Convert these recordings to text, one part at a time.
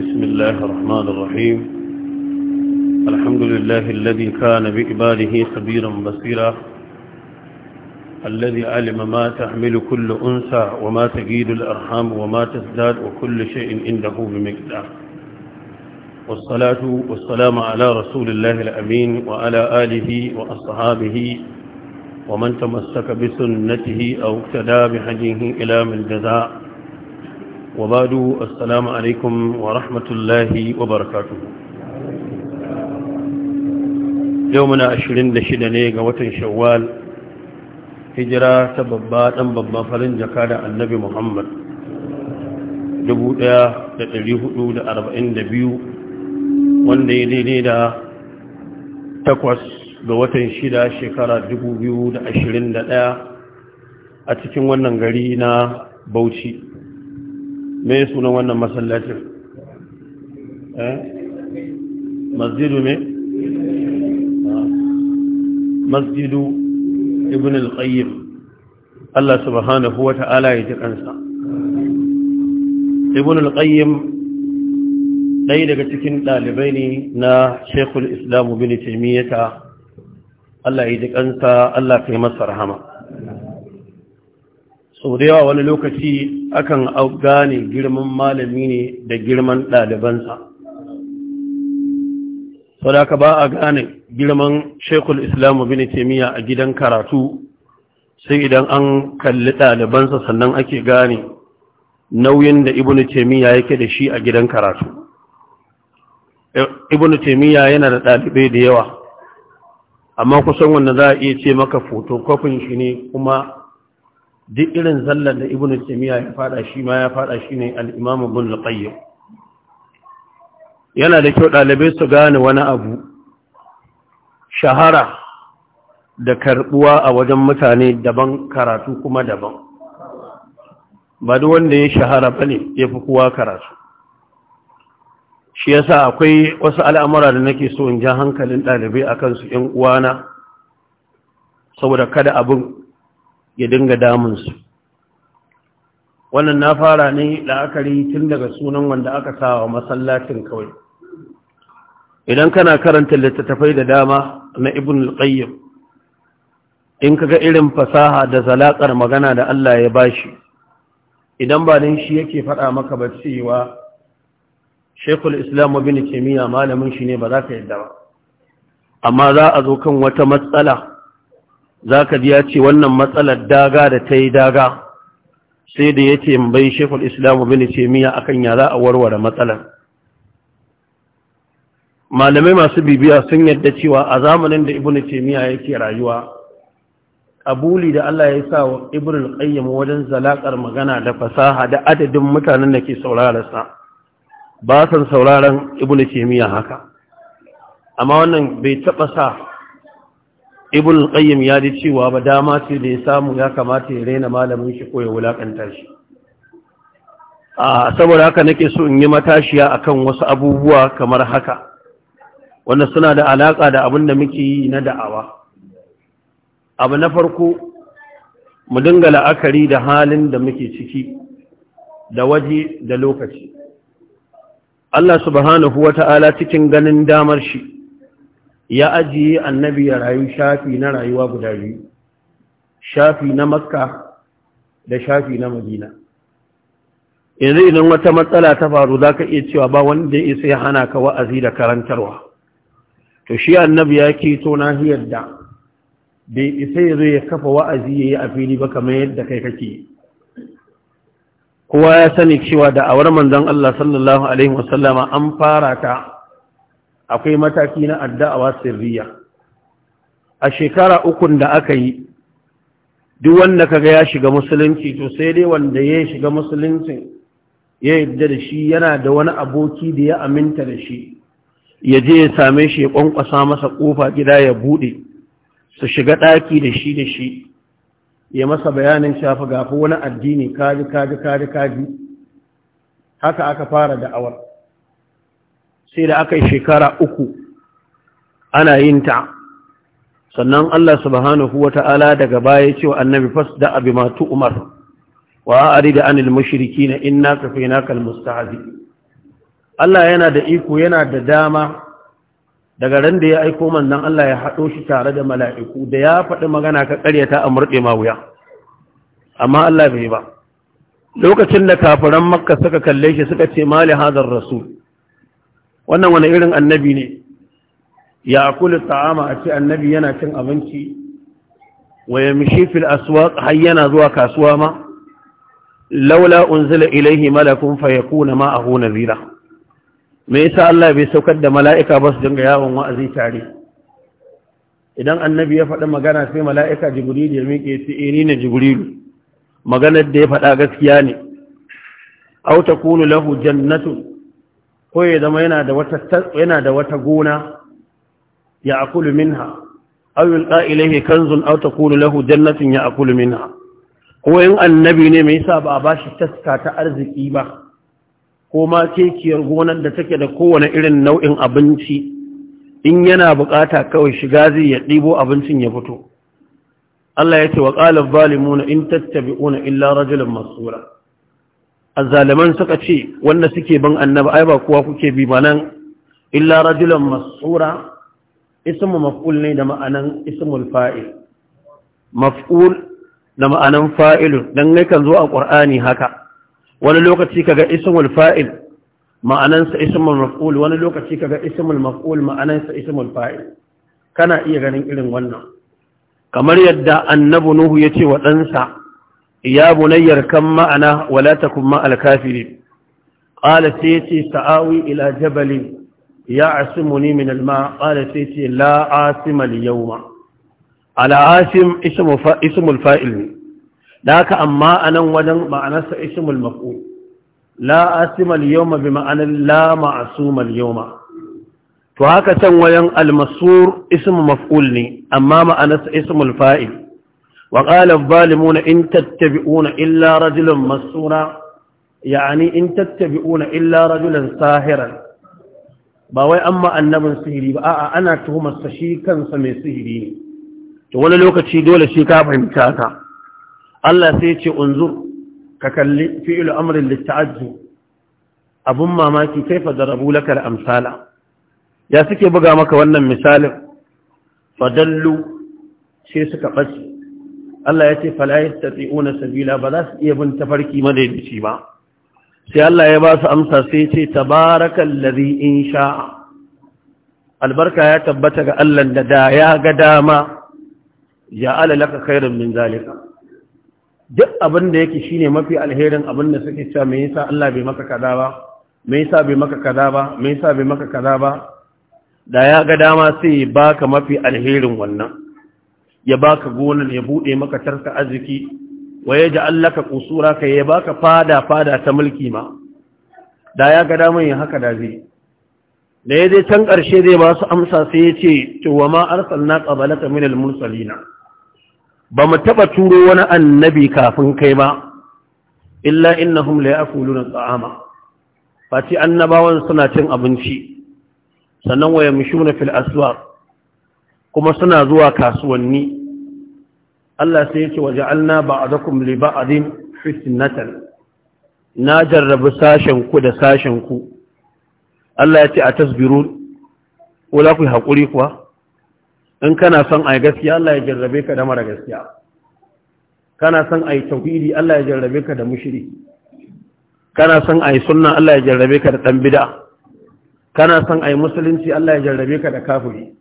بسم الله الرحمن الرحيم الحمد لله الذي كان بإباده خبيرا بصيرا الذي علم ما تحمل كل أنثى وما تجيد الأرحام وما تزداد وكل شيء عنده بمقدار والصلاة والسلام على رسول الله الأمين وعلى آله وأصحابه ومن تمسك بسنته أو اقتدى بحجه إلى من جزاء وبعد السلام عليكم ورحمة الله وبركاته يومنا أشرين لشدني قوة شوال هجرة تببا تنببا فلن جكاد النبي محمد دبوتا تتليه دود أربعين دبيو وان دي دي دي دا تقوس قوة شدا شكرا دبو بيود أشرين دا a cikin wannan gari na bauchi me sunan wannan masallacin eh? masjidu ne masjidu ibn al-qayyim Allah subhanahu wa ta'ala ya ji kansa ibn al-qayyim ɗaya daga cikin ɗalibai ne na shekul islamu bin taimiyyata Allah ya ji kansa Allah ka yi masa rahama sau da yawa wani lokaci akan gane girman malami ne da girman ɗalibansa sau da ba a gane girman shekul islamu bin temiya a gidan karatu sai idan an kalli ɗalibansa sannan ake gane nauyin da ibn temiya yake da shi a gidan karatu ibn temiya yana da ɗalibai da yawa amma kusan wanda za a iya ce maka fotokofin shi ne kuma duk irin zallar da ibn Taymiyyah ya fada shi ma ya fada shine al-imam ibn al-qayyim yana da kyau dalibai su gane wani abu shahara da karbuwa a wajen mutane daban karatu kuma daban ba duk wanda ya shahara bane fi kowa karatu shi yasa akwai wasu al'amura da nake so in ja hankalin dalibai akan su ƴan uwana saboda kada abin ya dinga damunsu wannan na fara ne la'akari tun daga sunan wanda aka sawa masallacin kawai idan kana karanta littattafai da dama na ibn al-qayyim in kaga irin fasaha da zalakar magana da Allah ya bashi idan ba din shi yake faɗa maka ba cewa Sheikhul Islam Ibn Taymiyyah malamin shi ne ba za ka yadda ba amma za a zo kan wata matsala za ka ji ya ce wannan matsalar daga da ta yi daga sai da ya ce bai shekul islamu bin a akan ya za a warware matsalar malamai masu bibiya sun yadda cewa a zamanin da ibn cemiya yake rayuwa abuli da Allah ya sa wa ibn al wajen zalakar magana da fasaha da adadin mutanen da ke saurararsa ba san sauraron ibn cemiya haka amma wannan bai taɓa sa ibn ya ji cewa ba dama ce da ya samu ya kamata ya rena malamin shi ko ya wulakanta shi a saboda haka nake so in yi matashiya akan wasu abubuwa kamar haka wanda suna da alaƙa da abin da muke yi na da'awa abu na farko mu dinga la'akari da halin da muke ciki da waje da lokaci Allah subhanahu wata'ala cikin ganin damar shi ya ajiye annabi ya rayu shafi na rayuwa guda biyu shafi na makka da shafi na madina yanzu idan wata matsala ta faru za ka iya cewa ba wanda ya isa ya hana ka wa'azi da karantarwa to shi annabi ya to nahiyar da bai isa ya zo ya kafa wa'azi ya yi a fili ba kamar yadda kai kake kowa ya sani cewa da awar manzon Allah sallallahu alaihi wasallama an fara ta akwai mataki na addawa sirriya a shekara ukun da aka yi duk wanda kaga ya shiga musulunci to sai dai wanda ya shiga musulunci ya yadda da shi yana da wani aboki da ya aminta da shi ya je ya same shi ya kwankwasa masa kofa gida ya bude su shiga daki da shi da shi ya masa bayanin shafa gafi wani addini kaji kaji kaji kaji haka aka fara da'awar sai da aka yi shekara uku ana yin ta sannan Allah subhanahu wa ta'ala daga baya cewa annabi fas da abi matu umar wa ari da anil mashiriki na inna kafe na kalmustahazi Allah yana da iko yana da dama daga ran da ya aiko manzan Allah ya haɗo shi tare da mala'iku da ya faɗi magana ka ƙaryata a murɗe ma wuya amma Allah bai ba lokacin da kafiran makka suka kalle shi suka ce mali hadar rasul wannan wani irin annabi ne ya kula ta'ama a ce annabi yana cin abinci wa yamshi fil aswaq har yana zuwa kasuwa ma laula unzila ilaihi malakun fayakuna ahu nadhira me yasa Allah bai saukar da mala'ika ba su dinga yawon wa'azi tare idan annabi ya faɗi magana sai mala'ika jibril ya miƙe sai eh, iri ne jibril maganar da ya faɗa gaskiya ne aw takunu lahu jannatu ko ya zama yana da wata gona ya akulu minha aw yulqa ilayhi kanzun aw takunu lahu jannatin ya akulu minha ko in annabi ne mai sa ba a bashi taska ta arziki ba ko ma kekiyar gonar da take da kowane irin nau'in abinci in yana bukata kawai shiga zai ya ɗibo abincin ya fito Allah ya ce wa ƙalar zalimuna in tattabi'una illa rajulan masura azzaliman suka ce wanda suke ban annaba ai ba kowa kuke bi ba nan illa rajulan masura ismu maf'ul ne da ma'anan ismul fa'il maf'ul da ma'anan fa'il dan ne kan zo a qur'ani haka wani lokaci kaga ismul fa'il ma'anansa ismul maf'ul wani lokaci kaga ismul maf'ul ma'anansa ismul fa'il kana iya ganin irin wannan kamar yadda annabi nuhu yace wa ɗansa ya bunayyar kan ma'ana wala takun ma'al kafirin qala sai ce sa'awi ila jabali. ya asimuni min alma qala sai ce la asima al yawma ala ismul fa'il ne. da haka amma anan wajen ma'anarsa ismul maf'ul la asima al yawma bi ma'ana la ma'suma yau ma. to haka can wayan almasur ismu maf'ul ne amma ma'anarsa ismul fa'il وقال الظالمون إن تتبعون إلا رجلا مسورا يعني إن تتبعون إلا رجلا ساهرا باوي أما النبي سهري بقى أنا تهم السشيكا سمي سهري ولا لوك تشي دولة شيكا بحمتاتا الله سيتي انظر ككل فعل أمر للتعجب أبو ماماكي كيف ضربوا لك الأمثال يا سكي بقى مك ونن مثال فدلوا شيء سكبتي Allah ya ce fala na sabila ba za su iya bin tafarki madaidaici ba sai Allah ya ba su amsa sai ce ta lari in sha'a albarka ya tabbata ga Allah da da ya ga dama ya alalaka laka min zalika duk abin da yake ne mafi alherin abin da suke cewa me yasa Allah bai maka kaza ba me yasa bai maka kaza ba me yasa bai maka kaza ba da ya ga dama sai baka mafi alherin wannan ya baka gonar ya buɗe maka tarka arziki wa ya ji allaka kusura ka ya baka fada fada ta mulki ma da ya ga damar yin haka da zai da ya dai can ƙarshe zai ba su amsa sai ya ce cewa ma arsalna qabalaka min al-mursalina ba mu taɓa turo wani annabi kafin kai ba illa innahum la ya'kuluna ta'ama fati annabawan suna cin abinci sannan waya mishuna fil aswaq kuma suna zuwa kasuwanni Allah sai ya ce waje alna ba a zakun liba a zin fitnatan na jarrabi sashenku da sashenku Allah ya ce a tasbirun wala ku haƙuri kuwa in kana son a gaskiya Allah ya jarrabe ka da mara gaskiya kana son a yi tauhidi Allah ya jarrabe ka da mushiri kana son a yi sunna Allah ya jarrabe ka da ɗan bida kana son a yi musulunci Allah ya jarrabe ka da kafiri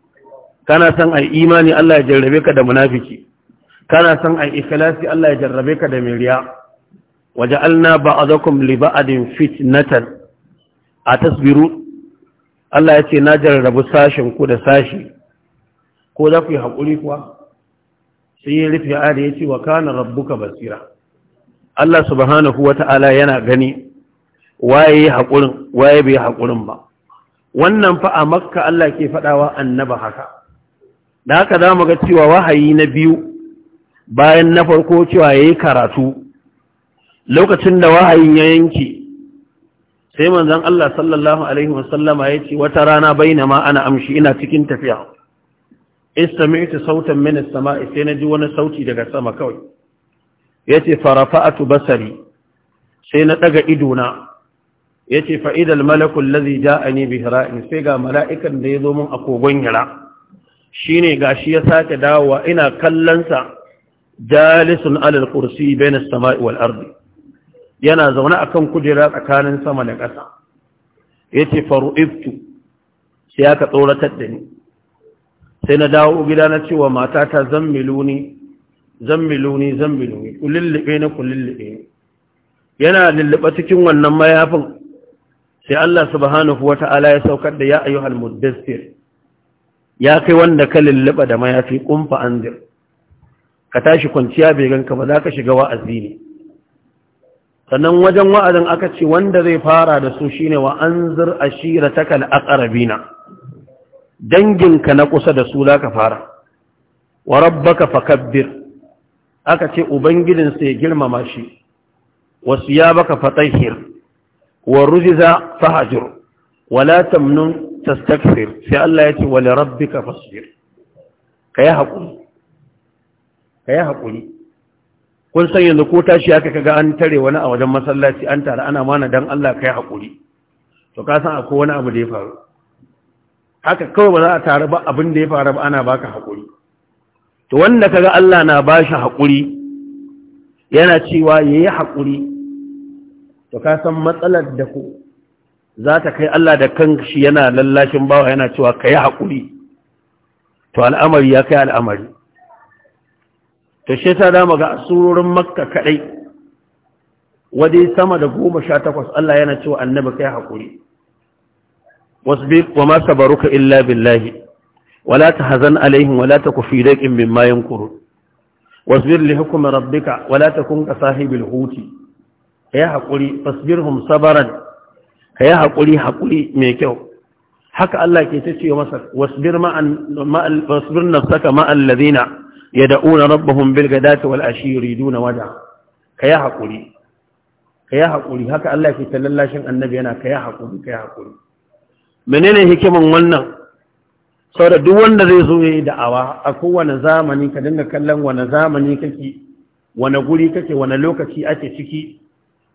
kana san a imani Allah ya jarrabe ka da munafiki kana san a ikhlasi Allah ya jarrabe ka da miriya waja'alna ba'dakum li ba'din fitnatan tasbiru? Allah ya ce na jarrabu sashin ku da sashi ko za ku yi hakuri kuwa sai ya rufe ari ya ce wa kana rabbuka basira Allah subhanahu wata'ala yana gani waye haƙurin waye bai haƙurin ba wannan fa a makka Allah ke faɗawa annaba haka da haka za mu ga cewa wahayi na biyu bayan na farko cewa ya yi karatu lokacin da wahayin ya yanki sai manzan Allah sallallahu Alaihi wasallama ya ce wata rana baina ma ana amshi ina cikin tafiya ita sautan min as-sama'i na ji wani sauti daga sama kawai Ya yace farafa'atu basari sai na daga idona. Ya ce fa'idal malakun lazi allazi ja'ani bihira in sai ga mala'ikan da ya zo mun a kogon yara Shi ne ga shi ya sake dawowa ina kallonsa, jalisun alal kursi benin sama'i wal ardi yana zaune a kan kujera tsakanin sama da ƙasa Ya yace iftu sai aka tsoratar da ni sai na dawo gida na cewa matata zammiluni zammiluni zammiluni kulillibe na kulillibe yana lulluɓa cikin wannan mayafin sai Allah subhanahu wata'ala ya saukar da ya ayyuhal mudassir ya kai wanda ka lullaba da mayafi kumfa zir ka tashi kwanciya bai ganka ba za ka shiga wa'azi ne sannan wajen wa'azin aka ce wanda zai fara da su shine wa shira ta al-aqrabina danginka na kusa da su za ka fara wa rabbaka kabbir aka ce ubangijinsa ya girmama shi wasu ya baka tsahir wa rujiza hajir wala tamnun tastakfir sai Allah ya ce wali rabbika fasbir ka yi haƙuri ka yi haƙuri kun san yanzu ko tashi aka kaga an tare wani a wajen masallaci an tare ana mana don Allah ka yi haƙuri to ka san akwai wani abu da ya faru haka kawai ba za a tare ba abin da ya faru ba ana baka haƙuri to wanda kaga Allah na bashi haƙuri yana cewa ya yi haƙuri to ka san matsalar da ku za ta kai Allah da kan shi yana lallashin bawa yana cewa ka yi haƙuri to al'amari ya kai al'amari to shi ta dama ga asurorin makka kaɗai wadai sama da goma sha takwas Allah yana cewa annabi kai haƙuri wasbir wa ma sabaruka illa billahi wala hazan alaihim wala taku fi daqin mimma kuru wasbir li hukmi rabbika wala ta ka sahibil huti kai haƙuri fasbirhum sabaran ka yi haƙuri haƙuri mai kyau haka Allah ke ta ce masa wasbir nafsaka ma'al ladina yad'una rabbahum bil ghadati wal ashi yuriduna wajha ka yi haƙuri ka yi haƙuri haka Allah ke ta tallallashin annabi yana ka yi haƙuri ka yi haƙuri menene hikiman wannan saboda duk wanda zai zo ya yi da'awa a kowane zamani ka dinga kallon wane zamani kake wane guri kake wane lokaci ake ciki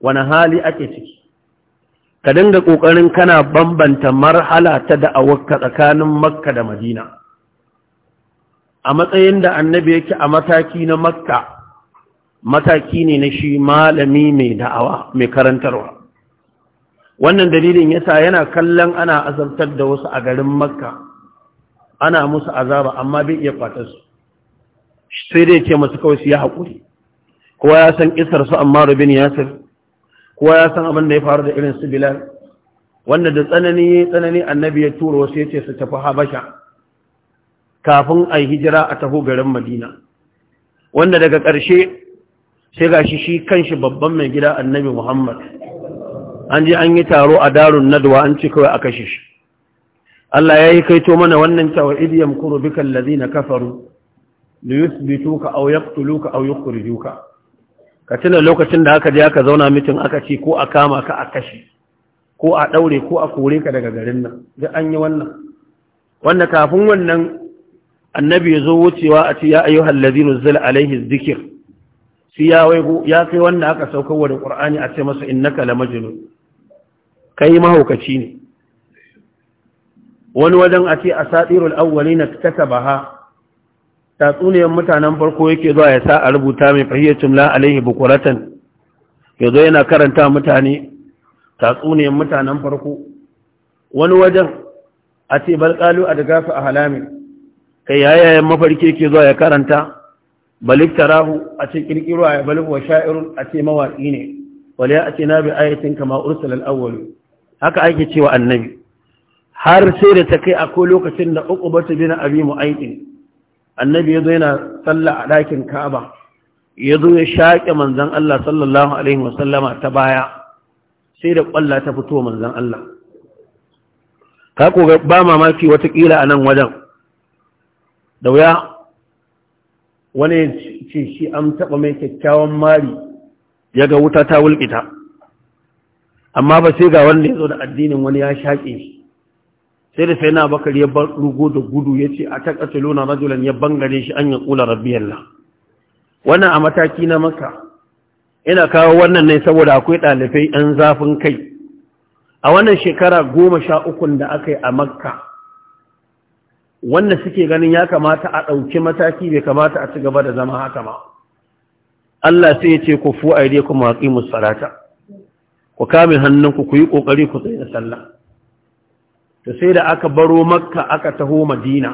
wane hali ake ciki ka dinga ƙoƙarin kana bambanta marhala ta da'awarka tsakanin makka da madina a matsayin da annabi yake a mataki na makka mataki ne na shi malami mai da'awa mai karantarwa wannan dalilin yasa yana kallon ana azabtar da wasu a garin makka ana musu azaba amma bai iya kwatar su sai dai ce masu kawai su ya haƙuri kowa ya san kisar su amma rubin yasir kowa ya san abin da ya faru da irin su bilal wanda da tsanani tsanani annabi ya tura wasu ya ce su tafi habasha kafin a yi hijira a taho garin madina wanda daga ƙarshe sai ga shi shi kanshi babban mai gida annabi muhammad an ji an yi taro a darun nadwa an ci kawai a kashe shi Allah ya yi kaito mana wannan cewa idiyam kuro bikan lazina kafaru da ka au ka au duka. ka tuna lokacin da aka je aka zauna mitin aka ce ko a kama ka a kashe ko a ɗaure ko a kore ka daga garin nan da an yi wannan wanda kafin wannan annabi ya zo wucewa a ce ya ayu hallazinu zal alaihi zikir shi ya waigo ya kai wanda aka sauka wa da a ce masa innaka lamajnun kai mahaukaci ne wani wajen a ce asatirul awwalina katabaha tatsuniyar mutanen farko yake zuwa ya sa a rubuta mai fahiyyacin la alaihi bukuratan ya zo yana karanta mutane tatsuniyar mutanen farko wani wajen a ce balƙalu a daga su a halami kai yayayen mafarki yake zuwa ya karanta balik tarahu a ce kirkiro a balik wa sha'irun a ce mawaƙi ne wale a ce na bi ayatin kama ursul al'awwal haka ake cewa annabi har sai da ta kai akwai lokacin da uku bata na abi aiki. annabi ya zo yana sallah a ɗakin ka'aba ya zo ya shaƙe manzan Allah sallallahu alaihi wasallama ta baya sai da ƙwalla ta fito manzan Allah ka koga ba mamaki watakila a nan wajen da wuya wani ce shi an taɓa mai kyakkyawan mari ya ga wuta ta wulƙita amma ba sai ga wanda ya zo da addinin wani ya shaƙe shi sai da sai na bakar ya bar rugo da gudu ya ce a taƙasalona rajulan ya bangare shi an ya ƙula rabbiyallah wannan a mataki na maka ina kawo wannan ne saboda akwai ɗalibai ɗan zafin kai a wannan shekara goma sha ukun da aka yi a makka wanda suke ganin ya kamata a ɗauki mataki bai kamata a ci gaba da zama haka ba Allah sai ya ce ku fu aide ku maƙi musalata ku kame hannunku ku yi ƙoƙari ku tsaye da sallah to sai da aka baro makka aka taho madina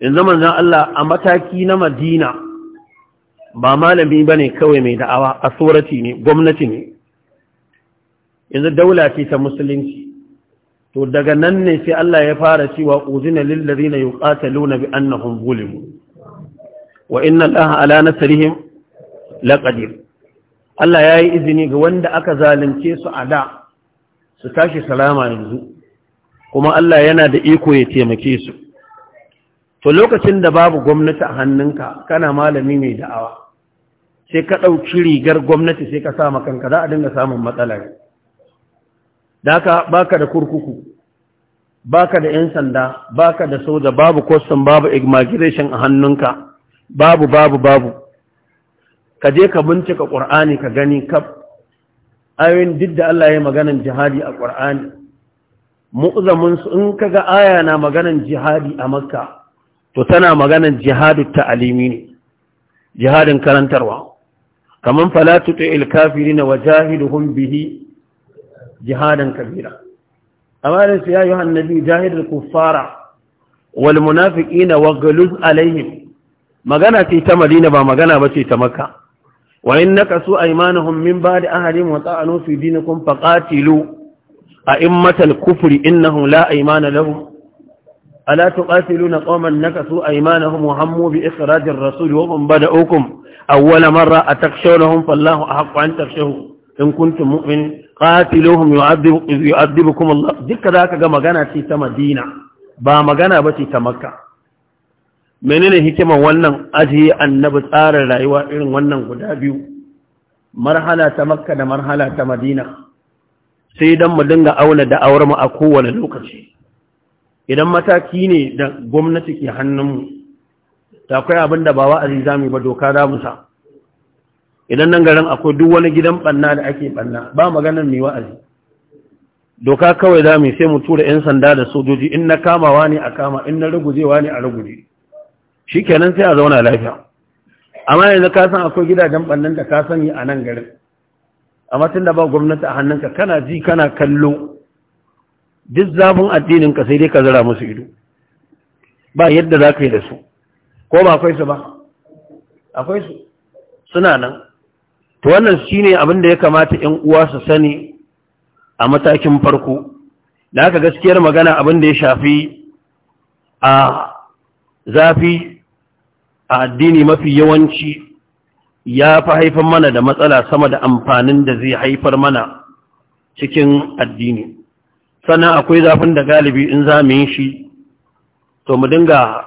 zaman manzan Allah a mataki na madina ba malami ba ne kawai mai da'awa a tsorati ne gwamnati ne yanzu daula ce ta musulunci to daga nan ne sai Allah ya fara cewa uzina lillazina yuqataluna bi annahum zulimu wa ina allaha ala nasrihim laqadir Allah yayi izini ga wanda aka zalunce su a da su tashi salama yanzu kuma Allah yana da iko ya taimake su to lokacin da babu gwamnati a hannunka kana malami mai da'awa sai ka ɗauki rigar gwamnati sai ka sama kanka za a dinga samun matsalar daka baka da kurkuku baka da 'yan sanda baka da soja babu kwastan babu immigration a hannunka babu babu babu ka je ka bincika ƙur'ani ka gani kaf ayoyin duk da Allah ya maganar jihadi a ƙur'ani mu'zamin su in kaga aya na maganan jihadi a makka to tana maganan jihadu ta'alimi ne jihadin karantarwa kaman fala tuti'il kafirina wajahiduhum bihi jihadan kabira amma da su ya yi annabi jahidul kuffara wal munafiqina waghluz alaihim magana ce ta madina ba magana ba ce ta makka wa innaka su aymanuhum min ba'di ahadin wa ta'anu fi dinikum faqatilu a immatal kufri innahum la aymana lahum ألا تقاتلون قوما نكثوا أيمانهم وهموا بإخراج الرسول وهم بدأوكم أول مرة أتخشونهم فالله أحق أن تخشوه إن كنتم مؤمن قاتلوهم يعذب يعذبكم الله ذيك ذاك كما كان في مدينة با مغانا بتي تمكة menene hikiman wannan ajiye annabi tsarin rayuwa irin wannan guda biyu marhala ta makka da marhala ta madina sai don mu dinga auna da aure mu a kowane lokaci idan mataki ne da gwamnati ke hannunmu ta akwai abin da ba wa'azi za mu ba doka za mu sa idan nan garin akwai duk wani gidan banna da ake banna, ba maganar mai wa'azi doka kawai za mu sai mu tura 'yan sanda da sojoji in na kamawa ne a kama in na rugujewa ne a ruguje shi kenan sai a zauna lafiya amma yanzu ka san akwai gidajen bannan da ka sani a nan garin amma tun da ba gwamnati a hannunka kana ji kana kallo duk zafin addininka sai dai ka zara musu ido ba yadda za ka yi da su ko ba akwai su ba akwai su suna nan to wannan shi ne abinda ya kamata 'yan uwa su sani a matakin farko da aka gaskiyar magana abinda ya shafi a zafi a addini mafi yawanci ya fi haifar mana da matsala sama da amfanin da zai haifar mana cikin addini sannan akwai zafin da galibi in za mu yi shi to mu dinga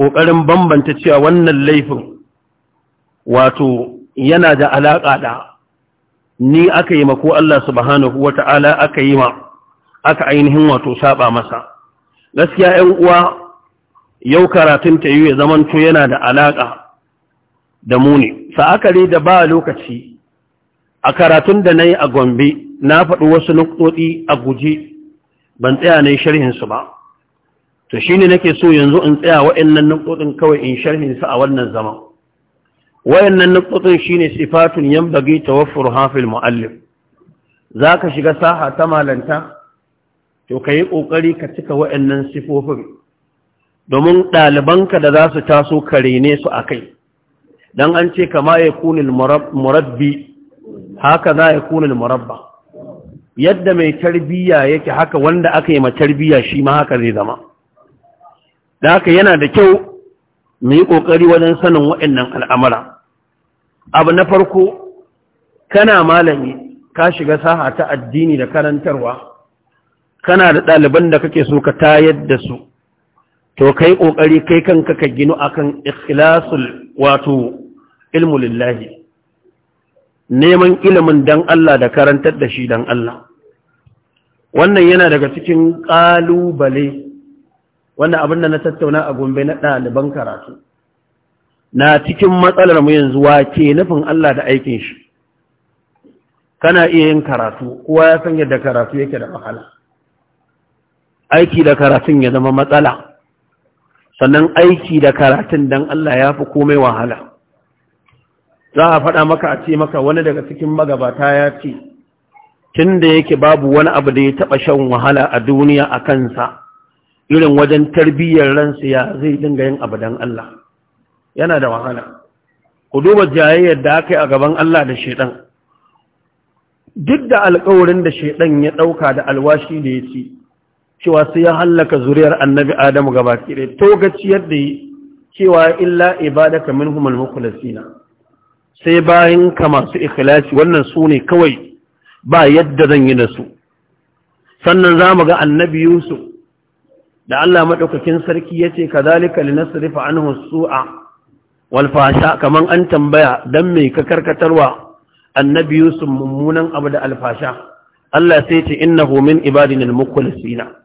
ƙoƙarin bambanta cewa wannan laifin wato yana da alaƙa da ni aka yi mako Allah subhanahu wa ta'ala aka yi ma aka ainihin wato saba masa gaskiya ‘yan uwa yau karatun ta yi ya zamanto yana da alaƙa da muni aka da ba lokaci a karatun da na yi a gombe na faɗi wasu nukɗoɗi a guji ban tsaya na yi sharhinsu ba to shi ne nake so yanzu in tsaya nan nukɗoɗin kawai in sharhinsu a wannan zaman nan nukɗoɗin shi ne sifatun yan bagi Wafur hafil mu'allif za ka shiga saha ta malanta to ka yi ƙoƙari ka cika nan sifofin domin ɗalibanka da za su taso kare ne su a kai dan an ce kama ya kunil murabbi haka za ya kunil murabba yadda mai tarbiyya yake haka wanda aka yi tarbiyya shi ma haka zai zama da haka yana da kyau mu yi ƙoƙari wajen sanin waɗannan al'amara abu na farko kana malami ka shiga saha ta addini da karantarwa kana da ɗaliban da kake so ka tayar da su to kai kokari kai kanka ka ginu akan ikhlasul wato ilmu lillahi neman ilimin dan Allah da karantar da shi dan Allah wannan yana daga cikin kalubale wannan abin da na tattauna a gombe na ɗaliban karatu na cikin matsalar mu yanzu wace nufin Allah da aikin shi kana iya yin karatu kowa ya san yadda karatu yake da wahala aiki da karatun ya zama matsala sannan aiki da karatun dan Allah ya fi komai wahala za a faɗa maka a ce maka wani daga cikin magabata ya ce tun da yake babu wani abu da ya taɓa shan wahala a duniya a kansa irin wajen tarbiyyar ransu ya zai dinga yin abu dan Allah yana da wahala ku duba jayayyar da aka yi a gaban Allah da shaiɗan. duk da alƙawarin da shaiɗan ya ɗauka da alwashi da ya ci cewa sai ya hallaka zuriyar annabi adamu gaba kire to gaciyar da yi cewa illa ibadaka minhum al-mukhlasina sai bayan ka masu ikhlasi wannan su ne kawai ba yadda zan yi da su sannan za mu ga annabi yusuf da Allah maɗaukakin sarki ya ce ka zalika li nasrifa anhu su'a wal fasha kaman an tambaya dan me ka karkatarwa annabi yusuf mummunan abu da alfasha Allah sai ce innahu min ibadina al-mukhlasina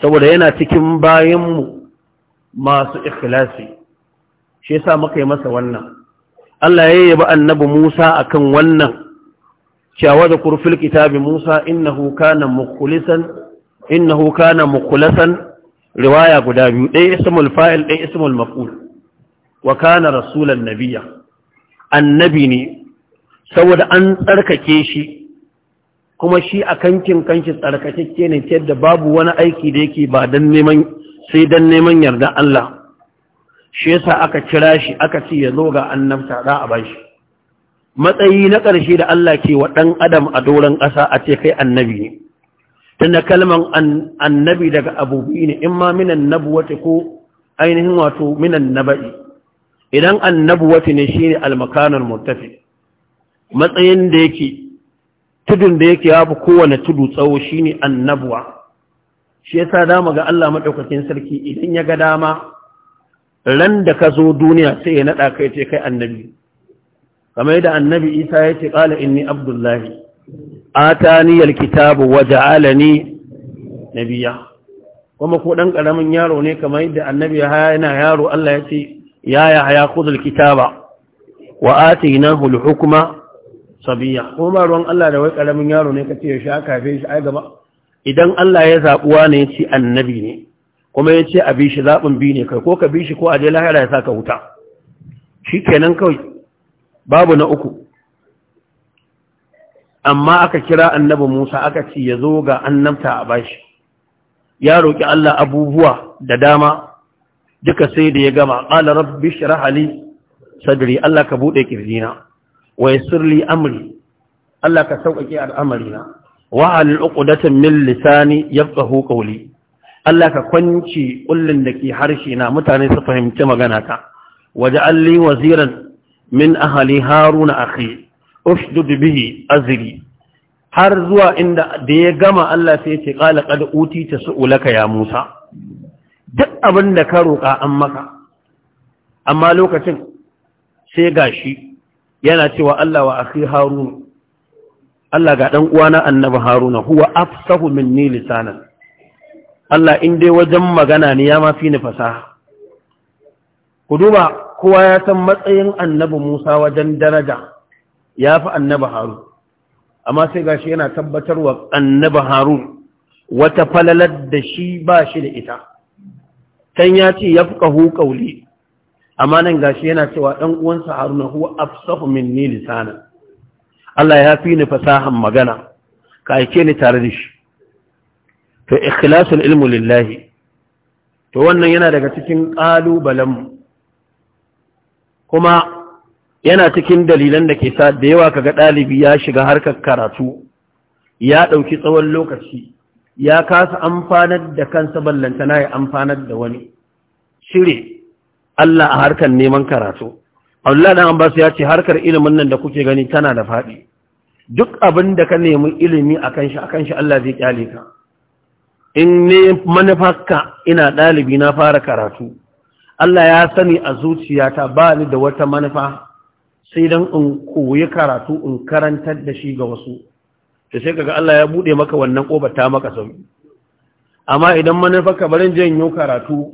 saboda yana cikin bayanmu masu ikhlasi shi yasa muka yi masa wannan Allah ya yaba annabi Musa akan wannan cewa da kurfil kitabi Musa innahu kana mukhlisan innahu kana mukhlasan riwaya guda biyu ɗaya ismul fa'il ɗaya ismul maf'ul wa kana rasulan nabiyya annabi ne saboda an tsarkake shi kuma shi a kankin kanshi tsarkakakke ne ta yadda babu wani aiki da yake ba don neman sai don neman yarda Allah shi yasa aka kira shi aka ce ya zo ga annabta da a bashi matsayi na ƙarshe da Allah ke wa ɗan adam a doron ƙasa a ce kai annabi ne kalman annabi daga abubu ne in ma minan nabuwata ko ainihin wato minan naba'i idan annabuwata ne shi ne almakanar murtafi matsayin da yake tudun da yake yafi kowane tudu tsawo shine annabuwa shi sa dama ga Allah maɗaukakin sarki idan ya ga dama ran da ka zo duniya sai ya naɗa kai ce kai annabi kamar yadda annabi Isa ya ce ƙala inni abdullahi atani alkitabu na biya. kuma ko dan karamin yaro ne kamar yadda annabi ya yana yaro Allah ya ce ya ya haya kitaba wa atainahu alhukma sabiya ko ba ruwan Allah da wai karamin yaro ne kace ya sha kafe shi ai gaba idan Allah ya zabuwa ne ya annabi ne kuma ya ce a bi shi zaɓin bi ne kai ko ka bi shi ko a je lahira ya saka huta. shi kenan kawai babu na uku amma aka kira annabi musa aka ci ya zo ga annabta a bashi ya roƙi Allah abubuwa da dama duka sai da ya gama ƙala rabbi rahali sadri Allah ka buɗe ƙirjina wa yassir amri Allah ka sauƙaƙe al'amarina wa uku uqdatan min lisani yafqahu qawli Allah ka kwanci kullun da ke harshe na mutane su fahimci magana ta waja'al li waziran min ahli haruna akhi ushdud bihi azri har zuwa inda da ya gama Allah sai ya ce qala qad utita su'ulaka ya Musa duk abin da ka roƙa an maka amma lokacin sai gashi yana cewa Allah wa akhi harun Allah ga dan uwana annabi haruna huwa afsahu minni lisanan Allah in dai wajen magana ne ya ma fi ni fasaha ku duba kowa ya san matsayin annabi Musa wajen daraja ya fi annabi harun amma sai gashi yana tabbatarwa annabi harun wata falalar da shi ba shi da ita Tan ya ce ya fi ƙahu ƙauli amma nan gashi yana cewa ɗan uwansa haruna huwa afsahu minni lisana Allah ya fi ni fasahan magana ka aike ni tare da shi to ikhlasul ilmu lillahi to wannan yana daga cikin kalubalen kuma yana cikin dalilan da ke sa da yawa kaga ɗalibi ya shiga harkar karatu ya ɗauki tsawon lokaci ya kasa amfanar da kansa ballantana ya amfanar da wani shirye Allah a harkar neman karatu Allah da Abbas ya ce harkar ilimin nan da kuke gani tana da faɗi duk abin da ka nemi ilimi akan shi akan shi Allah zai kyale ka in ne manufarka ina ɗalibi na fara karatu Allah ya sani a zuciyata ba ni da wata manufa sai don in koyi karatu in karantar da shi ga wasu da sai kaga Allah ya buɗe maka wannan kobar ta maka sauƙi. amma idan manufarka barin janyo karatu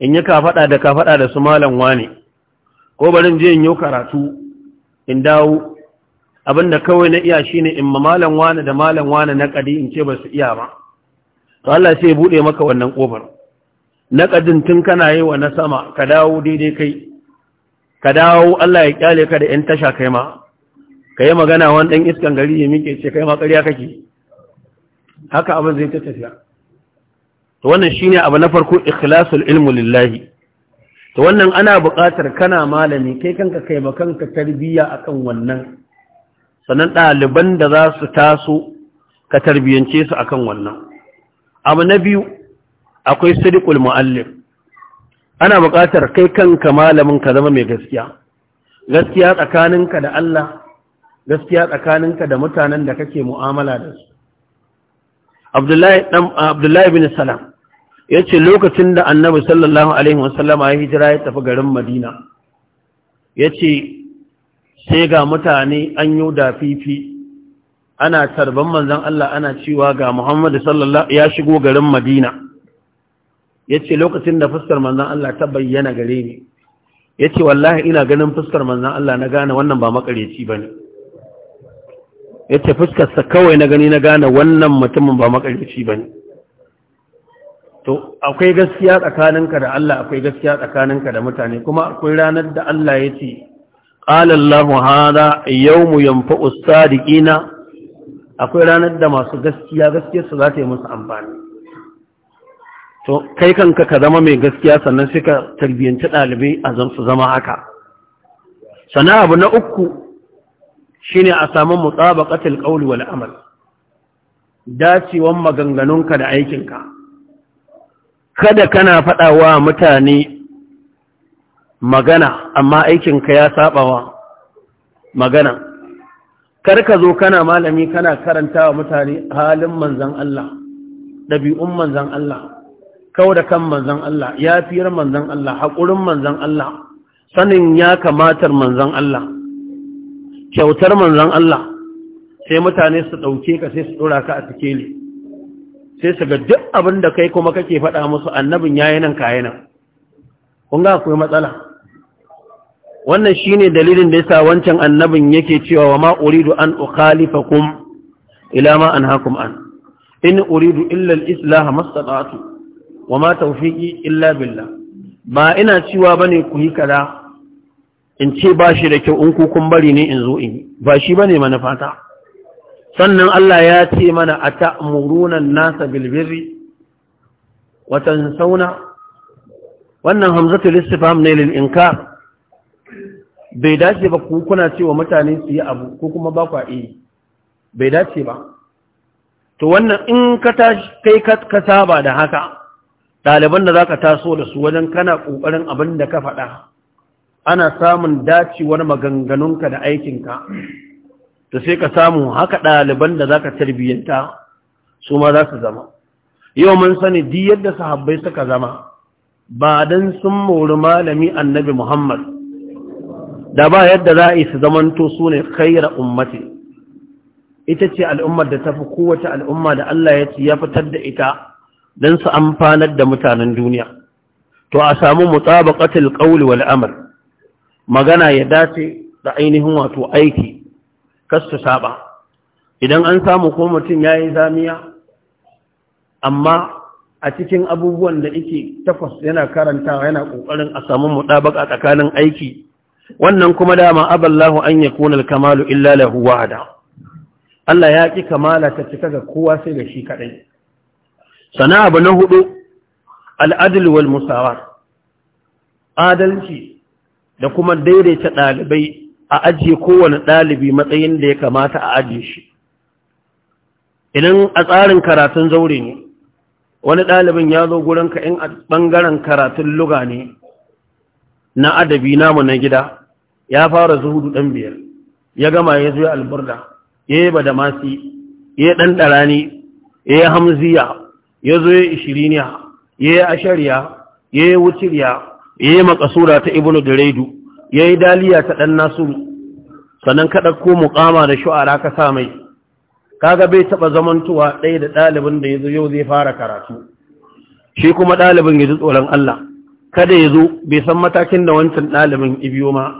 in yi kafaɗa da kafaɗa da su malam wane ko barin je in yi karatu in dawo abinda kawai na iya shine in ma malam wane da malam wane na ƙadi in ce ba su iya ba to Allah sai ya bude maka wannan kofar na ƙadin tun kana yi wa na sama ka dawo daidai kai ka dawo Allah ya kyale ka da yan tasha kai ma ka yi magana wani ɗan iskan gari ya miƙe ce kai ma ƙarya kake haka abin zai ta tafiya to wannan ne abu na farko ikhlasul ilmu lillahi to wannan ana buƙatar kana malami kai kanka kai ma kanka tarbiyya akan wannan sannan ɗaliban da za su taso ka tarbiyyance su akan wannan abu na biyu akwai sadiqul muallim ana buƙatar kai kanka malamin ka zama mai gaskiya gaskiya tsakaninka da Allah gaskiya tsakaninka da mutanen da kake mu'amala da su Abdullahi bin Salam ya ce lokacin da annabi sallallahu alaihi sallam ya hijira ya tafi garin madina ya ce sai ga mutane an yi da fifi ana tarban manzan Allah ana cewa ga Muhammadu sallallahu ya shigo garin Madina ya ce lokacin da fuskar manzan Allah ta bayyana gare ni ya ce wallahi ina ganin fuskar manzan Allah na gane wannan ba makareci ba ne ya ce fuskarsa kawai na gani na gane wannan mutumin ba makareci ba ne to akwai gaskiya tsakaninka da Allah akwai gaskiya tsakaninka da mutane kuma akwai ranar da Allah ya ce ƙalallahu hada yau mu yamfa akwai ranar da masu gaskiya gaskiyarsu za ta yi musu amfani to kai kanka ka zama mai gaskiya sannan suka tarbiyyanci ɗalibai a su zama haka sana abu na uku shine a samu mutsabaqatul qawli wal amal dacewan maganganunka da aikinka kada kana faɗa wa mutane magana amma aikinka ya saɓawa magana kar ka zo kana malami kana karanta wa mutane halin manzan Allah ɗabi'un manzan Allah kawo da kan manzan Allah yafiyar manzan Allah haƙurin manzan Allah sanin ya kamatar manzan Allah kyautar manzan Allah sai mutane su ɗauke ka sai su ɗora ka a sikeli. sai su ga duk abin da kai kuma kake faɗa musu annabin yayi nan kayi nan kun ga akwai matsala wannan shine dalilin da yasa wancan annabin yake cewa wa ma uridu an ukhalifakum ila ma anhaakum an in uridu illa al-islah mastata'tu wa ma tawfiqi illa billah ba ina cewa bane ku yi kaza in ce ba shi da kyau in ku kun bari ne in zo in ba shi bane manufata sannan Allah ya ce mana a ta'amurunan nasa bilbirri watan sauna wannan hamzatul istifham ne lil bai dace ba ku kuna cewa mutane su yi abu ko kuma ba kwa iya bai dace ba to wannan in ka kai ka saba da haka ɗaliban da za ka taso da su wajen kana ƙoƙarin abin da ka faɗa ana samun dacewar maganganunka da aikinka Ta sai ka samu haka ɗaliban da za ka tarbiyyanta su ma za su zama yau mun sani di yadda sahabbai suka zama ba don sun mori malami annabi muhammad da ba yadda za a yi su zamanto su ne khaira ummati ita ce al'ummar da ta fi kowace al'umma da Allah ya ce ya fitar da ita don su amfanar da mutanen duniya to a samu mutabaqatul qawli wal amr magana ya dace da ainihin wato aiki kasu saba idan an samu ko mutum ya yi zamiya amma a cikin abubuwan da ike takwas yana karantawa yana ƙoƙarin a samu mutabaka tsakanin aiki wannan kuma dama aballahu an ya kunar kamalu illa lahu wa'ada Allah ya ƙi kamala ta cika ga kowa sai da shi kaɗai sana abu na hudu al'adil wal musawar adalci da kuma daidaita ɗalibai a ajiye kowane ɗalibi matsayin da ya kamata a ajiye shi idan a tsarin karatun zaure ne wani ɗalibin ya zo ka in a ɓangaren karatun luga ne na adabi namu na gida ya fara zuhudu ɗan biyar ya gama ya zuwa alburda ya yi badamasi ya ɗan ɗarani ya yi hamziya ya zo ya ishiriniya ya yi ashariya ya yi wuciriya ya yi makasura ta ibnu da ya yi daliya ta ɗan nasu sannan ka ɗauko muƙama da shu'ara ka sa mai kaga bai taɓa zamantuwa ɗaya da ɗalibin da ya zo yau zai fara karatu shi kuma ɗalibin ya ji tsoron Allah kada ya zo bai san matakin da wancan ɗalibin ibiyo ma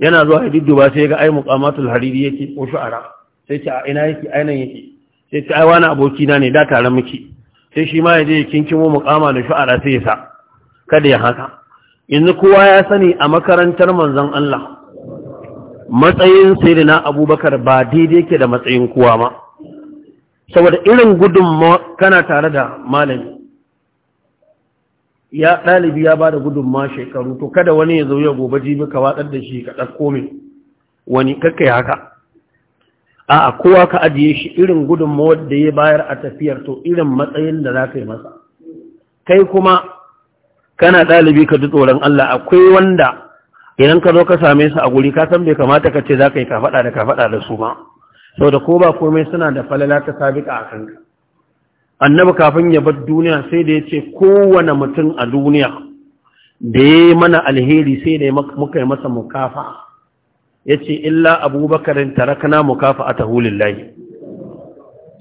yana zuwa ya dudduba sai ga ai muƙamatul hariri yake ko shu'ara sai ce a ina yake nan yake sai ce ai wani abokina ne da tare muke sai shi ma ya je ya kinkimo muƙama da shu'ara sai ya sa kada ya haka yanzu kowa ya sani a makarantar manzon Allah matsayin sayyidina abubakar ba daidai ke da matsayin kowa ma saboda irin ma kana tare da malami ya ɗalibi ya ba da gudunma shekaru to kada wani ya zo gobe jibi ka watsar da shi ka ɗauko min wani ya haka a kowa ka ajiye shi irin ma da ya bayar a tafiyar to irin matsayin da za ka yi masa kai kuma kana ɗalibi ka ji tsoron Allah akwai wanda idan ka zo ka same su a guri ka san bai kamata ka ce za ka yi kafaɗa da kafaɗa da su ba saboda ko ba komai suna da falala ta sabiƙa a kanka annabi kafin ya bar duniya sai da ya ce kowane mutum a duniya da ya yi mana alheri sai da muka yi masa mukafa ya ce illa abubakar tarakana mukafa a tahulillahi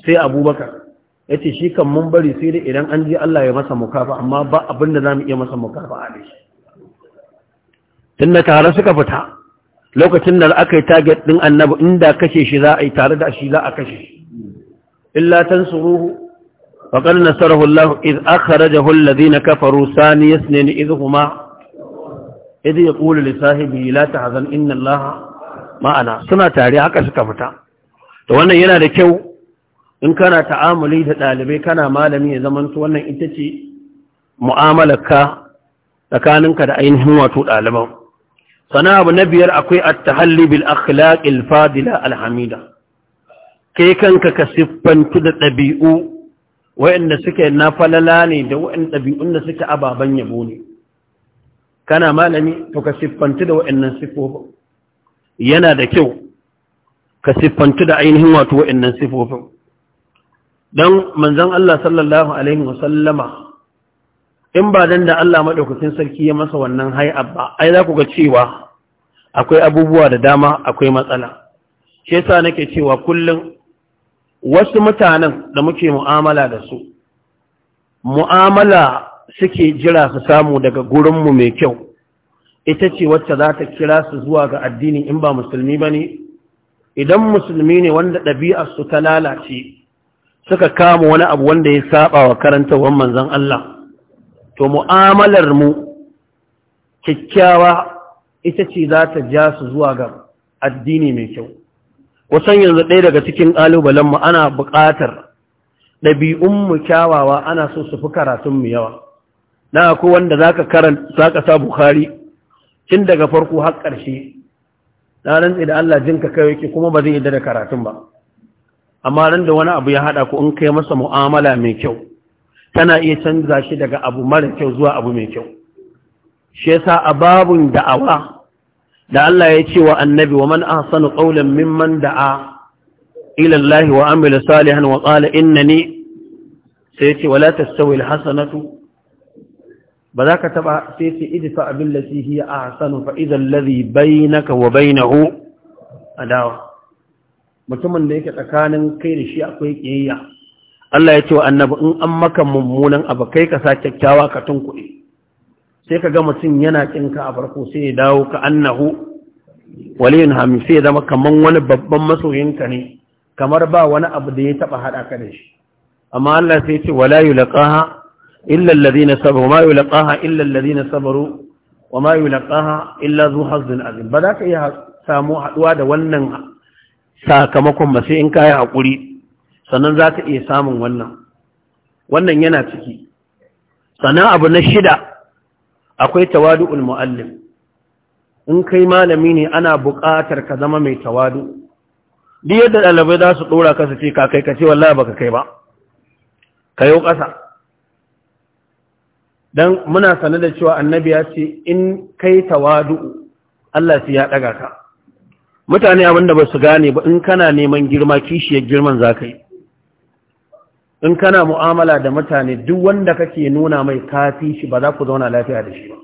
sai abubakar ya ce shi kan mun bari sai da idan an ji Allah ya masa mukafa amma ba abin da za mu iya masa mukafa a da shi tun da tare suka fita lokacin da aka yi target ɗin annabi inda kashe shi za a yi tare da shi za a kashe shi illa tansuruhu wa qad nasarahu Allah iz akhrajahu alladhina kafaru sani yasnin idhuma idh yaqulu li sahibihi la tahzan inna Allah ma'ana suna tare haka suka fita to wannan yana da kyau in kana ta'amuli da ɗalibai kana malami ya zaman su wannan ita ce mu'amalarka tsakaninka da ainihin wato ɗaliban sana abu na biyar akwai at-tahalli bil akhlaqil fadila alhamida kai kanka ka siffantu da ɗabi'u wa'inda suke na falala ne da wa'in ɗabi'un da suke ababen yabo ne kana malami to ka siffantu da wa'innan siffofin yana da kyau ka siffantu da ainihin wato wa'innan siffofin Dan manzon Allah sallallahu Alaihi wasallama in ba dan da Allah maɗaukacin sarki ya masa wannan hai'a ba ai za ku ga cewa akwai abubuwa da dama akwai matsala shi yasa nake cewa kullum wasu mutanen da muke mu'amala da su mu'amala suke jira su samu daga gurinmu mai kyau ita ce wacce za ta kira su zuwa ga addini in ba musulmi ba ne idan musulmi ne wanda su ta lalace suka kama wani abu wanda ya saba wa wa manzan Allah to mu'amalar mu kyakkyawa ita ce za ta ja su zuwa ga addini mai kyau wasan yanzu ɗaya daga cikin ƙalubalenmu ana buƙatar mu kyawawa ana so su fi karatunmu yawa na akwai wanda za ka sa Bukhari tun daga farko har ƙarshe na rantsi da Allah jinka kawai ke kuma ba zai yi da karatun ba amma ran da wani abu ya haɗa ku in kai masa mu'amala mai kyau tana iya canza shi daga abu mara kyau zuwa abu mai kyau shi yasa a babun da'awa da Allah ya ce wa annabi wa man ahsanu qawlan mimman da'a ila Allah wa amila salihan wa qala innani sai ce wala tastawi alhasanatu ba za ka taba sai ce idfa abillati hiya ahsanu fa idha alladhi bainaka wa bainahu adawa mutumin da yake tsakanin kai da shi akwai kiyayya Allah ya ce wa annabi in an maka mummunan abu kai ka sa kyakkyawa ka tunkuɗe sai ka ga mutum yana kinka a farko sai ya dawo ka annahu waliyin hamid sai ya zama kamar wani babban masoyinka ne kamar ba wani abu da ya taɓa haɗa ka da shi amma Allah sai ce wala yulqaha illa alladhina sabaru ma yulqaha illa alladhina sabaru wa ma yulqaha illa zu hazzin azim ba za ka iya samu haɗuwa da wannan sakamakon ba sai in kayi hakuri sannan za ka iya samun wannan wannan yana ciki sannan abu na shida akwai tawadu'ul mu'allim in kai malami ne ana buƙatar ka zama mai tawadu duk yadda ɗalibai za su ɗora ka su ce ka kai ka ce wallahi baka kai ba ka yi ƙasa don muna sane da cewa annabi ya ce in kai tawadu'u Allah sai ya ɗaga ka mutane abinda ba su gane ba in kana neman girma kishiyar girman za ka yi in kana mu'amala da mutane duk wanda kake nuna mai kafi shi ba za ku zauna lafiya da shi ba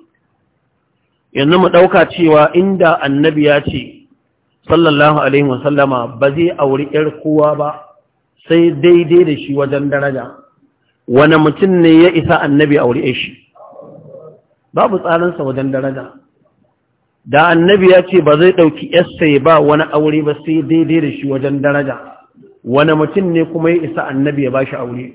yanzu mu ɗauka cewa inda annabi ya ce sallallahu alaihi wasallama ba zai auri ƴar kowa ba sai daidai da shi wajen daraja wani mutum ne ya isa annabi aure shi babu tsarinsa wajen daraja da annabi ya ce ba zai ɗauki yassa ya ba wani aure ba sai daidai da shi wajen daraja wani mutum ne kuma ya isa annabi ya ba shi aure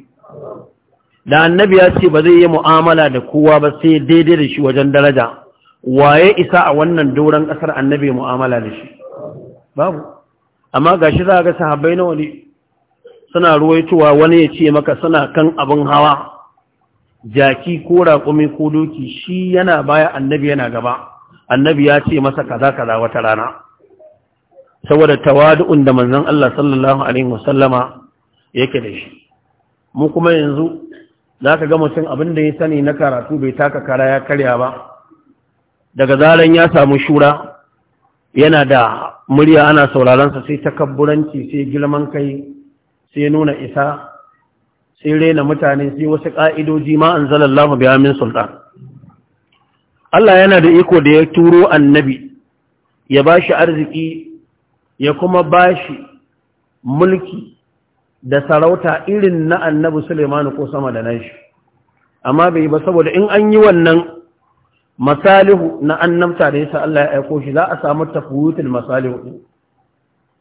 da annabi ya ce ba zai yi mu'amala da kowa ba sai daidai da shi wajen daraja waye isa a wannan doron ƙasar annabi mu'amala da shi babu amma ga shi za ga sahabbai nawa ne suna ruwaitowa wani ya ce maka suna kan abin hawa jaki ko raƙumi ko doki shi yana baya annabi yana gaba annabi ya ce masa kaza kaza wata rana saboda tawadu'un da manzon Allah sallallahu alaihi wasallama yake da shi mu kuma yanzu zaka ga mutum abin da ya sani na karatu bai taka kara ya karya ba daga zaran ya samu shura yana da murya ana sauraron sa sai takabburanci sai girman kai sai nuna isa sai rena mutane sai wasu ka'idoji ma anzalallahu biha min sultan Allah yana da iko da ya turo annabi ya ba shi arziki ya kuma ba shi mulki da sarauta irin na annabi Sulemanu ko sama da nashi amma bai ba saboda in an yi wannan masalihu na annabta da yasa Allah ya aiko shi za a samu tafwutul masalihu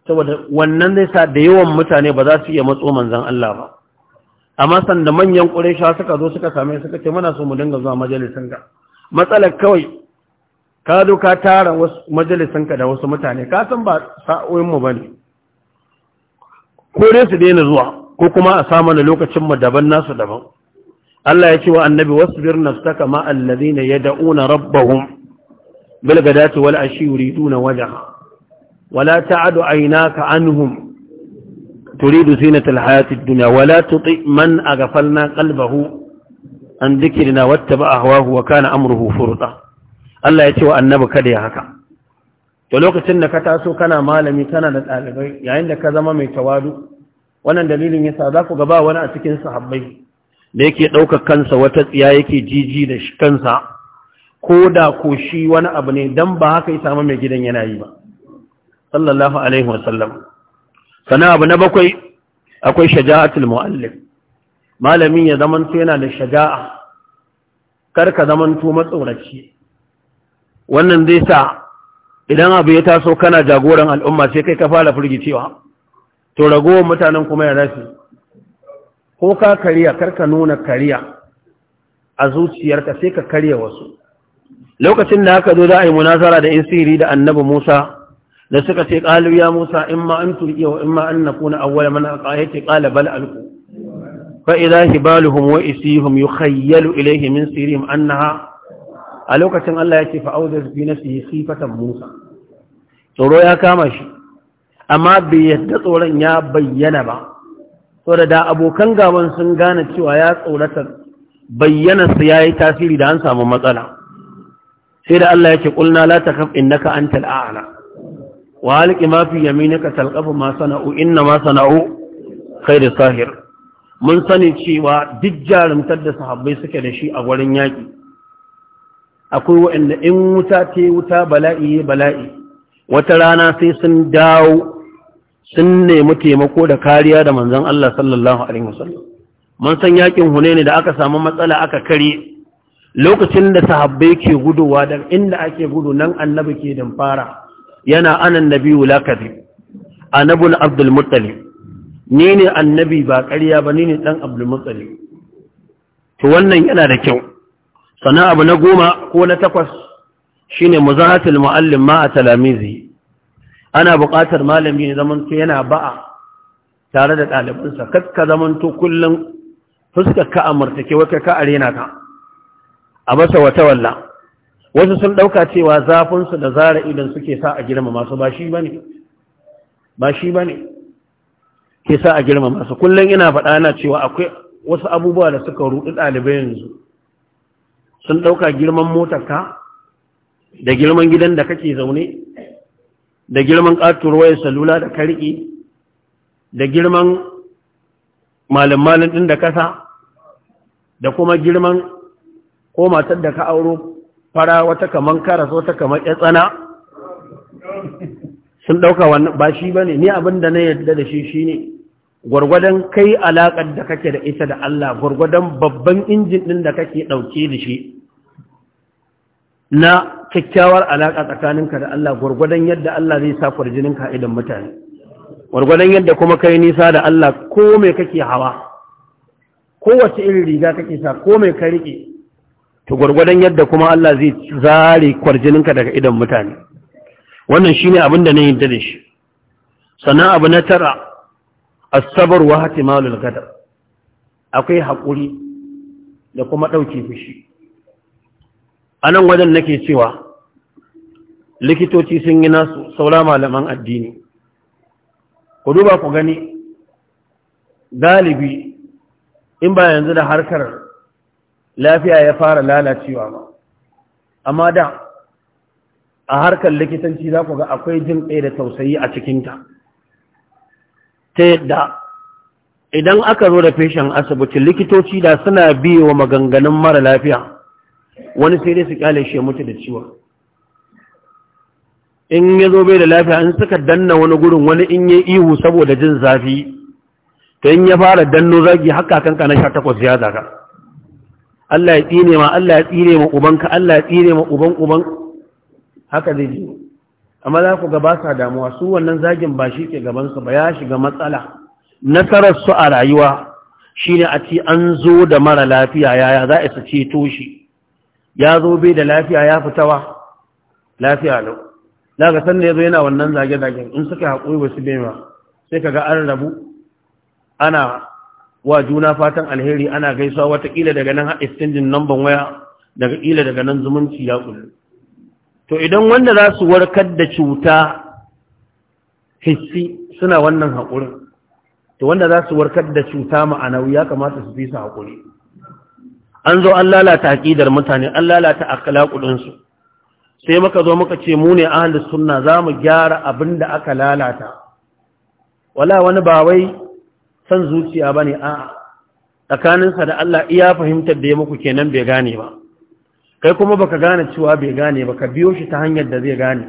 saboda wannan zai sa da yawan mutane ba za su iya matso manzon Allah ba amma sanda manyan Quraysh suka zo suka same suka ce muna so mu dinga zuwa majalisin ka matsalar kawai ka zo ka tara majalisanka da wasu mutane ka san ba sa'o'inmu ba ne kore su daina zuwa ko kuma a samu na lokacinmu daban nasu daban Allah ya ce wa annabi wasu birnin su taka ma'allazina ya da'una rabbahun bilgadati wal ashi yuriduna wajaha ولا تعد عيناك عنهم تريد زينة الحياة الدنيا man تطئ من أغفلنا قلبه an dikirina wata ba a hawahu wa kana amurhu furta Allah ya ce wa annabi kada ya haka to lokacin da ka taso kana malami kana da ɗalibai yayin da ka zama mai tawadu wannan dalilin yasa za ku gaba wani a cikin sahabbai da yake ɗaukar kansa wata tsiya yake jiji da shi kansa ko da ko shi wani abu ne dan ba haka ya samu mai gidan yana yi ba sallallahu alaihi wasallam sana abu na bakwai akwai shaja'atul mu'allim malamin ya zamanto yana da shaja'a kar ka zamanto matsoraci wannan zai sa idan abu ya taso kana jagoran al'umma sai kai ka fara firgicewa to ragowar mutanen kuma ya rafi ko ka kariya kar ka nuna kariya a zuciyarka sai ka karya wasu lokacin da haka zo za a yi munazara da insiri da annabi musa da suka ce ƙalu ya musa in ma an turkiya wa in ma an na kuna awwala mana a ƙayace bal alku فإذا هبالهم وإسيهم يخيل إليه من سيرهم أنها ألوكة الله يتي فأوذر في نفسه sifatan Musa. tsoro ya kama shi amma bai yadda tsoron ya bayyana ba saboda da abokan gaban sun gane cewa ya tsorata bayyanarsa ya yi tasiri da an samu matsala sai da Allah ya ce ƙulna la ta kaf ka antal a'la wa halqi ma fi yaminika talqafu ma sana'u inna ma sana'u da sahir mun sani cewa duk jarumtar da sahabbai suke da shi a wurin yaƙi akwai waɗanda in wuta ce wuta bala'i bala'i wata rana sai sun dawo sun nemi taimako da kariya da manzon Allah sallallahu alaihi wasallam mun san yaƙin ne da aka samu matsala aka kare lokacin da sahabbai ke guduwa dan inda ake gudu nan annabi ke damfara yana anan nabiyu la anabul abdul muttalib ni ne annabi ba ƙarya ba ni ne ɗan abdulmutsali to wannan yana da kyau sannan abu na goma ko na takwas shi ne muzahatul ma'allim ma a talamizi ana buƙatar malami ne zaman yana ba'a tare da ɗalibinsa. kakka zaman to kullum fuskar ka martake wata ka arena ka a basa wata walla wasu sun ɗauka cewa zafinsu da zara idan suke sa a girma masu ba ba shi ba ne ke sa a girma masu kullum ina faɗa na cewa akwai wasu abubuwa da suka ruɗi ɗalibai yanzu sun ɗauka girman motarka da girman gidan da kake zaune da girman ƙatuwar wayar salula da karki da girman malin-malin ɗin da kasa da kuma girman ko matar da ka auro fara wata kaman karas wata kaman tsana sun ɗauka wannan ba shi ba ne ni abin da na yadda da shi shi ne gwargwadon kai alaƙar da kake da ita da Allah gwargwadon babban injin ɗin da kake ɗauke da shi na kyakkyawar alaƙa tsakaninka da Allah gwargwadon yadda Allah zai sa kwarjinin ka idan mutane gwargwadon yadda kuma kai nisa da Allah ko mai kake hawa kowace irin riga kake sa ko mai ka riƙe to gwargwadon yadda kuma Allah zai zare kwarjininka daga idan mutane wannan shine abin da na yi da shi sannan abu na tara asabar wa hatimalul gadar akwai haƙuri da kuma ɗauki fushi a nan wajen nake cewa likitoci sun yi nasu saura malaman addini ku duba ku gani galibi in ba yanzu da harkar lafiya ya fara lalacewa ba amma da a harkar likitanci za ku ga akwai jin ɗaya da tausayi a cikinta ta yadda idan aka zo da feshin asibiti likitoci da suna biye wa maganganun mara lafiya wani sai dai su kyale shi mutu da ciwon in ya zo bai da lafiya in suka danna wani gurin wani in yi ihu saboda jin zafi ta in ya fara danno zagi haka kanka na sha takwas ya zaga Allah ya tsine ma Allah ya tsine ma ubanka Allah ya tsine ma uban uban haka zai ji amma za ku gaba sa damuwa su wannan zagin ba shi ke gabansu ba ya shiga matsala su a rayuwa shi ne a ce an zo da mara lafiya yaya za a ceto shi ya zo bai da lafiya ya fitawa lafiya lau na ga sanda ya zo yana wannan zage zage in suka hakuri ba su bema sai ka ga an rabu ana wa juna fatan alheri ana gaisuwa watakila daga nan haɗe stinjin number waya daga ƙila daga nan zumunci ya ƙullu to idan wanda za su warkar da cuta hissi suna wannan haƙurin to wanda za su warkar da cuta ma'anawi ya kamata su fi su haƙuri an zo an lalata aƙidar mutane an lalata akhlaƙudinsu sai muka zo muka ce mu ne ahlus suna, za mu gyara abin da aka lalata wala wani ba wai san zuciya ne? a tsakaninsa da Allah iya fahimtar da ya muku kenan bai gane ba kai kuma baka gane cewa bai gane ba, ka biyo shi ta hanyar da zai gane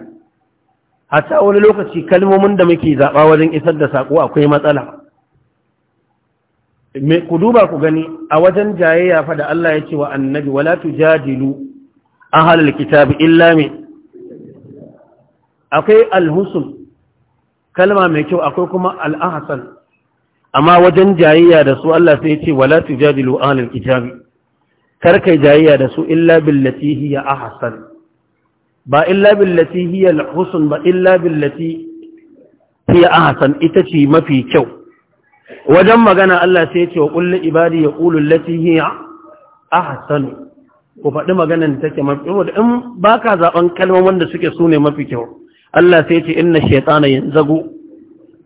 Hata wani lokaci kalmomin da muke zaɓa wajen isar da saƙo akwai matsala ku duba ku gani a wajen jayayya fa da Allah ya ce wa annabi wala tujadilu ahlul kitabi illa me akwai alhusul kalma mai kyau akwai kuma al'ahsan amma wajen jayayya da su Allah sai ya ce wala tujadilu ahlul kitabi karkai jayayya da su illa billati hiya ahsan ba illa billati hiya alhusn ba illa billati hiya ahsan ita ce mafi kyau wajen magana Allah sai ya ce wa kullu ibadi yaqulu allati hiya ahsan ku faɗi maganar da take mafi kyau in baka zaben kalmomin wanda suke sune mafi kyau Allah sai ya ce inna shaytana yanzagu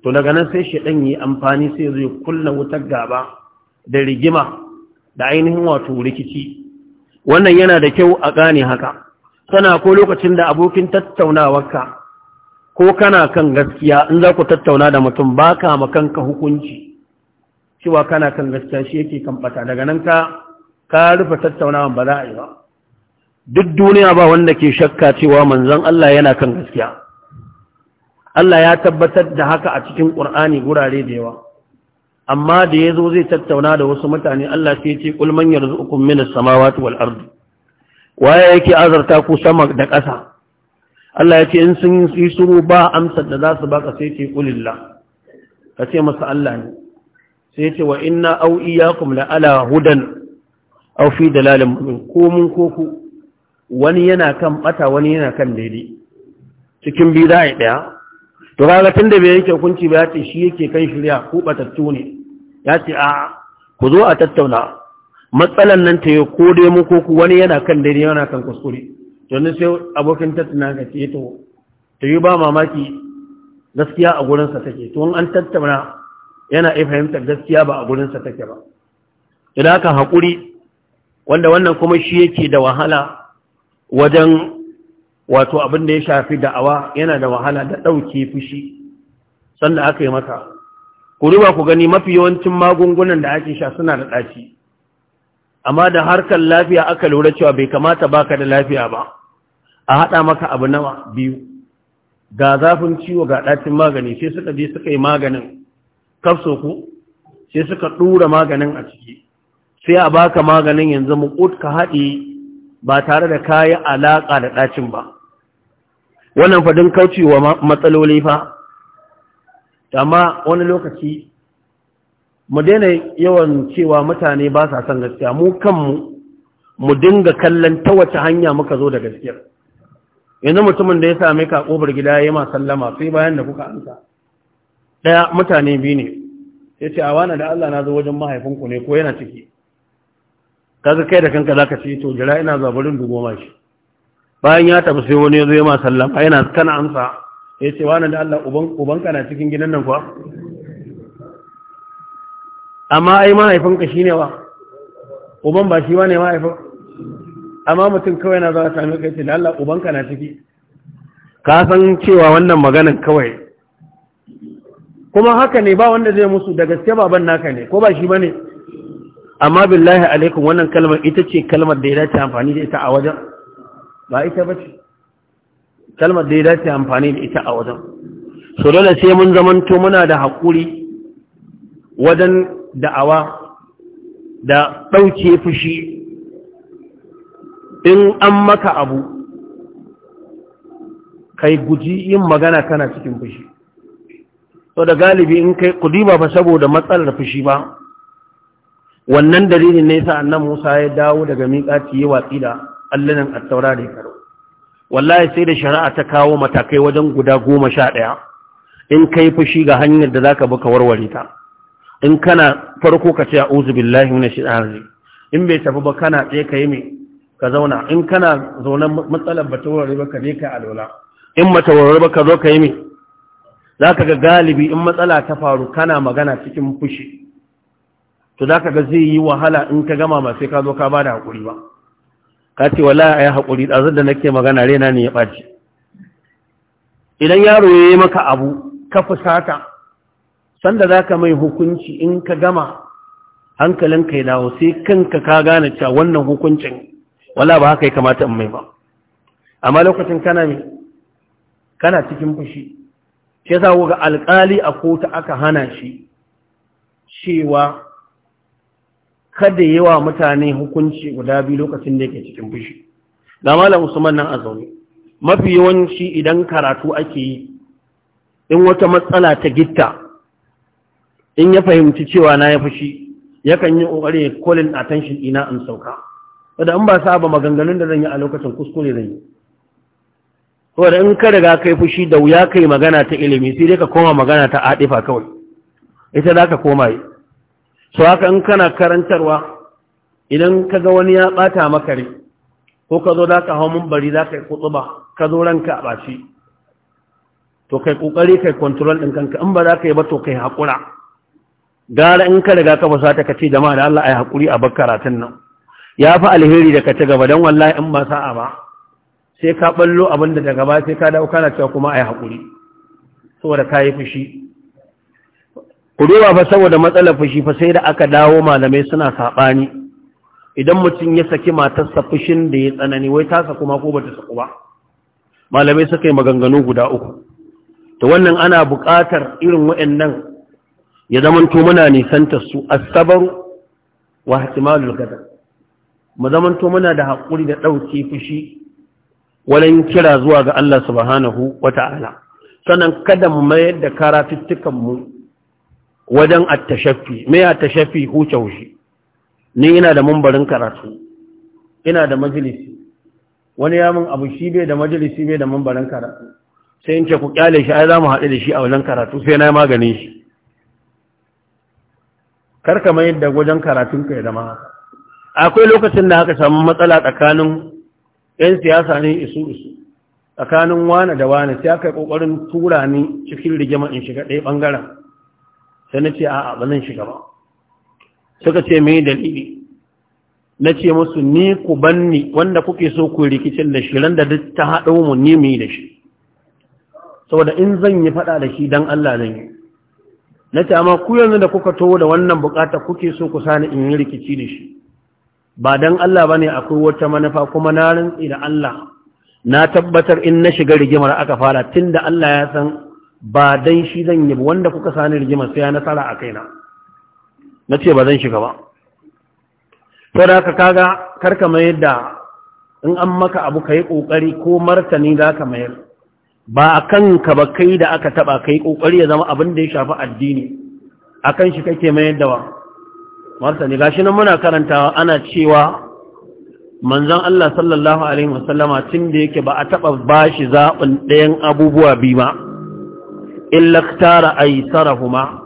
to daga nan sai shaytan yi amfani sai zai kulla wutar gaba da rigima da ainihin wato rikici wannan yana da kyau a gane haka sana ko lokacin da abokin tattaunawarka ko kana kan gaskiya in za ku tattauna da mutum ba ka makanka hukunci cewa kana kan gaskiya shi yake kan bata daga nan ka ka rufe tattaunawa ba za a yi ba duk duniya ba wanda ke shakka cewa manzon Allah yana kan gaskiya Allah ya tabbatar da haka a cikin Qur'ani gurare da yawa amma da ya zo zai tattauna da wasu mutane Allah sai ce yanzu yarzuqukum minas samawati wal ardi waye yake azarta ku sama da ƙasa Allah ya ce in sun yi suru ba amsa da za su baka sai ce kulillah ka ce masa Allah ne sai ce wa inna au iyakum la ala hudan aw fi dalalin mu'min ko mun ko ku wani yana kan bata wani yana kan daidai cikin bi za a yi daya to tun da bai yake hukunci ba ya ce shi yake kan shirya ko batattu ne ya ce a ku zo a tattauna matsalan nan ta yi ko dai muku ku wani yana kan daidai yana kan kuskure to ne sai abokin tattauna ka ce to ta yi ba mamaki gaskiya a gurinsa take to an tattauna yana iya fahimtar gaskiya ba a gurinsa take ba idan aka haƙuri wanda wannan kuma shi yake da wahala wajen wato abin da ya shafi da'awa yana da wahala da ɗauke fushi sanda aka yi maka ku riba ku gani mafi yawancin magungunan da ake sha suna da ɗaci amma da harkar lafiya aka lura cewa bai kamata baka da lafiya ba a haɗa maka abu nawa biyu ga zafin ciwo ga ɗacin magani sai suka je suka yi maganin kafso ku sai suka ɗura maganin a ciki sai a baka maganin yanzu mu ka haɗe ba tare da kayi alaƙa da ɗacin ba wannan fadin wa matsaloli fa amma wani lokaci mu daina yawan cewa mutane ba sa son gaskiya mu kanmu mu dinga kallon ta wace hanya muka zo da gaskiya. yanzu mutumin da ya same ka kofar gida ya ma sallama sai bayan da kuka amsa Ɗaya mutane biyu ne ya ce a wani da Allah na zo wajen mahaifinku ne ko yana ciki Ka ga kai da kanka za ka ce to jira ina zabarin dubo mashi. bayan ya tafi sai wani ya zo ya ma a yana kan amsa ya ce wani da Allah ubanka na cikin gidan nan kuwa amma ai mahaifinka shi ne wa uban ba shi ba ne mahaifin amma mutum kawai na za a sami kai ce da Allah ubanka na ciki ka san cewa wannan maganan kawai kuma haka ne ba wanda zai musu da gaske baban naka ne ko ba shi ba ne amma billahi alaikum wannan kalmar ita ce kalmar da ya dace amfani da ita a wajen ba ita ba ce kalmar da ya dace amfani da ita a wajen so dole sai mun zamanto muna da haƙuri wajen da'awa da ɗauke fushi in an maka abu kai guji yin magana kana cikin fushi so da galibi in kai kudi ba fa saboda matsalar fushi ba wannan dalilin ne sa annan musa ya dawo daga miƙaci ya watsi da a attaura da karo wallahi sai da shari'a ta kawo matakai wajen guda goma sha ɗaya in kai fushi ga hanyar da za bi ka warware ta in kana farko ka ce a uzu billahi wani shi in bai tafi ba kana tsaye ka yi mai ka zauna in kana zaune matsalar ba ta warware ba ka je ka alola in ba ta warware ba ka zo ka yi mai za ka ga galibi in matsala ta faru kana magana cikin fushi to za ka ga zai yi wahala in ka gama ba sai ka zo ka ba da haƙuri ba Na ce wala a yi haƙuri ɗazar da nake magana rena ne ya ɓace. idan yaro ya yi maka abu ka fusata sanda za ka mai hukunci in ka gama hankalinka ya dawo sai kanka ka gane cewa wannan hukuncin wala ba haka ya kamata in mai ba amma lokacin kana mai kana cikin fushi sai za ga alƙali a kotu aka hana shi cewa kada yi wa mutane hukunci guda biyu lokacin da yake cikin fushi da malam usman nan a zaune mafi yawanci idan karatu ake yi in wata matsala ta gitta in ya fahimci cewa na ya fushi yakan yi kokari kolin attention ina an sauka saboda in ba sa ba maganganun da zan yi a lokacin kuskure zan yi saboda in ka riga kai fushi da wuya kai magana ta ilimi sai dai ka koma magana ta adifa kawai ita za ka koma yi so haka in kana karantarwa idan ka ga wani ya bata maka rai ko ka zo za ka hau mumbari za ka yi kutsuba ka zo ranka a ɓaci to kai ƙoƙari kai control ɗin kanka in ba za ka yi ba to kai haƙura gara in ka riga ka sata ka ce jama'a da Allah a yi haƙuri a bar nan ya fi alheri da ka ci gaba don wallahi in ba sa'a ba sai ka ballo abin da daga ba sai ka dawo kana cewa kuma a yi haƙuri saboda ka yi fushi ku fa saboda matsalar fushi fa sai da aka dawo malamai suna saɓani idan mutum ya saki matarsa fushin da ya tsanani wai tasa kuma ko bata saku ba malamai suka yi maganganu guda uku to wannan ana buƙatar irin waɗannan ya to muna nisanta su asabaru wa ihtimalul gadab mu to muna da hakuri da ɗauke fushi walan kira zuwa ga Allah subhanahu wata'ala sannan kada mu mayar da karatuttukan mu wajen attashaffi me tashafi huce hushi ni ina da mambarin karatu ina da majalisi wani yamin abu shi bai da majalisi bai da mambarin karatu sai in ce ku kyale shi ai za mu haɗu da shi a wajen karatu sai na yi maganin shi karka mai da wajen karatunka ya zama haka akwai lokacin da haka samu matsala tsakanin 'yan siyasa ne isu isu tsakanin wane da wane sai aka yi ƙoƙarin tura ni cikin rigima in shiga ɗaya ɓangaren sai na ce a'a ba zan shiga ba suka ce mai dalili na ce musu ni ku banni wanda kuke so ku rikicin da shi ran da duk ta haɗo mu ni mu da shi saboda in zan yi faɗa da shi don Allah zan yi na ce amma ku yanzu da kuka to da wannan bukata kuke so ku sani in yi rikici da shi ba don Allah ba ne akwai wata manufa kuma na rantsi da Allah na tabbatar in na shiga rigimar aka fara tun Allah ya san ba dan shi zan yi wanda kuka sani rigima sai ya nasara a kaina na ce ba zan shiga ba to da ka kaga karka mayar da in an maka abu ka yi ƙoƙari ko martani za ka mayar ba a kan ka ba kai da aka taɓa kai yi ƙoƙari ya zama abin da ya shafi addini a kan shi kake mayar da wa martani gashi nan muna karantawa ana cewa manzon Allah sallallahu alaihi wasallama tun da yake ba a taɓa bashi zaɓin ɗayan abubuwa biyu ba laktara a yi huma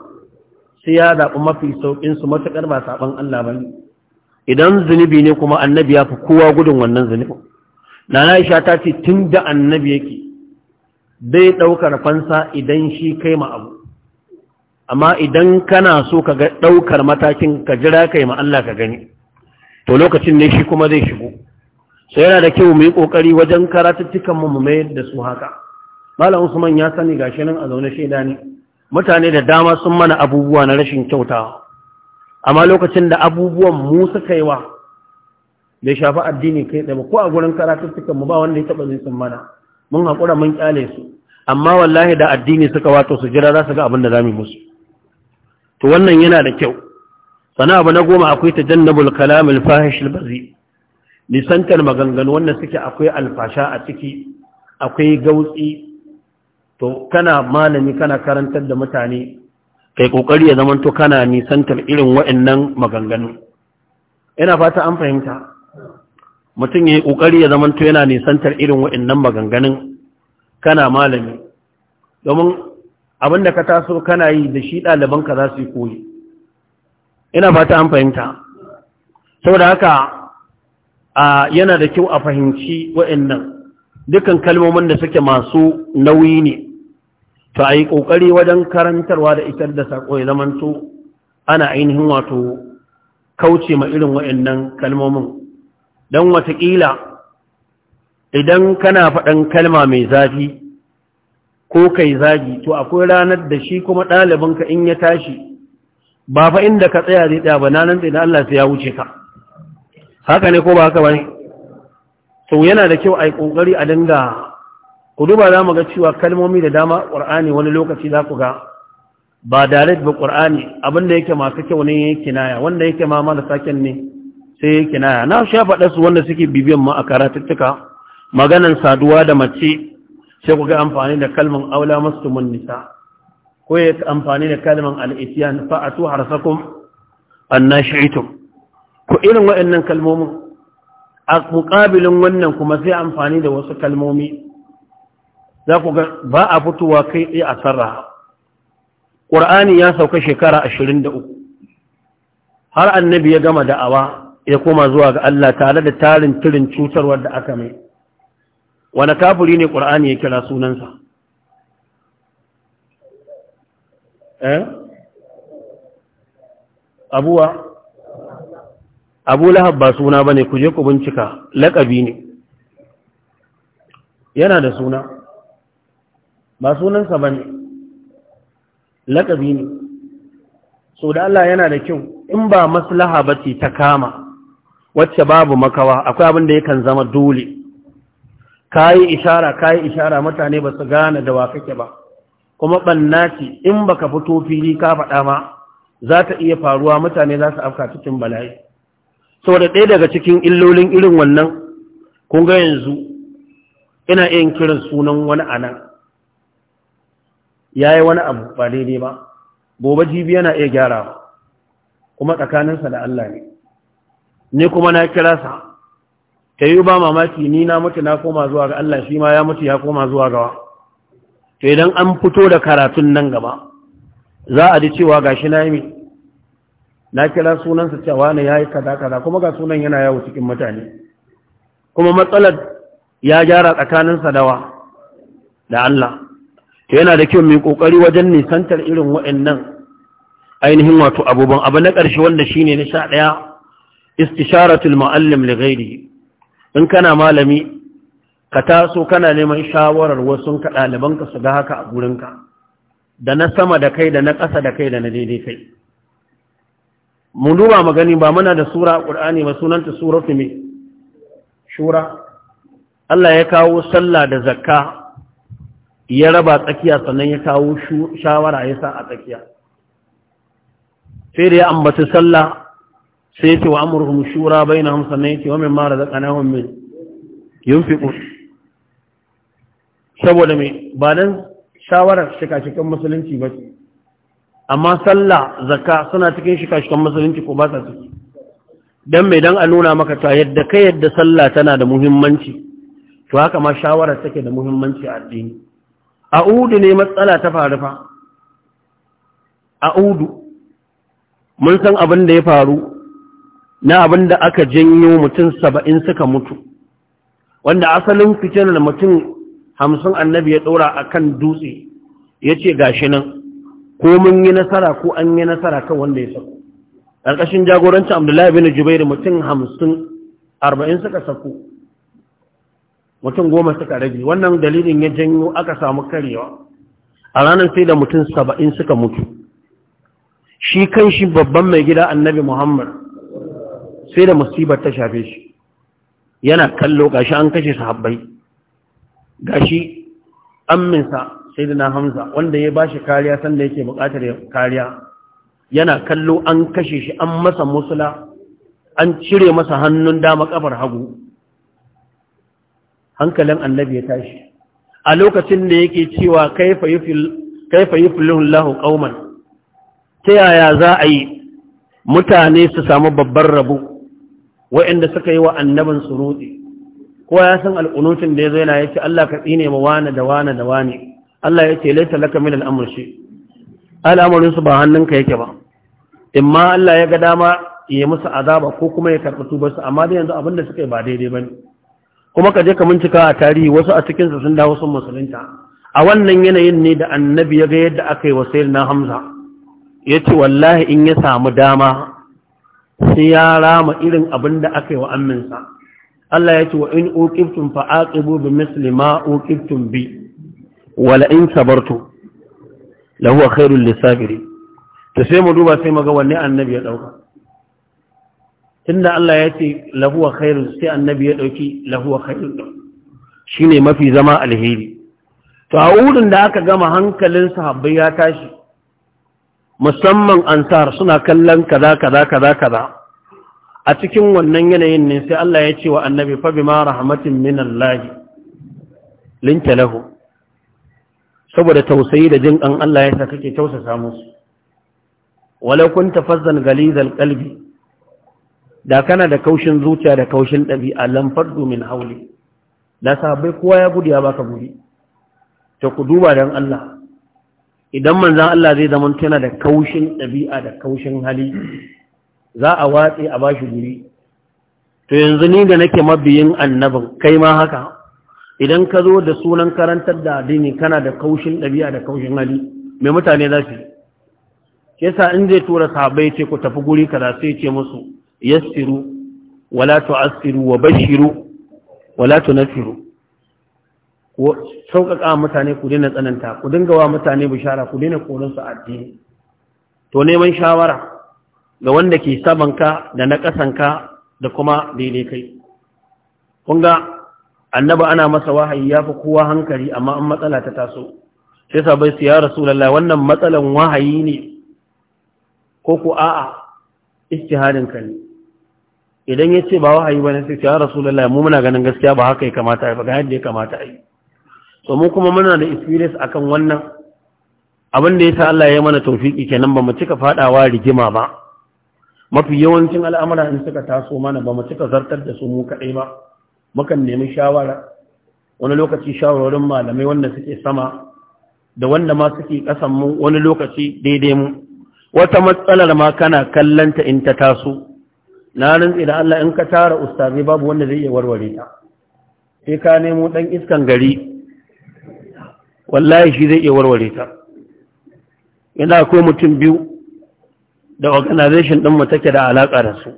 sai ya zaɓi mafi sauƙinsu matuƙar ba saɓon Allah ba ne idan zunubi ne kuma annabi ya fi kowa gudun wannan zunubin na na isha ta ce tun da annabi yake dai ɗaukar fansa idan shi kai ma abu amma idan kana so ka ga ɗaukar matakin ka jira kai ma Allah ka gani to lokacin ne shi kuma zai shigo sai yana da kyau mu yi ƙoƙari wajen karatuttukan mu mu mayar da su haka malam usman ya sani gashi nan a zaune shaida ne mutane da dama sun mana abubuwa na rashin kyautawa. amma lokacin da abubuwan mu suka yi wa bai shafi addini kai tsaye ko a gurin suka mu ba wanda ya taba zai sun mana mun haƙura mun kyale su amma wallahi da addini suka wato su jira za su ga abin da za musu to wannan yana da kyau sana abu na goma akwai ta kalam al-fahish al-bazi maganganu wanda suke akwai alfasha a ciki akwai gautsi to kana malami kana karantar da mutane kai kokari ya to kana nisantar irin wa'annan maganganu ina fata an fahimta mutum ya yi kokari ya to yana nisantar irin wa'annan maganganun kana malami domin abin da ka taso kana yi da shi ɗalibanka za su yi koyi ina fata an fahimta saboda haka a yana da kyau a fahimci wa'annan dukkan kalmomin da suke masu nauyi ne to a yi ƙoƙari wajen karantarwa da isar da saƙo ya zamanto ana ainihin wato kauce ma irin wa'annan kalmomin don watakila idan kana faɗan kalma mai zafi ko kai zagi to akwai ranar da shi kuma ɗalibinka in ya tashi ba fa inda ka tsaya zai tsaya ba na nan tsaye Allah sai ya wuce ka haka ne ko ba haka ba ne to yana da kyau a yi ƙoƙari a dinga ku duba za mu ga cewa kalmomi da dama ƙur'ani wani lokaci za ku ga ba direct ba ƙur'ani abinda yake masu kyau ne ya kinaya wanda yake ma marasa saken ne sai ya kinaya na sha faɗa su wanda suke bibiyan ma a karatuttuka maganan saduwa da mace sai ku ga amfani da kalmar aula masu mun nisa ko ya amfani da kalman al'isiyan fa'atu harsakum annashi'itum ku irin waɗannan kalmomin a muƙabilin wannan kuma sai amfani da wasu kalmomi za ku ga ba a fitowa kai tsaye a sarraha ƙur'ani ya sauka shekara ashirin da har annabi ya gama da'awa ya koma zuwa ga Allah tare da tarin turin cutarwar da aka mai wani kafuri ne ƙur'ani ya kira sunansa eh abuwa abu lahab ba suna ba ne ku je ku bincika Lakabi ne yana da suna ba sunansa ba ne laƙabi ne so da Allah yana da kyau in ba maslaha ba ce ta kama wacce babu makawa akwai abin da yakan zama dole kayi ishara kayi ishara mutane ba su gane da wa kake ba kuma bannaci ce in baka fito fili ka faɗa ma za ta iya faruwa mutane za su afka cikin bala'i da ɗaya daga cikin illolin irin wannan kun ga yanzu ina yin kiran sunan wani anan ya yi wani abu ba daidai ba gobe jibi yana iya gyara kuma tsakaninsa da Allah ne ne kuma na kira sa ta yi ba mamaki ni na mutu na koma zuwa ga Allah shi ma ya mutu ya koma zuwa gawa to idan an fito da karatun nan gaba za a ji cewa shi na yi na kira sunansa cewa ne ya yi kada-kada kuma ga sunan yana yawo cikin mutane kuma matsalar ya gyara tsakaninsa dawa da Allah to yana da kyau mai kokari wajen nisantar irin waɗannan ainihin wato abubuwan abu na ƙarshe wanda shine na sha ɗaya istisharatul ma'allim da gairi in kana malami ka taso kana neman shawarar wasu ka ɗalibanka su ga haka a gurinka da na sama da kai da na ƙasa da kai da na daidai kai mu duba magani ba muna da sura qur'ani ba sunanta suratu me shura Allah ya kawo sallah da zakka ya raba tsakiya sannan ya kawo shawara ya sa a tsakiya sai da ya ambaci sallah sai ya ce wa amurhum shura hamsa na ya ce mara min ma razaqnahum min fiƙo saboda mai, ba don shawarar shika-shikan musulunci ba ce amma sallah zaka suna cikin shika-shikan musulunci ko ba sa ciki don mai don a nuna maka ta yadda ka yadda sallah tana da muhimmanci to haka ma shawarar take da muhimmanci a addini a'udu ne matsala ta faru fa a'udu mun san abin da ya faru na abin da aka janyo mutum saba'in suka mutu wanda asalin fitinar mutum hamsin annabi ya ɗora a kan dutse ya ce gashi nan ko mun yi nasara ko an yi nasara kan wanda ya sako ƙarƙashin jagorancin abdullahi bin jubair mutum hamsin arba'in suka sako mutum goma suka rage wannan dalilin ya janyo aka samu karewa a ranar sai da mutum saba'in suka mutu shi kan shi babban mai gida annabi muhammad sai da musibar ta shafe shi yana kallo gashi an kashe su habbai gashi amminsa sai da na hamza wanda ya ba shi kariya sanda yake bukatar kariya yana kallo an kashe shi an masa musula an cire masa hannun dama kafar hagu hankalin annabi ya tashi a lokacin da yake cewa kaifa yuflihu lahu kauman. ta yaya za a yi mutane su samu babban rabo waɗanda suka yi wa annabin suruti kowa ya san al'unutun da ya zo yana yake Allah ka tsine ma wane da wani da wani Allah ya ce laita laka min al'amur shi ba hannunka yake ba imma Allah ya ga dama ya musu azaba ko kuma ya karɓi tubar su amma da yanzu abinda suka yi ba daidai bane kuma ka je ka bincika a tarihi wasu a cikinsa sun dawo sun musulunta a wannan yanayin ne da annabi ya ga yadda aka yi wa na hamza ya wallahi in ya samu dama sai ya rama irin abin da aka yi wa amminsa Allah ya ce wa in uqiftum fa aqibu bi misli ma uqiftum bi wala in sabartu lahu khairul lisabirin to sai mu duba sai mu ga wanne annabi ya dauka tunda Allah ya ce lahuwa khairu sai annabi ya dauki lahuwa khairu shine mafi zama alheri to a wurin da aka gama hankalin sahabbai ya tashi musamman ansar suna kallon kaza kaza kaza kaza a cikin wannan yanayin ne sai Allah ya ce wa annabi fa bima rahmatin min Allah linta lahu saboda tausayi da jin kan Allah ya kake tausasa musu wala kunta fazzan ghalizal qalbi da kana da kaushin zuciya da kaushin ɗabi'a lamfar domin haule da sahabbai kowa ya gudu ya baka guri ta ku duba don Allah idan manzan Allah zai zama tana da kaushin ɗabi'a da kaushin hali za a watsi a ba shi guri to yanzu ni da nake mabiyin annabin kai ma haka idan ka zo da sunan karantar da addini kana da kaushin ɗabi'a da kaushin hali mai mutane za su yi yasa in zai tura sahabbai ce ku tafi guri kaza sai ce musu yassiru wala tu'assiru wa bashiru wala tunfiru ku sauƙaƙa mutane ku daina tsananta ku dinga wa mutane bishara ku daina koran su addini to neman shawara ga wanda ke sabanka da na ka da kuma daidai kai kun ga annabi ana masa wahayi ya fi kowa hankali amma an matsala ta taso sai sabai su ya rasulallah wannan matsalan wahayi ne ko ku a'a istihadin ka ne idan ya ce ba wahayi ba ne sai ya rasulullahi mu muna ganin gaskiya ba haka ya kamata ba ga yadda ya kamata ai so mu kuma muna da experience akan wannan abin da ya sa Allah ya mana tawfiki kenan ba mu cika fadawa rigima ba mafi yawancin al'amura in suka taso mana ba mu cika zartar da su mu kaɗai ba mukan nemi shawara wani lokaci shawarorin malamai wanda suke sama da wanda ma suke kasan mu wani lokaci daidai mu wata matsalar ma kana kallanta in ta taso na rantsi da Allah in ka tara ustazi babu wanda zai iya warware ta sai ka nemo dan iskan gari wallahi shi zai iya warware ta yana akwai mutum biyu da organization ɗinmu take da alaka da su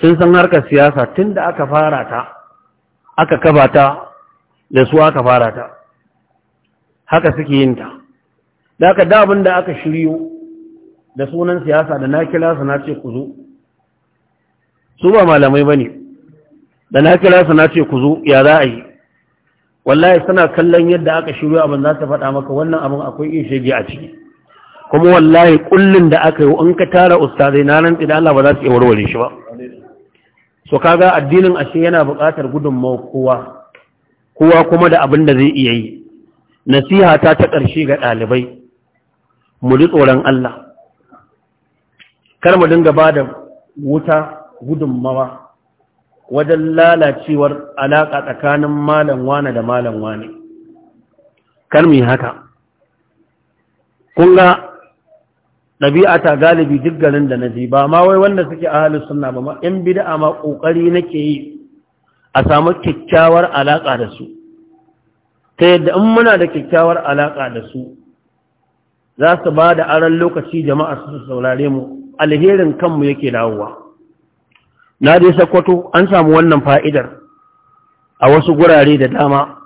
sun san harkar siyasa tun aka fara ta aka kaba ta da su aka fara ta haka suke yin ta da aka da aka shiryo da sunan siyasa da na kilasa na ce ku zo su ba malamai ba ne da na kira su na ce ku zo ya za a yi wallahi suna kallon yadda aka shirya abin za ta faɗa maka wannan abin akwai iya shege a ciki kuma wallahi kullun da aka yi in ka tara ustazai na nan idan Allah ba za su iya warware shi ba so ga addinin ashe yana buƙatar gudunmawar kowa kowa kuma da abin da zai iya yi nasiha ta ta ƙarshe ga ɗalibai mu ji tsoron Allah kar mu dinga ba da wuta gudunmawa wajen lalacewar alaƙa tsakanin malam wane da malam wane kar mu yi haka Kunga ɗabi'ata ɗabi'a ta galibi duk garin da na ji ba ma wai wanda suke halin suna ba ma Yan bid'a ma ƙoƙari nake yi a samu kyakkyawar alaƙa da su ta yadda in muna da kyakkyawar alaƙa da su za su ba da aron lokaci jama'a su saurare mu alherin kanmu yake dawowa na dai sakwato an samu wannan fa'idar a wasu gurare da dama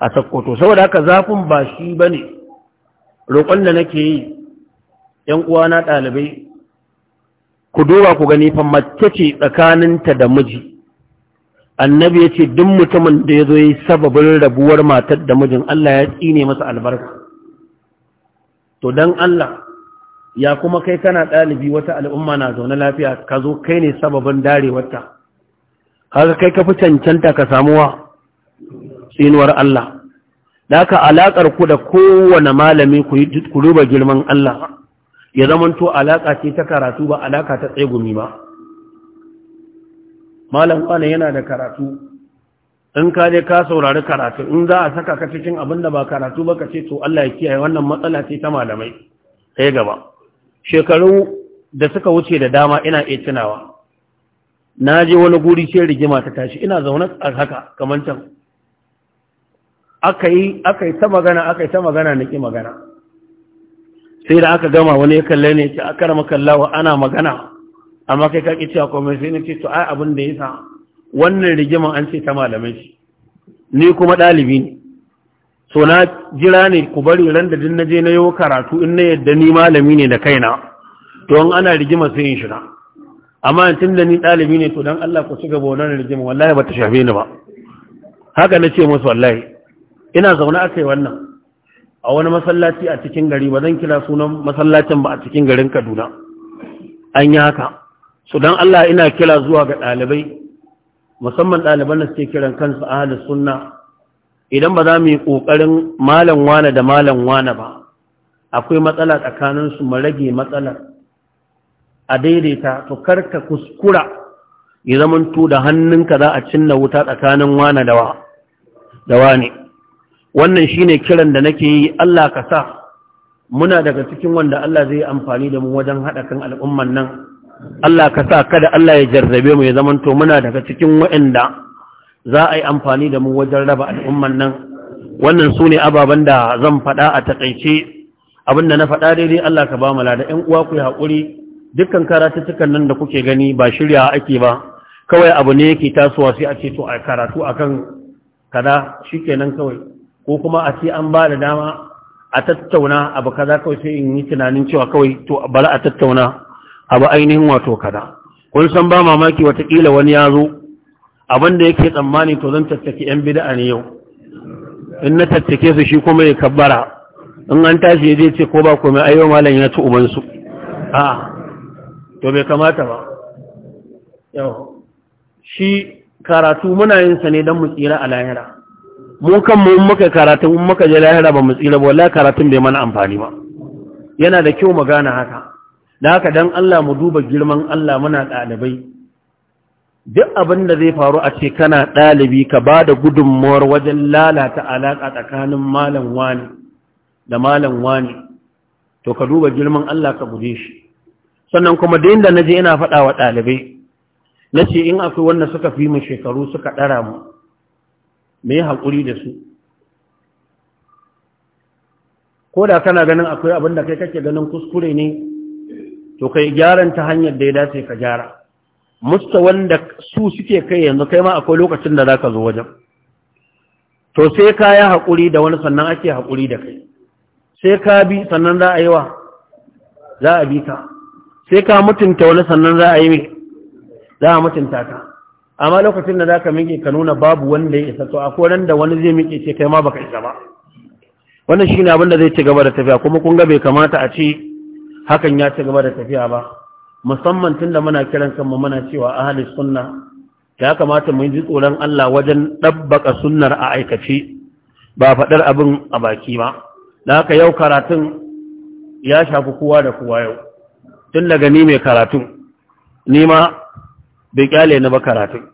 a sakwato saboda haka zafin ba shi ba ne roƙon da nake yi ‘yan na ɗalibai ku duba ku gani fa mace ce tsakaninta da miji annabi ya ce duk mutumin da ya zo yi sababin rabuwar matar da mijin Allah ya tsine masa albarka to don Allah ya kuma kai kana ɗalibi wata al'umma na zaune lafiya ka zo kai ne sababin darewarta haka kai ka fi cancanta ka wa tsinuwar Allah da haka alaƙar ku da kowane malami ku duba girman Allah ya zamanto alaƙa ce ta karatu ba alaƙa ta tsegumi ba malam kwana yana da karatu in ka je ka saurari karatu in za a saka ka cikin abin da ba karatu ba ka ce to Allah ya kiyaye wannan matsala ce ta malamai sai gaba shekaru da suka wuce da dama ina iya tunawa na je wani guri sai rigima ta tashi ina zaune a haka kamar can aka yi ta magana aka yi ta magana na magana sai da aka gama wani ya kalle ne ce aka rama kallawa ana magana amma kai kaki cewa komai sai na ce to ai abin da ya sa wannan rigiman an ce ta malamai shi ni kuma ɗalibi ne so na jira ne ku bari ran da din naje na yi karatu in na yadda ni malami ne da kaina to an ana rigima sai in shiga amma tun da ni dalibi ne to dan Allah ku shiga nan rigima wallahi ba ta shafe ni ba haka na ce musu wallahi ina zaune akai wannan a wani masallaci a cikin gari ba zan kira sunan masallacin ba a cikin garin Kaduna an yi haka so dan Allah ina kira zuwa ga ɗalibai musamman ɗaliban da suke kiran kansu ahlus sunna idan ba za mu yi ƙoƙarin malam wane da malam wane ba akwai matsala tsakaninsu mu rage matsalar a daidaita to karka kuskura ya zamanto da hannunka za a cinna wuta tsakanin wane da wane wannan shine kiran da nake yi Allah ka sa muna daga cikin wanda Allah zai amfani da mu wajen haɗa kan al'umman nan, Allah ka sa kada Allah ya jarrabe mu ya zamanto muna daga cikin waɗanda za a yi amfani da mu wajen raba al'umman nan wannan su ne ababen da zan faɗa a taƙaice abinda na faɗa daidai Allah ka ba mu lada 'yan uwa ku yi haƙuri dukkan karatuttukan nan da kuke gani ba shirya ake ba kawai abu ne yake tasowa sai a ce to a karatu akan shi kenan kawai ko kuma a ce an ba da dama a tattauna abu kaza kawai sai in yi tunanin cewa kawai to bari a tattauna abu ainihin wato kada. kun san ba mamaki watakila wani ya zo abin da yake tsammani to zan tattaki yan bid'a ne yau in na tattake su shi kuma ya kabbara in an tashi ya ce ko ba kome ayo malam ya ci ubansu, su a to bai kamata ba yau shi karatu muna yin sa ne don mu tsira a lahira mu kan mu muka karatu mun muka je lahira ba mu tsira ba Wala karatun bai mana amfani ba yana da kyau mu gane haka da haka dan Allah mu duba girman Allah muna ɗalibai duk abin da zai faru a ce kana ɗalibi ka ba da gudunmuwar wajen lalata alaƙa tsakanin malam wani da malam wani to ka duba girman Allah ka guje shi sannan kuma da da na je ina faɗa wa ɗalibai na ce in akwai wanda suka fi mu shekaru suka ɗara mu me haƙuri da su ko da kana ganin akwai abin da kai kake ganin kuskure ne to kai gyaran ta hanyar da ya dace ka gyara musta da su suke kai yanzu kai ma akwai lokacin da zaka zo wajen to sai ka yi haƙuri da wani sannan ake haƙuri da kai sai ka bi sannan za a yi wa za a bi ka sai ka mutunta wani sannan za a yi za a mutunta ka amma lokacin da za ka miƙe ka nuna babu wanda ya isa to akwai ran da wani zai miƙe ce kai ma baka isa ba wannan shi ne abin da zai ci gaba da tafiya kuma kun ga bai kamata a ce hakan ya ci gaba da tafiya ba musamman tun da muna kiran kanmu muna cewa ahli sunna ya kamata mu ji tsoron Allah wajen dabbaka sunnar a aikace ba faɗar abin a baki ba da haka yau karatun ya shafi kowa da kowa yau tun daga ni mai karatun ni ma bai kyale na ba karatun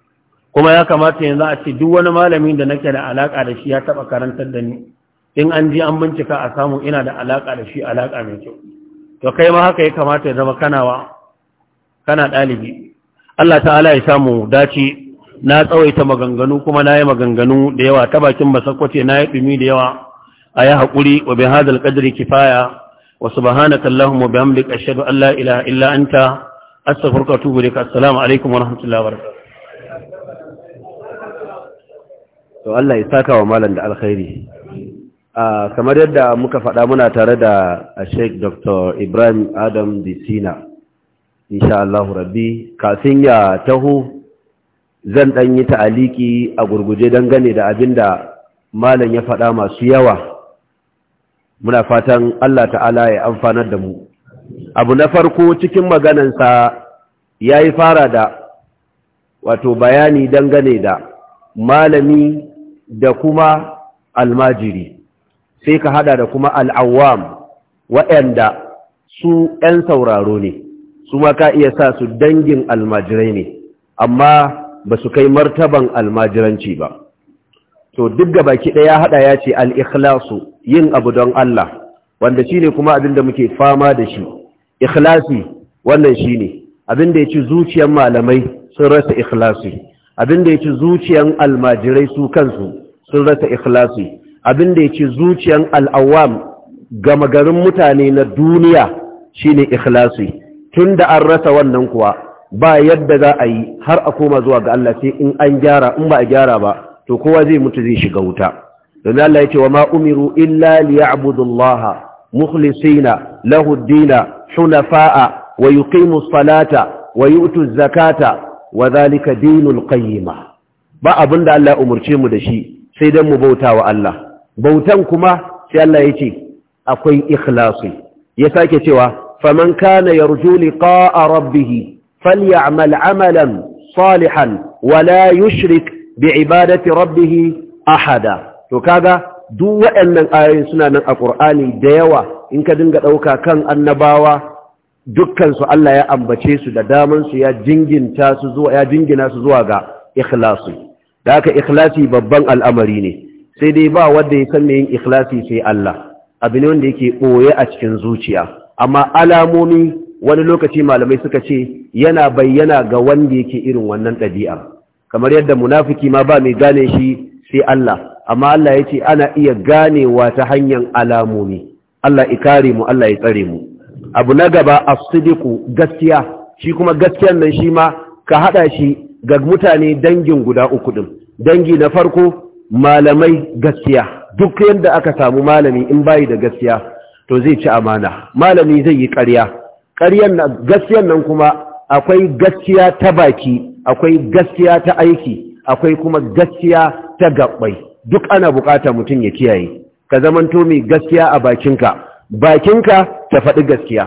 kuma ya kamata yanzu a ce duk wani malami da nake da alaka da shi ya taba karantar da ni in an ji an bincika a samu ina da alaka da shi alaka mai kyau to kai ma haka ya kamata ya zama kanawa kana ɗalibi Allah ta'ala ya samu dace na tsawaita maganganu kuma na yi maganganu da yawa ta bakin basakwace na yi ɗumi da yawa a yi haƙuri wa bin hadal ƙadiri kifaya wa subhanaka Allahumma bihamdika ashhadu an la ila illa anta astaghfiruka wa da ka. assalamu alaikum wa rahmatullahi wa barakatuh to Allah ya saka wa malam da alkhairi kamar yadda muka faɗa muna tare da Sheikh Dr. Ibrahim Adam Disina insha Allah rabbi kafin ya taho zan dan yi ta'aliki a gurguje gane da abinda malam ya faɗa masu yawa muna fatan Allah ta'ala ya amfana da mu abu na farko cikin maganansa yayi fara da wato bayani dangane da malami da kuma almajiri sai ka hada da kuma al'awam waɗanda su ‘yan sauraro ne su ma ka iya sa su dangin almajirai ne amma ba su kai martaban almajiranci ba to duk ga baki ɗaya haɗa ya ce al yin abu don Allah wanda shine kuma abin da muke fama da shi ikhlasi wannan shine abin da ya ci zuciyar malamai sun rasa ikhlasi abin da ya ci zuciyar almajirai su kansu sun rasa ikhlasi abin da ya ci zuciyar al'awam gama garin mutane na duniya shine ikhlasi tun da an rasa wannan kuwa ba yadda za a yi har a koma zuwa ga Allah sai in an gyara in ba a gyara ba to kowa zai mutu zai shiga wuta don Allah ya ce wa ma umiru illa liya'budullaha mukhlisina lahu ad-dina hunafa'a wa yuqimu salata wa yu'tu zakata wa dinul qayyima ba abinda Allah ya umurce mu da shi sai dan mu bauta wa Allah bautan kuma sai Allah ya ce akwai ikhlasi ya sake cewa فمن كان يرجو لقاء ربه فليعمل عملا صالحا ولا يشرك بعبادة ربه أحدا وكذا suna nan a سنة من القرآن ديوة ka dinga أوكا كان النباوة dukkansu Allah ya ambace su da damansu ya jinginta su zuwa ya jingina su zuwa ga ikhlasi da haka ikhlasi babban al'amari ne sai dai ba wanda ya san me yin ikhlasi sai Allah abin wanda yake boye a cikin zuciya amma alamomi wani lokaci malamai suka ce yana bayyana ga wanda yake irin wannan ɗabi'a kamar yadda munafiki ma ba mai gane shi sai Allah amma Allah ya ce ana iya ganewa ta hanyar alamomi Allah ya kare mu Allah ya tsare mu abu na gaba asidiku gaskiya shi kuma gaskiyan nan shi ma ka haɗa shi ga mutane dangin guda uku din dangi na farko malamai gaskiya duk yadda aka samu malami in bayi da gaskiya to zai ci amana malami zai yi ƙarya ƙaryan nan gaskiyan nan kuma akwai gaskiya ta baki akwai gaskiya ta aiki akwai kuma gaskiya ta gabbai duk ana bukata mutum ya kiyaye ka zamanto mai gaskiya a bakinka bakinka ta faɗi gaskiya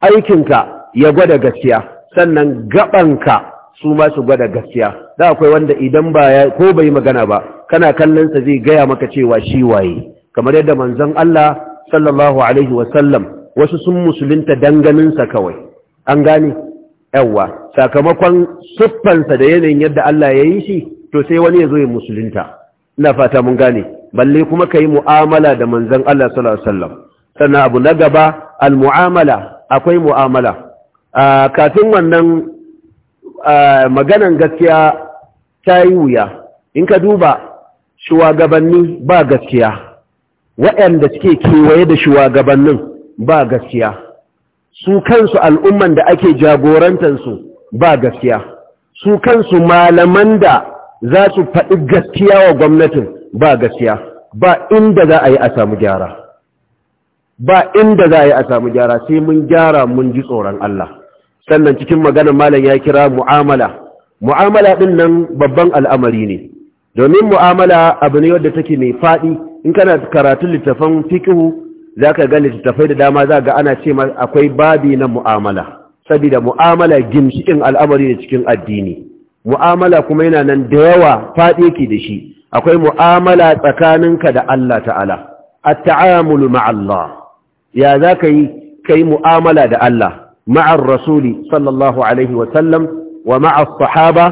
aikinka ya gwada gaskiya sannan gabanka su ma su gwada gaskiya da akwai wanda idan ba ya ko bai magana ba kana kallon sa zai gaya maka cewa shi waye kamar yadda manzon Allah sallallahu alaihi wasallam wasu sun musulunta danganinsa kawai an gane yawa sakamakon siffansa da yanayin yadda Allah ya yi shi to sai wani ya zo ya musulunta ina fata mun gane balle kuma ka yi mu'amala da manzon Allah sallallahu alaihi wasallam sannan abu na gaba al-mu'amala akwai mu'amala kafin wannan maganan gaskiya ta yi wuya in ka duba shugabanni ba gaskiya waɗanda suke kewaye da shugabannin ba gaskiya su kansu al'umman da ake jagorantansu ba gaskiya su kansu malaman da za su faɗi gaskiya wa gwamnatin ba gaskiya ba inda za a yi a samu gyara ba inda za a yi a samu gyara sai mun gyara mun ji tsoron Allah sannan cikin maganar malam ya kira mu'amala mu'amala ɗin nan babban al'amari ne domin mu'amala abu ne wadda take mai faɗi in kana karatun littafan Za zaka ga littafai da dama za ga ana ce akwai babi na mu'amala saboda mu'amala ginshikin al'amari ne cikin addini mu'amala kuma yana nan da yawa faɗi yake da shi akwai mu'amala tsakaninka da Allah ta'ala at-ta'amulu ma'allah ya za ka yi kai mu'amala da Allah ma'a rasuli sallallahu alaihi wa sallam wa ma'a sahaba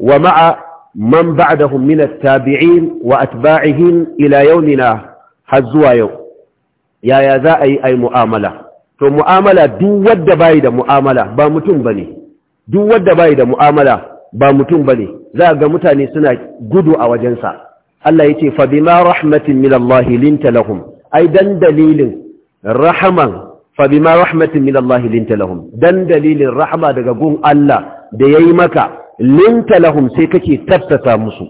wa ma'a man ba'dahum min at-tabi'in wa atba'ihim ila yawmina har zuwa yau yaya za a yi ai mu'amala to mu'amala duk wanda bai da mu'amala ba mutum bane duk wanda bai da mu'amala ba mutum bane za ga mutane suna gudu a wajensa Allah yace fa bima rahmatin min Allah linta lahum ai dan dalilin rahaman fa bima rahmatin min Allah lahum dan dalilin rahama daga gun Allah da yayi maka linta lahum sai kake tafsasa musu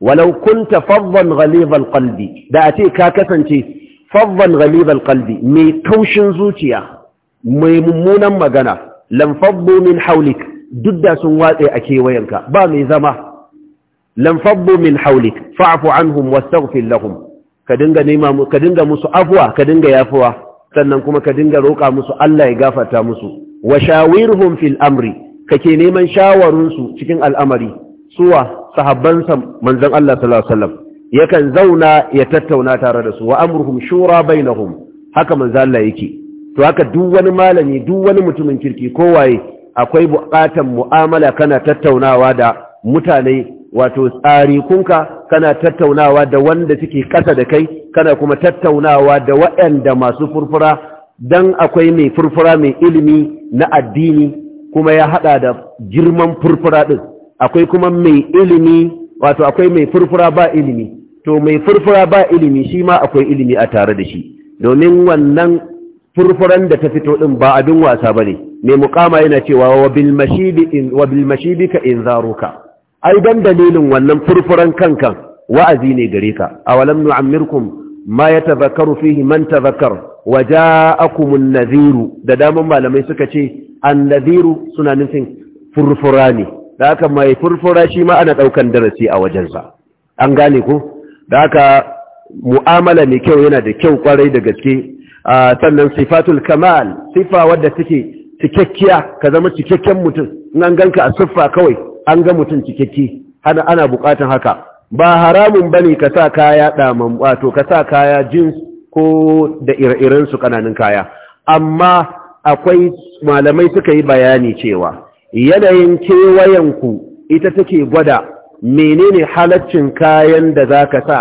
walau kunta faddan ghalibal qalbi da a ce ka kasance faddan ghalibal qalbi mai kaushin zuciya mai mummunan magana lam faddu min hawlik duk da sun watse a kewayenka ba mai zama lam faddu min hawlik fa'fu anhum wastaghfir lahum ka dinga nema ka dinga musu afwa ka dinga yafuwa sannan kuma ka dinga roƙa musu Allah ya gafarta musu wa shawirhum fil amri kake neman shawarunsu cikin al'amari suwa sahabbansa manzan Allah sallallahu yakan zauna ya tattauna tare da su wa amurhum shura bai na bainahum haka manzan Allah yake to haka duk wani malami duk wani mutumin kirki kowaye akwai buƙatar mu'amala kana tattaunawa da mutane wato tsari kunka kana tattaunawa da wanda suke ƙasa da kai kana kuma tattaunawa da waɗanda masu furfura dan akwai mai furfura mai ilimi na addini kuma ya haɗa da girman furfura ɗin, akwai kuma mai ilimi wato akwai mai furfura ba ilimi to mai furfura ba ilimi shi ma akwai ilimi a tare da shi domin wannan furfuran da ta fito ɗin ba abin wasa bane mai mukama yana cewa wa bil mashidi in zaruka ai dan dalilin wannan furfuran kankan wa'azi ne gare ka awalam nu'ammirkum ma yatazakkaru fihi man tazakkara waja'akumun naziru da daman malamai suka ce naziru suna nufin furfura ne da haka mai furfura shi ma ana daukan darasi a wajensa an gane ko da haka mu'amala mai kyau yana da kyau kwarai da gaske sannan sifatul kamal sifa wadda take cikakkiya ka zama cikakken mutum in an ganka a siffa kawai an ga mutum cikakke ana ana bukatan haka ba haramun bane ka sa kaya damam wato ka sa kaya jins. ko da ire-iren su kananun kaya amma akwai malamai suka yi bayani cewa yanayin kewayenku ita take gwada menene halaccin kayan da za ka sa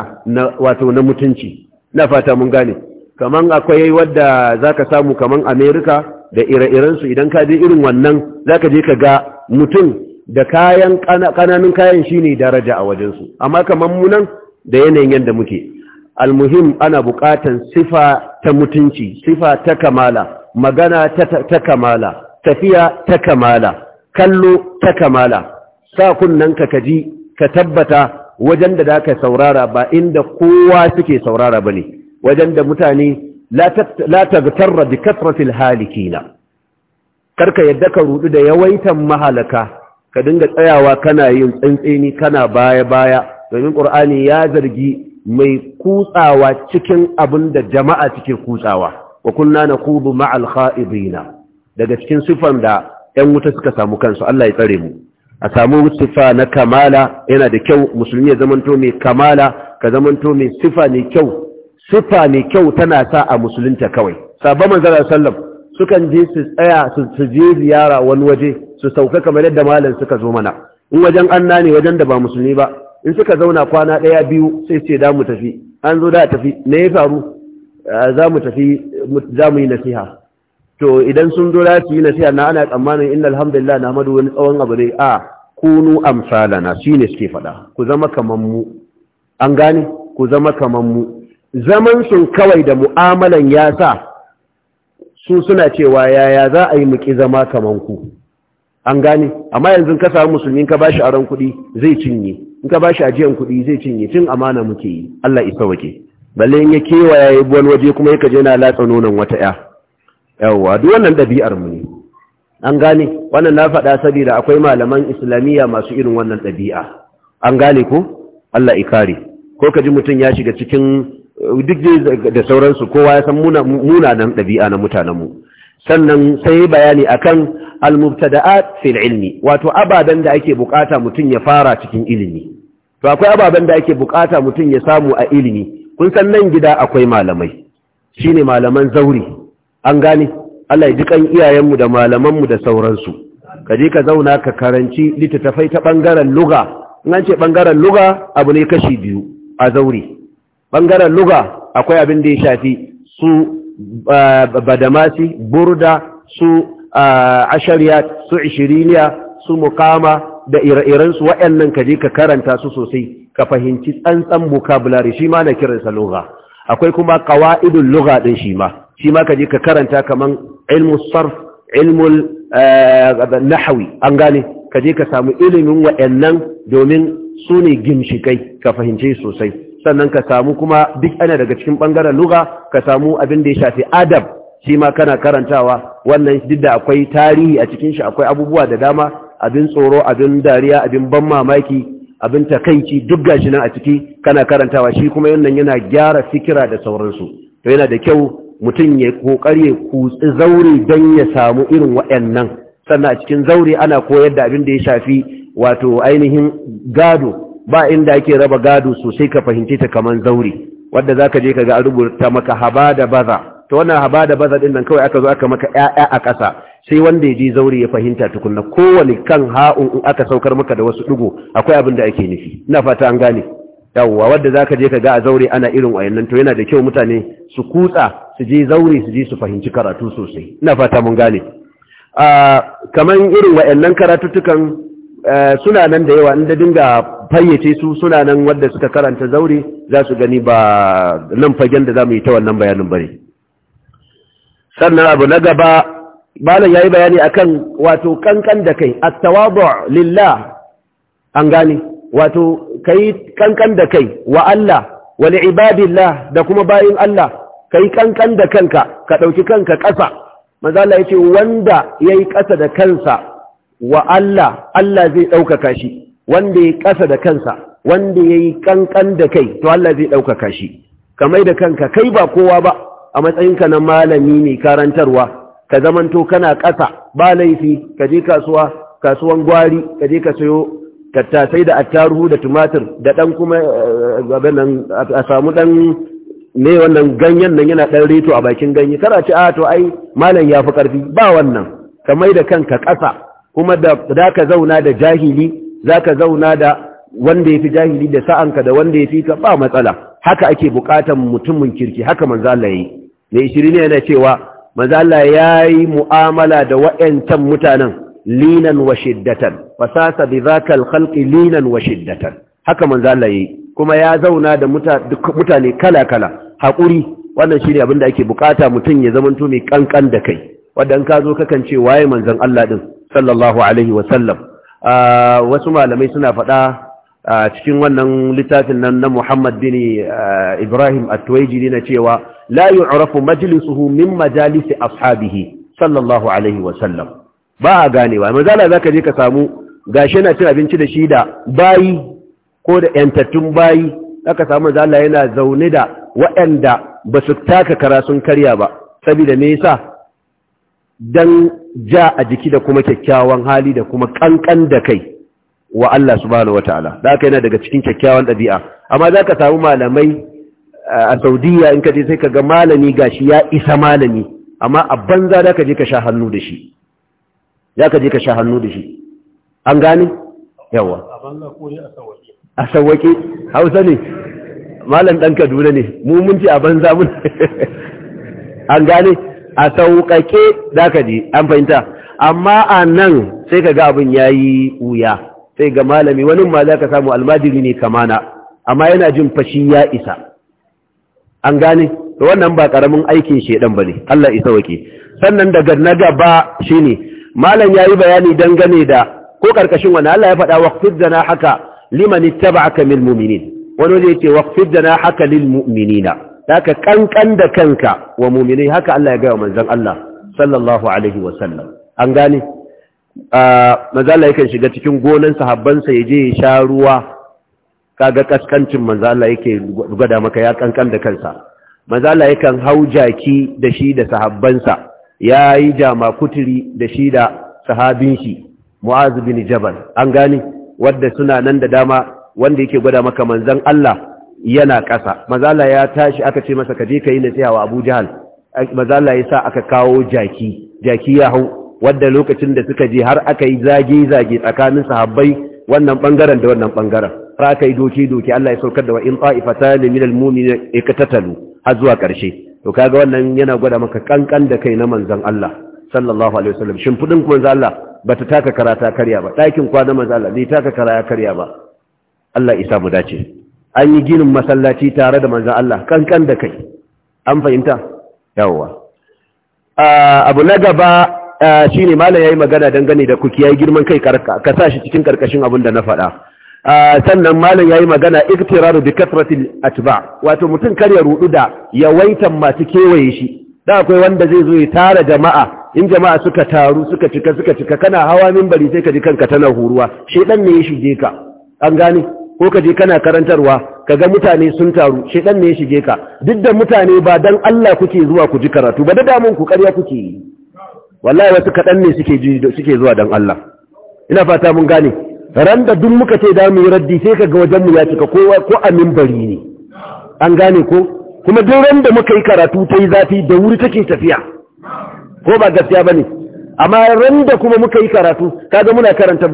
wato na mutunci na fata mun gane kaman akwai wadda ka samu kaman Amerika da ire-iren su idan ka je irin wannan za ka je ka ga mutum da kayan kananun kayan shine daraja a wajensu. amma kaman munan da yanayin yadda muke almuhim ana buƙatan sifa ta mutunci sifa ta kamala magana ta kamala tafiya ta kamala kallo ta kamala sa kunnanka ka kaji ka tabbata wajen da za ka saurara ba inda kowa suke saurara ba ne wajen da mutane la tagtarra bi kasratil halikina karka yadda ka rudu da yawaitan mahalaka ka dinga tsayawa kana yin tsantseni kana baya baya domin ƙur'ani ya zargi mai kutsawa cikin abin da jama'a take kutsawa wa kunna naqudu ma'al kha'ibina daga cikin sifan da 'yan wuta suka samu kansu Allah ya tsare mu a samu sifa na kamala yana da kyau musulmi ya zamanto mai kamala ka zamanto mai siffa mai kyau sifa mai kyau tana sa a musulunta kawai sabon manzara sallam sukan je su tsaya su je ziyara wani waje su sauka kamar yadda malam suka zo mana in wajen anna ne wajen da ba musulmi ba in suka zauna kwana ɗaya biyu sai ce za mu tafi an zo da tafi Na ya faru za mu tafi za mu yi nasiha to idan sun zo da su yi nasiha na ana tsammanin inna alhamdulillah na madu wani tsawon abu ne a kunu amsalana shi ne suke faɗa ku zama kaman mu an gane ku zama kaman mu zaman sun kawai da mu'amalan ya sa su suna cewa yaya za a yi muki zama kaman ku an gane amma yanzu ka samu musulmi ka bashi aron kuɗi zai cinye in ka ba shi ajiyan kuɗi zai cinye cin amana muke yi Allah isa wake balle in ya kewa ya yi buwan waje kuma ya kaje na latsa nonon wata ya yawwa duk wannan ɗabi'ar mu ne an gane wannan na faɗa saboda akwai malaman islamiyya masu irin wannan ɗabi'a an gane ko Allah ikare ko kaji mutum ya shiga cikin duk da sauransu kowa ya san munanan ɗabi'a na mutanenmu sannan sai bayani akan al-mubtada'at fil ilmi wato abadan da ake bukata mutum ya fara cikin ilimi to akwai ababen da ake bukata mutum ya samu a ilimi kun san nan gida akwai malamai shine malaman zauri an gane Allah ya ji kan iyayenmu da malamanmu da sauransu ka je ka zauna ka karanci littattafai ta bangaren luga in an ce bangaren luga abu ne kashi biyu a zauri bangaren luga akwai abin da ya shafi su badamasi burda su ashariya, su ishiriniya su mukama da ire-irensu waɗannan ka je ka karanta su sosai ka fahimci tsantsan vocabulary shi ma na kiransa lugha akwai kuma qawaidul lugha din shi ma shi ma ka je ka karanta kaman ilmu sarf ilmu eh, nahwi an gane ka je ka samu ilimin waɗannan domin su ne ginshikai ka fahimce sosai sannan ka samu kuma duk ana daga cikin bangaren lugha ka samu abin da ya shafi adab shi ma kana karantawa wannan duk da akwai tarihi a cikin shi akwai abubuwa da dama abin tsoro abin dariya abin ban mamaki abin takaici duk gashi nan a ciki kana karantawa shi kuma yannan yana gyara fikira da sauransu to yana da kyau mutum ya kokari ya kutsi zaure don ya samu irin waɗannan sannan a cikin zaure ana koyar da abin da ya shafi wato ainihin gado ba inda ake raba gado sosai ka fahimce ta kaman zaure wanda zaka je kaga a rubuta maka haba da baza to wannan haba da bazar din nan kawai aka zo aka maka ƴaƴa a ƙasa sai wanda ya ji zauri ya fahimta tukunna kowane kan ha'un in aka saukar maka da wasu dugo akwai abin da ake nufi ina fata an gane yawwa wanda zaka je ka ga a zaure ana irin wayannan to yana da kyau mutane su kutsa su je zaure su je su fahimci karatu sosai ina fata mun gane a kaman irin wayannan karatuttukan e, suna nan da yawa inda dinga fayyace su suna nan wanda suka karanta zaure za su gani ba nan fagen da za mu yi ta wannan bayanin ne. sannan abu na gaba malam yi bayani akan wato kankan da kai at-tawadu' an gane wato yi kankan da kai wa Allah wani ibadillah, da kuma bayin Allah yi kankan da kanka ka ɗauki kanka ƙasa mazala Allah yace wanda yayi ƙasa da kansa wa Allah Allah zai ɗaukaka shi wanda yi ƙasa da kansa wanda yayi kankan da kai to Allah zai ɗaukaka shi kamar da kanka kai ba kowa ba a matsayinka na malami mai karantarwa ka zamanto kana ƙasa ba laifi ka je kasuwa kasuwan gwari ka je ka sayo tattasai da attaruhu da tumatir da ɗan kuma eh, a samu ɗan ne wannan ganyen nan yana ɗan reto a bakin ganye kana ce a to ai malam ya fi ƙarfi ba wannan ka mai da kanka ƙasa kuma da za ka zauna da jahili za ka zauna da wanda ya fi jahili da sa'anka da wanda ya fi ka ba matsala haka ake buƙatan mutumin kirki haka manzo Allah yi mai ne yana cewa manzo Allah yayi mu'amala da wayancan mutanen linan wa shiddatan fasasa bi zakal khalqi linan wa shiddatan haka manzo ya kuma ya zauna da mutane kala kala haƙuri. wannan shine abin da ake bukata mutum ya zamanto mai ƙanƙan da kai wanda ka zo kakan ce waye manzon Allah din sallallahu alaihi wa sallam ah, wasu malamai suna faɗa a cikin wannan littafin nan na Muhammad bin Ibrahim At-Tuwaijiri na cewa la yu'rafu majlisuhu min majalisi ashabihi sallallahu alaihi wa sallam ba a gane ganewa manzala zaka je ka samu gashi yana cin abinci da shi da bayi ko da yantattun bayi ka samu mazala yana zaune da waɗanda ba su taka kara sun karya ba saboda me yasa dan ja a jiki da kuma kyakkyawan hali da kuma kankan da kai wa Allah subhanahu wataala da aka yana daga cikin kyakkyawan ɗabi'a amma za ka samu malamai a saudiya in ka je sai ka ga malami gashi ya isa malami amma a banza da ka je ka sha hannu da shi za ka je ka sha hannu da shi an gane yawa a sauwaƙe hausa ne malam ɗan kaduna ne mu mun ce a banza mun an gane a sauƙaƙe za ka je an fahimta amma a nan sai ka ga abin ya yi wuya sai ga malami wani ma za ka samu almajiri ne kamana amma yana jin fashi ya isa an gane da wannan ba karamin aikin shedan ba ne Allah isa wake sannan daga na gaba shi ne malam ya yi bayani dangane da ko karkashin wani Allah ya faɗa waqfid da na haka liman ittaba'aka min mu'minin wani waje ce waqfid da na haka lil mu'minina ka kankan da kanka wa mu'minai haka Allah ya gaya manzon Allah sallallahu alaihi sallam. an gane manzala yakan shiga cikin gonan sahabbansa ya je ya sha ruwa kaga kaskancin manzala yake gwada maka ya kankan da kansa manzala yakan hau jaki da shi da sahabbansa ya yi jama kuturi da shi da sahabin shi mu'az bin jabal an gani wadda suna nan da dama wanda yake gwada maka manzan Allah yana ƙasa manzala ya tashi aka ce masa ka je ka yi nasiha wa Abu Jahal manzala ya sa aka kawo jaki jaki ya hau wadda lokacin da suka je har aka yi zage-zage tsakanin sahabbai wannan bangaren da wannan bangaren har aka yi doki-doki Allah ya saukar da wa in ta'ifata ne minal mumina ikatatalu har zuwa karshe to kaga wannan yana gwada maka kankan da kai na manzon Allah sallallahu alaihi wasallam shimfudin ku manzon Allah ta taka karata karya ba ɗakin kwana manzon Allah bai taka karaya karya ba Allah isa mu dace an yi ginin masallaci tare da manzon Allah kankan da kai an fahimta yawwa ah, abu na gaba shi ne malam ya yi magana dangane da kuki ya yi girman kai ka sa shi cikin karkashin abin da na faɗa sannan malam ya yi magana iktiraru bi kasratil atba wato mutum kar ya rudu da yawaitan masu kewaye shi da akwai wanda zai zo ya tara jama'a in jama'a suka taru suka cika suka cika kana hawa minbari sai ka ji kanka tana huruwa shedan ne ya shige ka an gane ko ka je kana karantarwa kaga mutane sun taru shedan ne ya shige ka duk da mutane ba dan Allah kuke zuwa ku ji karatu ba da damun ku ƙarya kuke yi wallahi wasu kaɗan ne suke suke zuwa don Allah ina fata mun gane ran da duk muka ce da mu yi raddi sai ka ga wajenmu ya cika kowa ko a mimbari ne an gane ko kuma duk ran da muka yi karatu ta yi zafi da wuri take tafiya ko ba gaskiya ba ne amma ran da kuma muka yi karatu kaga muna karanta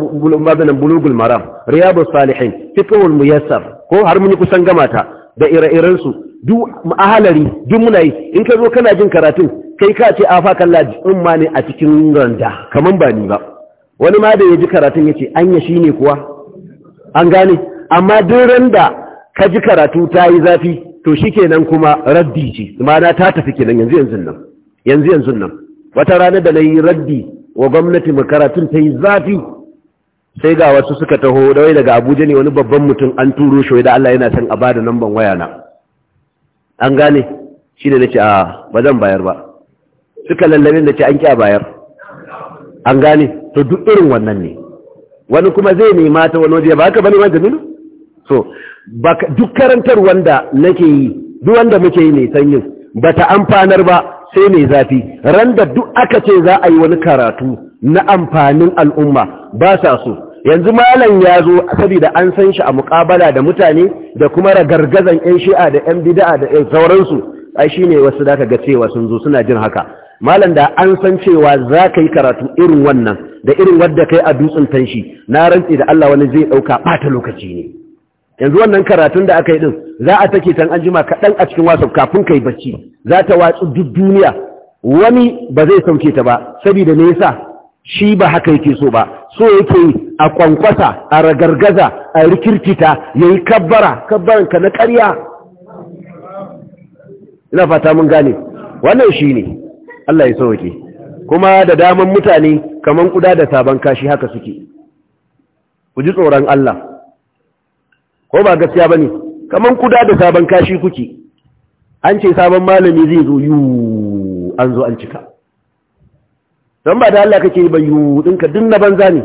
maganin bulugul maram riyabus salihin fiqhul muyassar ko har mun kusan gamata da ire-irensu duk ahalari duk muna yi in ka zo kana jin karatun kai ka ce afa kalla in ma ne a cikin randa kaman ba ni ba wani ma da ya ji karatun ya ce anya shi ne kuwa an gane amma duk randa ka ji karatu ta yi zafi to shi kenan kuma raddi ce ta tafi kenan yanzu yanzu nan yanzu yanzu nan wata rana da na yi raddi wa gwamnati makaratun ta yi zafi sai ga wasu suka taho dawai daga abuja ne wani babban mutum an turo shi da allah yana san a bada da namban waya na an gane shi ne na ce a ah, ba zan bayar ba suka lallabe da ce an kya bayar an gane to duk irin wannan ne wani kuma zai nema ta wani waje ba haka bane wanda minu so duk karantar wanda nake yi duk wanda muke yi ne sanyin ba ta amfanar ba sai mai zafi randa duk aka ce za a yi wani karatu na amfanin al'umma ba sa so yanzu malam ya zo saboda an san shi a mukabala da mutane da kuma ragargazan ƴan shi'a da ƴan bid'a da sauransu ai shine wasu ka ga cewa sun zo suna jin haka malam da an san cewa za ka yi karatu irin wannan da irin wadda kai a dutsen tanshi na rantsi da Allah wani zai ɗauka ɓata lokaci ne yanzu wannan karatun da aka yi din za a take tan anjima kaɗan a cikin wasu kafin kai bacci za ta watsu duk duniya wani ba zai sauke ta ba saboda me yasa shi ba haka yake so ba so yake yi a kwankwasa a ragargaza a rikirkita ya yi kabbara kabbaranka na karya? ina fata mun gane wannan shi ne Allah ya sauke kuma da daman mutane kaman kuda da sabon kashi haka suke ku ji tsoron Allah ko ba gaskiya ba ne kaman kuda da sabon kashi kuke an ce sabon malami zai zo yiwu an zo an cika don ba da Allah kake yi bayu ɗinka duk na banza ne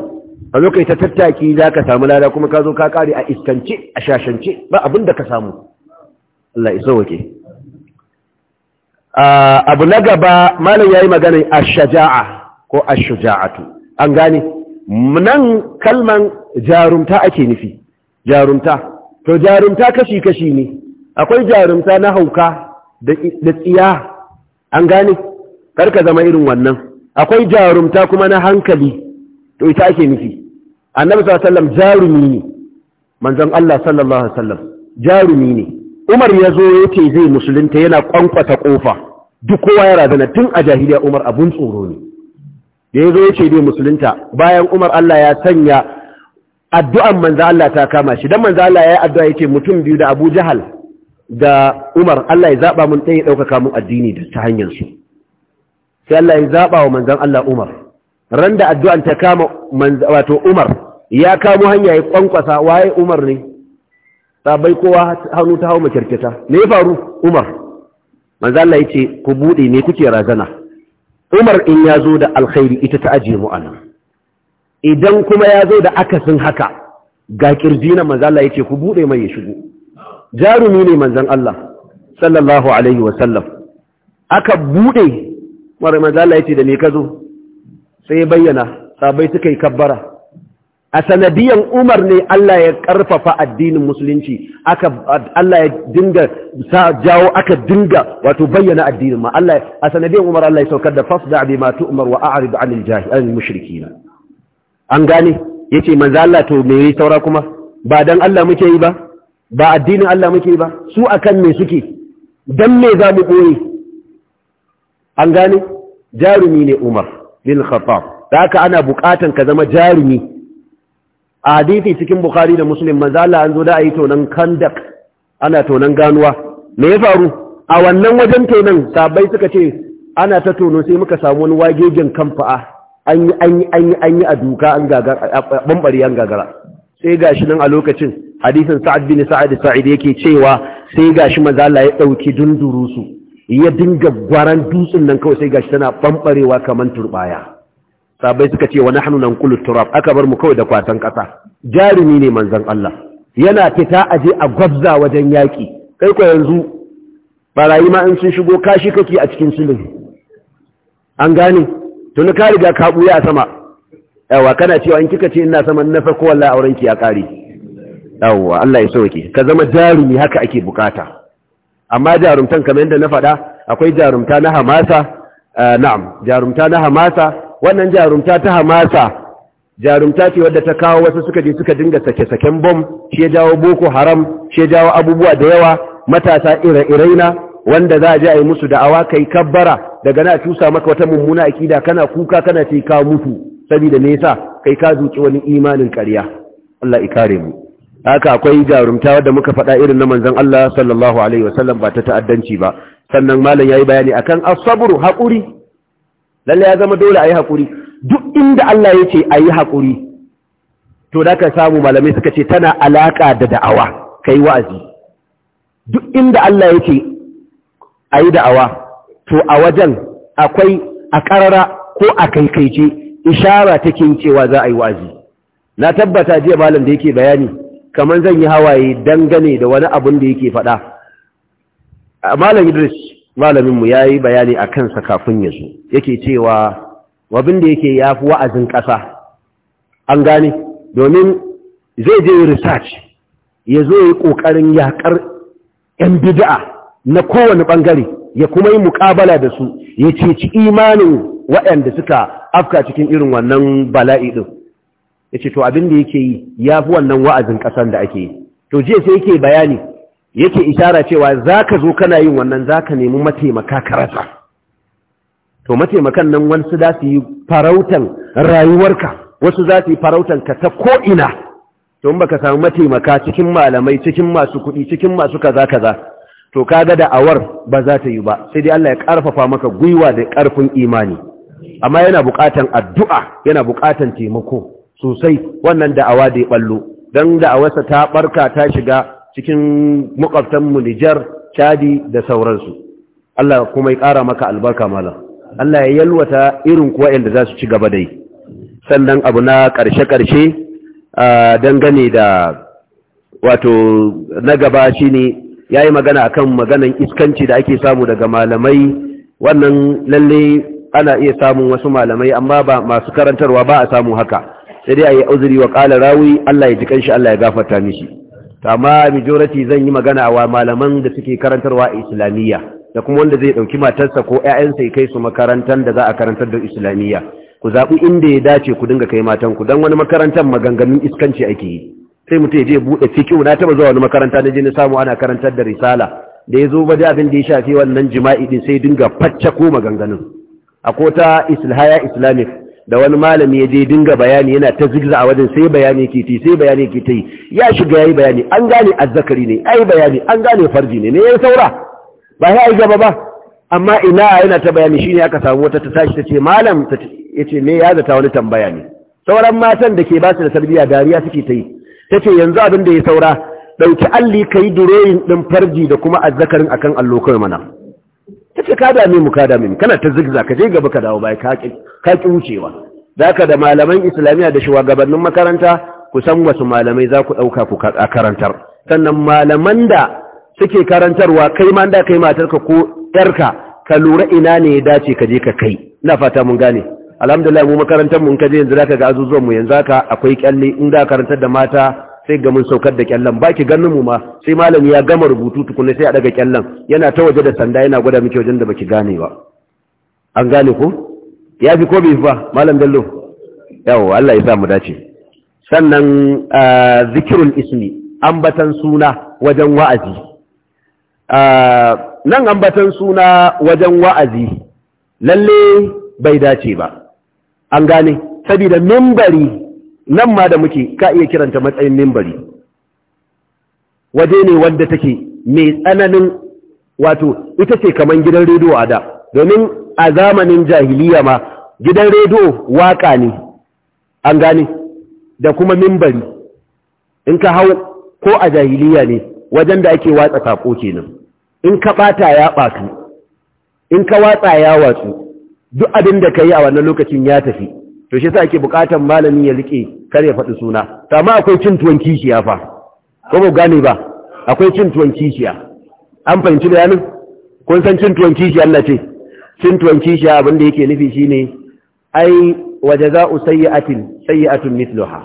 a lokai kai ta tattaki za ka samu lada kuma ka zo ka kare a iskance a shashance ba abin da ka samu Allah iso wake ah, abu na gaba malam yi magana a shaja'a ko a shuja'atu an gane nan kalman jarumta ake nufi jarumta to jarumta kashi kashi ne akwai jarumta na hauka da tsiya an gane karka zama irin wannan akwai jarumta kuma na hankali to ita ake nufi annabi sallallahu alaihi wasallam jarumi ne manzon Allah sallallahu alaihi wasallam jarumi ne Umar ya zo yace zai musulunta yana kwankwata kofa duk kowa ya razana tun a jahiliya Umar abun tsoro ne da ya zo yace zai musulunta bayan Umar Allah ya sanya addu'an manzo Allah ta kama shi dan manzo Allah ya yi addu'a yace mutum biyu da Abu Jahal da Umar Allah ya zaba mun ɗaya ɗaukaka mun addini da ta hanyar su sai Allah ya zaba wa manzan Allah Umar ran da addu'an ta kama wato Umar ya kamo hanya ya kwankwasa waye Umar ne sabai kowa hannu ta hawo makirkita me ya faru Umar Manzan Allah yace ku bude ne kuke razana Umar in ya zo da alkhairi ita ta ajiye mu anan idan kuma ya zo da akasin haka ga kirji na manzon Allah yace ku bude mai ya shigo jarumi ne manzon Allah sallallahu alaihi wa sallam aka bude mara mazala ya ce da me ka zo sai ya bayyana sabai suka yi kabbara a sanadiyan umar ne Allah ya karfafa addinin musulunci aka Allah ya dinga sa jawo aka dinga wato bayyana addinin ma Allah a sanadiyan umar Allah ya saukar da fasda bi ma tu'mar wa a'rid 'anil jahilin mushrikin an gane yace manzo Allah to me yi saura kuma ba dan Allah muke yi ba ba addinin Allah muke yi ba su akan me suke dan me za mu koyi an gane jarumi ne umar bin khattab da aka ana bukatan ka zama jarumi a hadisi cikin bukhari da muslim manzo Allah an zo da ayi tonan kandak ana tonan ganuwa me ya faru a wannan wajen tonan sabai suka ce ana ta tono sai muka samu wani wagegen kamfa'a an yi an yi an yi an yi a duka an gagara bambari an gagara sai gashi nan a lokacin hadisin sa'ad bin sa'ad sa'id yake cewa sai gashi manzo Allah ya dauki dundurusu ya dinga gwaran dutsen nan kawai sai gashi tana bambarewa kamar turbaya sabai suka ce wa nahnu nanqulu turab aka bar mu kawai da kwatan kasa jarumi ne manzon Allah yana fita aje a gwabza wajen yaki kai ko yanzu barayi ma in sun shigo kashi kake a cikin sulhu an gane tuni ka riga ka buya sama yawa kana cewa in kika ce ina sama na farko wallahi aurenki ya kare yawa Allah ya sauke ka zama jarumi haka ake bukata amma jarumtan kamar yadda na faɗa akwai jarumta na hamasa eh, na'am jarumta na hamasa wannan jarumta ta hamasa jarumta ce wadda ta kawo wasu suka je suka dinga sake-saken bom shi ya jawo boko haram shi ya jawo abubuwa da yawa matasa ire-irena wanda za a je a yi musu da'awa kai kabbara daga na cusa maka wata mummuna akida kana kuka kana ce ka mutu saboda me yasa kai ka zuci wani imanin ƙarya Allah ya kare mu haka akwai jarumta da muka faɗa irin na manzon Allah sallallahu alaihi wasallam ba ta ta'addanci ba sannan malam yi bayani akan as-sabru haƙuri lalle ya zama dole ayi haƙuri duk inda Allah ya ce ayi haƙuri to da ka samu malamai suka ce tana alaƙa da da'awa kai wa'azi duk inda Allah ya ce ayi da'awa to a wajen akwai a karara ko a kaikaice ishara take cewa za a yi wa'azi na tabbata jiya malam da yake bayani kamar zan yi hawaye dangane da wani abin da yake faɗa malam idris malaminmu ya yi bayani a kansa kafin ya yake cewa wabin da yake ya fi wa'azin ƙasa an gane domin zai je research ya zo ya ƙoƙarin yaƙar 'yan bida'a na kowane ɓangare ya kuma yi muƙabala da su ya ceci imanin waɗanda suka afka cikin irin wannan bala'i ɗin ya ce to abin da yake yi ya fi wannan wa'azin ƙasan da ake yi to jiya sai yake bayani yake ishara cewa za ka zo kana yin wannan za ka nemi mataimaka karasa to mataimakan nan wasu za su yi farautan rayuwarka wasu za su yi farautan ka ta ko'ina to in ka sami mataimaka cikin malamai cikin masu kuɗi cikin masu kaza kaza to kaga da awar ba za ta yi ba sai dai Allah ya ƙarfafa maka gwiwa da ƙarfin imani amma yana buƙatan addu'a yana buƙatan taimako sosai wannan da'awa da ya ballo don da'awarsa ta ɓarka ta shiga cikin makwabtanmu Nijar, Chadi da sauransu. Allah kuma ya ƙara maka albarka mala. Allah ya yalwata irin kuwa yadda za su ci gaba dai. Sannan abu na ƙarshe-ƙarshe dangane da wato na gaba shi ne ya yi magana a kan maganan iskanci da ake samu daga malamai wannan lalle ana iya samun wasu malamai amma ba masu karantarwa ba a samu haka. sai dai ayi uzuri wa ƙala rawi Allah ya ji kanshi Allah ya gafarta mishi to amma majority zan yi magana wa malaman da suke karantarwa a islamiyya da kuma wanda zai dauki matarsa ko ƴaƴansa ya kai su makarantar da za a karantar da islamiyya ku zaɓi inda ya dace ku dinga kai matan ku dan wani makarantar maganganun iskanci ake yi sai mutum ya je buɗe ciki na taɓa zuwa wani makaranta na je na samu ana karantar da risala da ya zo ba da abin da ya shafi wannan jima'i din sai dinga facce ko maganganun a kota islahaya islamic da wani malami ya je dinga bayani yana ta zigza a wajen sai bayani ke ti sai bayani ke ta yi ya shiga yayi bayani an gane azzakari ne ai bayani an gane farji ne ne ya saura ba sai ai gaba ba amma ina yana ta bayani shine aka samu wata ta tashi tace ce malam yace me ya zata wani tambaya ne sauran matan da ke basu da tarbiya dariya suke ta yi tace yanzu abin da ya saura dauki alli kai duroyin din farji da kuma azzakarin akan allokai mana ta ce ka dame mu ka dame mu kana ta zigza ka je gaba ka dawo baya ka ki wucewa za ka da malaman islamiyya da shugabannin makaranta ku san wasu malamai za ku ɗauka ku a karantar sannan malaman da suke karantarwa kai ma da kai matarka ko yarka ka lura ina ne ya dace ka je ka kai ina fata mun gane alhamdulillah mu makarantar mu kaje je yanzu zaka ga azuzuwan mu yanzu haka akwai kyalle in da karantar da mata sai ga mun saukar da kyallan baki ganin mu ma sai malami ya gama rubutu tukunna sai a daga kyallan yana ta waje da sanda yana gwada miki wajen da baki gane ba an gane ko ya fi ko bai ba malam dallo yawo Allah ya sa mu dace sannan zikirul ismi ambatan suna wajen wa'azi nan ambatan suna wajen wa'azi lalle bai dace ba an gane saboda mimbari nan ma da muke ka iya kiranta matsayin mimbari waje ne wanda take mai tsananin wato ita ce kaman gidan rediyo a da domin a zamanin jahiliya ma gidan rediyo waka ne an gane da kuma mimbari in ka hau ko a jahiliya ne wajen da ake watsa sako kenan in ka bata ya batu in ka watsa ya watsu duk abin da ka yi a wannan lokacin ya tafi to shi sa ake bukatan malami ya rike kar ya faɗi suna amma akwai cin tuwon kishiya fa ko ba gane ba akwai cin tuwon kishiya an fahimci bayanin kun san cin tuwon kishiya Allah ce cin tuwon kishiya abin da yake nufi shine ai wa jazaa'u sayyi'atin sayyi'atun mithluha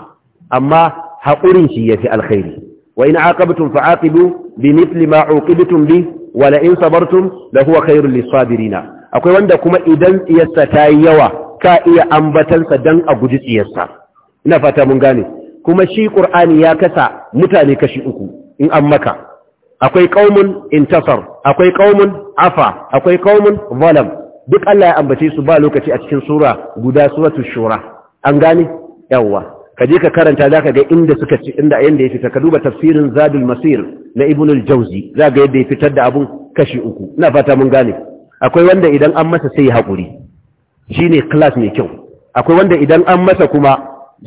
amma haƙurin shi yafi alkhairi wa in aqabtum fa'aqibu bi mithli ma uqibtum bi wa la in sabartum la huwa khairul lis akwai wanda kuma idan tsiyarsa ta yi yawa ka iya ambatansa don a guji tsiyarsa ina fata mun gane kuma shi ƙur'ani ya kasa mutane kashi uku in an maka akwai ƙaumun intasar akwai ƙaumun afa akwai ƙaumun volum. duk Allah ya ambace su ba lokaci a cikin sura guda suratul shura an gane yawwa ka je ka karanta za ka ga inda suka ci inda yanda ya fita ka duba tafsirin zadul masir na Ibnul-Jauzi za ga yadda ya fitar da abun kashi uku ina fata mun gane akwai wanda idan an masa sai ya haƙuri Shi ne class mai kyau akwai wanda idan an masa kuma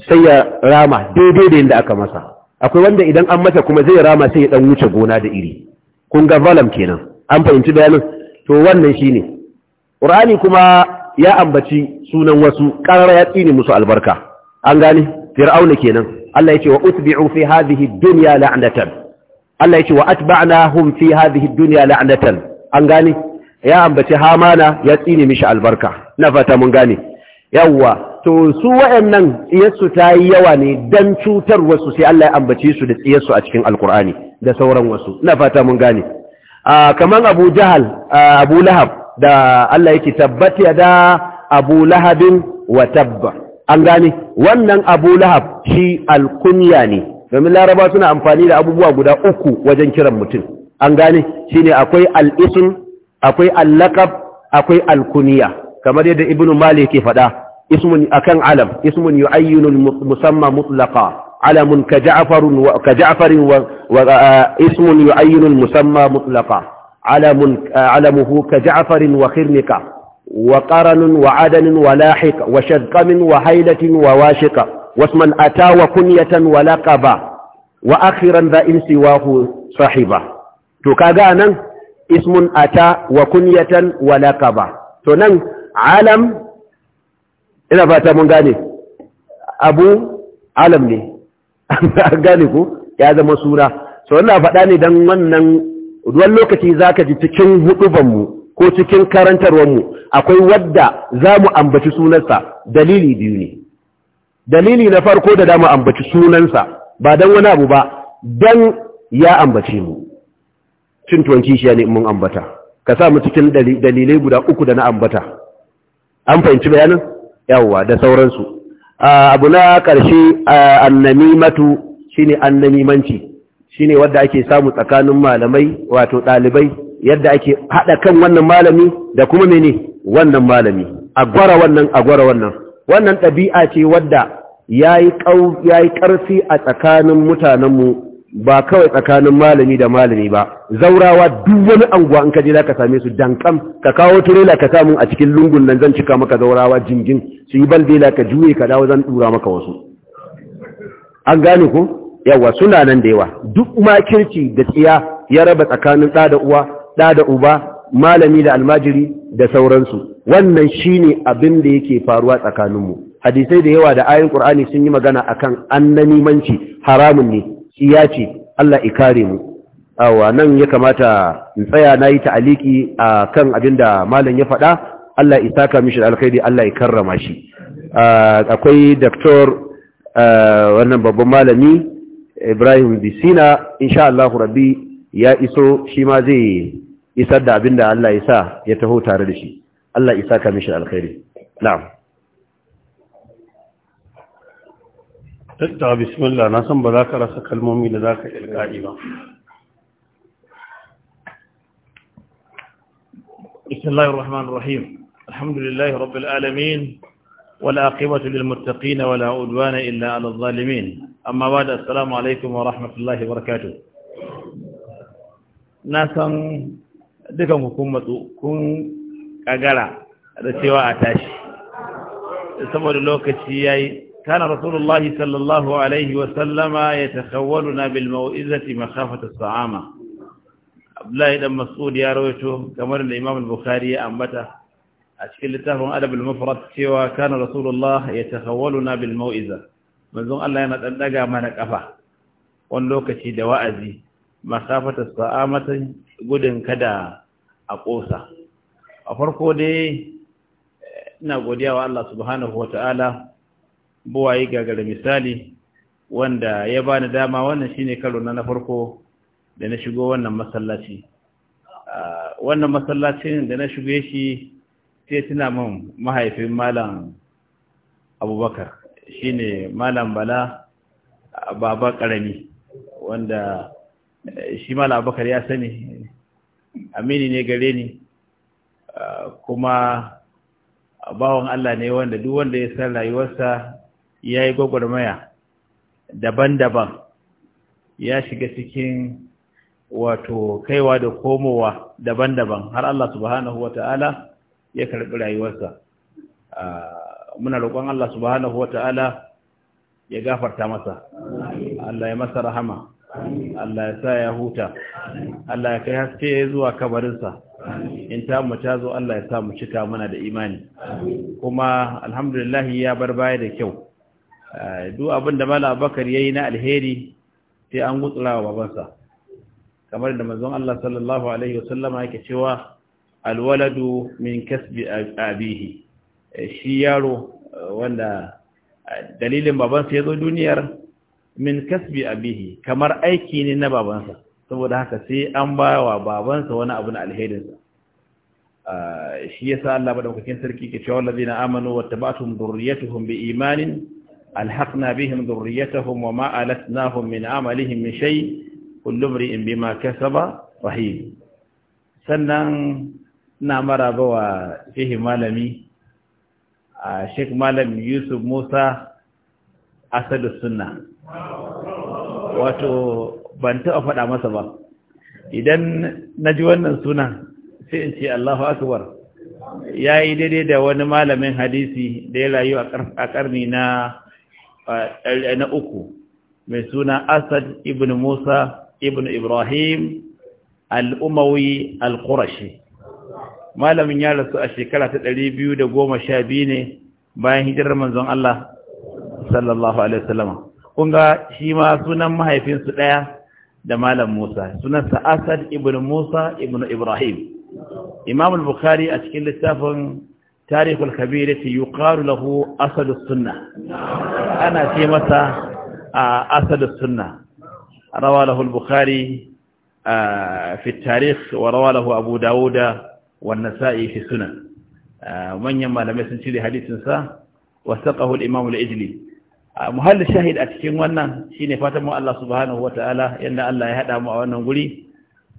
sai ya rama daidai da yadda aka masa akwai wanda idan an masa kuma zai rama sai ya dan wuce gona da iri kun ga Valam kenan an fahimci bayanin to wannan shi ne. Ƙur'ani kuma ya ambaci sunan wasu ƙarar ya tsini musu albarka an gane fir'auna kenan Allah ya ce wa utbi'u fi hadhihi dunya la'natan Allah ya ce wa atba'nahum fi hadhihi dunya la'natan an gane ya ambaci hamana ya tsine mishi albarka na fata mun gane yawwa to su wayannan tsiyarsu ta yi yawa ne dan cutar wasu sai Allah ya ambace su da tsiyarsu a cikin alkur'ani da sauran wasu na fata mun gane kaman Abu Jahal Abu Lahab da Allah yake tabbata da Abu Lahabin wa tabba an gane wannan Abu Lahab shi alkunya ne domin Laraba suna amfani da abubuwa guda uku wajen kiran mutum an gane shine akwai al-ism akwai allaqab akwai alkuniya kamar yadda ibnu malik ke faɗa ismun akan alam ismun yu'ayyinu musamma mutlaqa alamun ka ja'farun wa ka ja'farin wa uh, ismun yu'ayyinu musamma mutlaqa alamun uh, alamuhu ka ja'farin wa khirnika وقرن وعدن ولاحق wa kunyatan وواشق واسما wa وكنية ولقبا وأخيرا ذا إن to صاحبا تكاغانا ismun ata wa kunyatan wa laqaba to nan alam ina fata mun gane abu alam ne an gane ku ya zama sura so ina faɗa ne dan wannan ruwan lokaci zaka ji cikin hudubanmu ko cikin karantarwarmu akwai wadda za mu ambaci sunansa dalili biyu ne dalili na farko da dama ambaci sunansa ba don wani abu ba dan ya ambace mu cin tuwon kishiya ne mun ambata ka sa mu cikin dalilai guda uku da na ambata an fahimci bayanin yawwa da sauransu abu na ƙarshe annamimatu shine annamimanci shine wadda ake samu tsakanin malamai wato ɗalibai yadda ake haɗa kan wannan malami da kuma mene wannan malami a gwara wannan a gwara wannan wannan ɗabi'a ce wadda ya yi ƙarfi a tsakanin mutanenmu ba kawai tsakanin malami da malami ba zaurawa duk wani anguwa in ka je zaka same su dankam ka kawo turela ka samu a cikin lungun nan zan cika maka zaurawa jingin su yi baldela ka juye ka dawo zan dura maka wasu an gane ku yawa suna nan da yawa duk makirci da tsiya ya raba tsakanin ɗa da uwa da da uba malami da almajiri da sauransu wannan shine abin da yake faruwa tsakaninmu hadisai da yawa da ayin qur'ani sun yi magana akan annanimanci haramun ne ya ce Allah ikare mu awa nan ya kamata in tsaya na yi ta'aliki a kan abin da malam ya faɗa Allah isaka mishi da alkhairi Allah ya karrama shi akwai doktor wannan babban malami Ibrahim Bisina insha Allah rabbi ya iso shi ma zai isar da abin da Allah ya ya taho tare da shi Allah isaka mishi da alkhairi na'am tattawa bismillah na san ba za ka rasa kalmomi بسم الله الرحمن الرحيم الحمد لله رب العالمين والآقبة للمتقين ولا أدوان إلا على الظالمين أما بعد السلام عليكم ورحمة الله وبركاته ناسا دكم حكومة كن أقرأ da cewa a tashi saboda lokaci كان رسول الله صلى الله عليه وسلم يتخولنا بالموئزة مخافة الصعامة Abdullahi dan Mas'ud ya rawaito kamar da Imam bukhari ya ambata a cikin littafin Adab al-Mufrad cewa kana Rasulullah yatakhawwaluna bil mau'iza manzon Allah yana ɗanɗaga mana kafa wani lokaci da wa'azi masafata sa'amatan gudun kada a kosa a farko dai ina godiya wa Allah subhanahu wata'ala buwaye gagara misali wanda ya bani dama wannan shine karo na na farko da na shigo wannan masallaci wannan masallacin da na shigo shi sai tuna min mahaifin malam abubakar shine malam bala baba karami wanda eh, shi malam abubakar ya sani amini ne gare ni kuma bawan Allah ne wanda duk wanda ya san rayuwarsa ya yi gwagwarmaya daban-daban ya shiga cikin wato kaiwa da komowa daban-daban har Allah subhanahu wa ta'ala ya karɓi rayuwarsa muna roƙon Allah subhanahu wa ta'ala ya gafarta masa Allah ya masa rahama Allah ya sa ya huta Allah ya kai haske zuwa kabarinsa in ta mu ta zo Allah ya sa mu cika muna da imani kuma alhamdulillahi ya bar baya da kyau Eh, duk abin da mala bakar ya yi na alheri sai an gutsura wa babansa kamar da mazan Allah sallallahu alaihi wasallama yake cewa alwaladu min kasbi abihi eh, shi yaro eh, wanda dalilin babansa ya zo duniyar min kasbi abihi kamar aiki ne na babansa saboda haka sai an ba wa babansa wani abu na alherinsa shi yasa Allah ba da madaukakin sarki ke cewa na amanu wattaba'tum dhurriyyatuhum bi imanin ألحقنا بهم ذريتهم وما ألتناهم من عملهم من شيء كل امرئ بما sannan na maraba wa shehi malami a sheik malam yusuf musa asadu sunna wato ban taɓa faɗa masa ba idan na ji wannan sunan sai in ce allahu akbar ya yi daidai da wani malamin hadisi da ya rayu a ƙarni na na uku mai suna asad ibn musa ibn ibrahim al'umawi al-qurashi malamin ya rasu a shekara ta ɗari biyu da goma sha biyu ne bayan hijirar manzon Allah sallallahu alaihi wasallam kun ga shi ma sunan mahaifinsu ɗaya da malam Musa sunansa Asad ibn Musa ibn Ibrahim Imamul bukhari a cikin littafin تاريخ الكبيرة يقال له أسد السنة أنا في متى أسد السنة روى له البخاري في التاريخ وروى له أبو داود والنسائي في السنن من يما لم يسنشد حديث سا وثقه الإمام الإجلي مهل الشاهد أتكين وانا شين فاتمه الله سبحانه وتعالى إن الله يهدى مؤونا قولي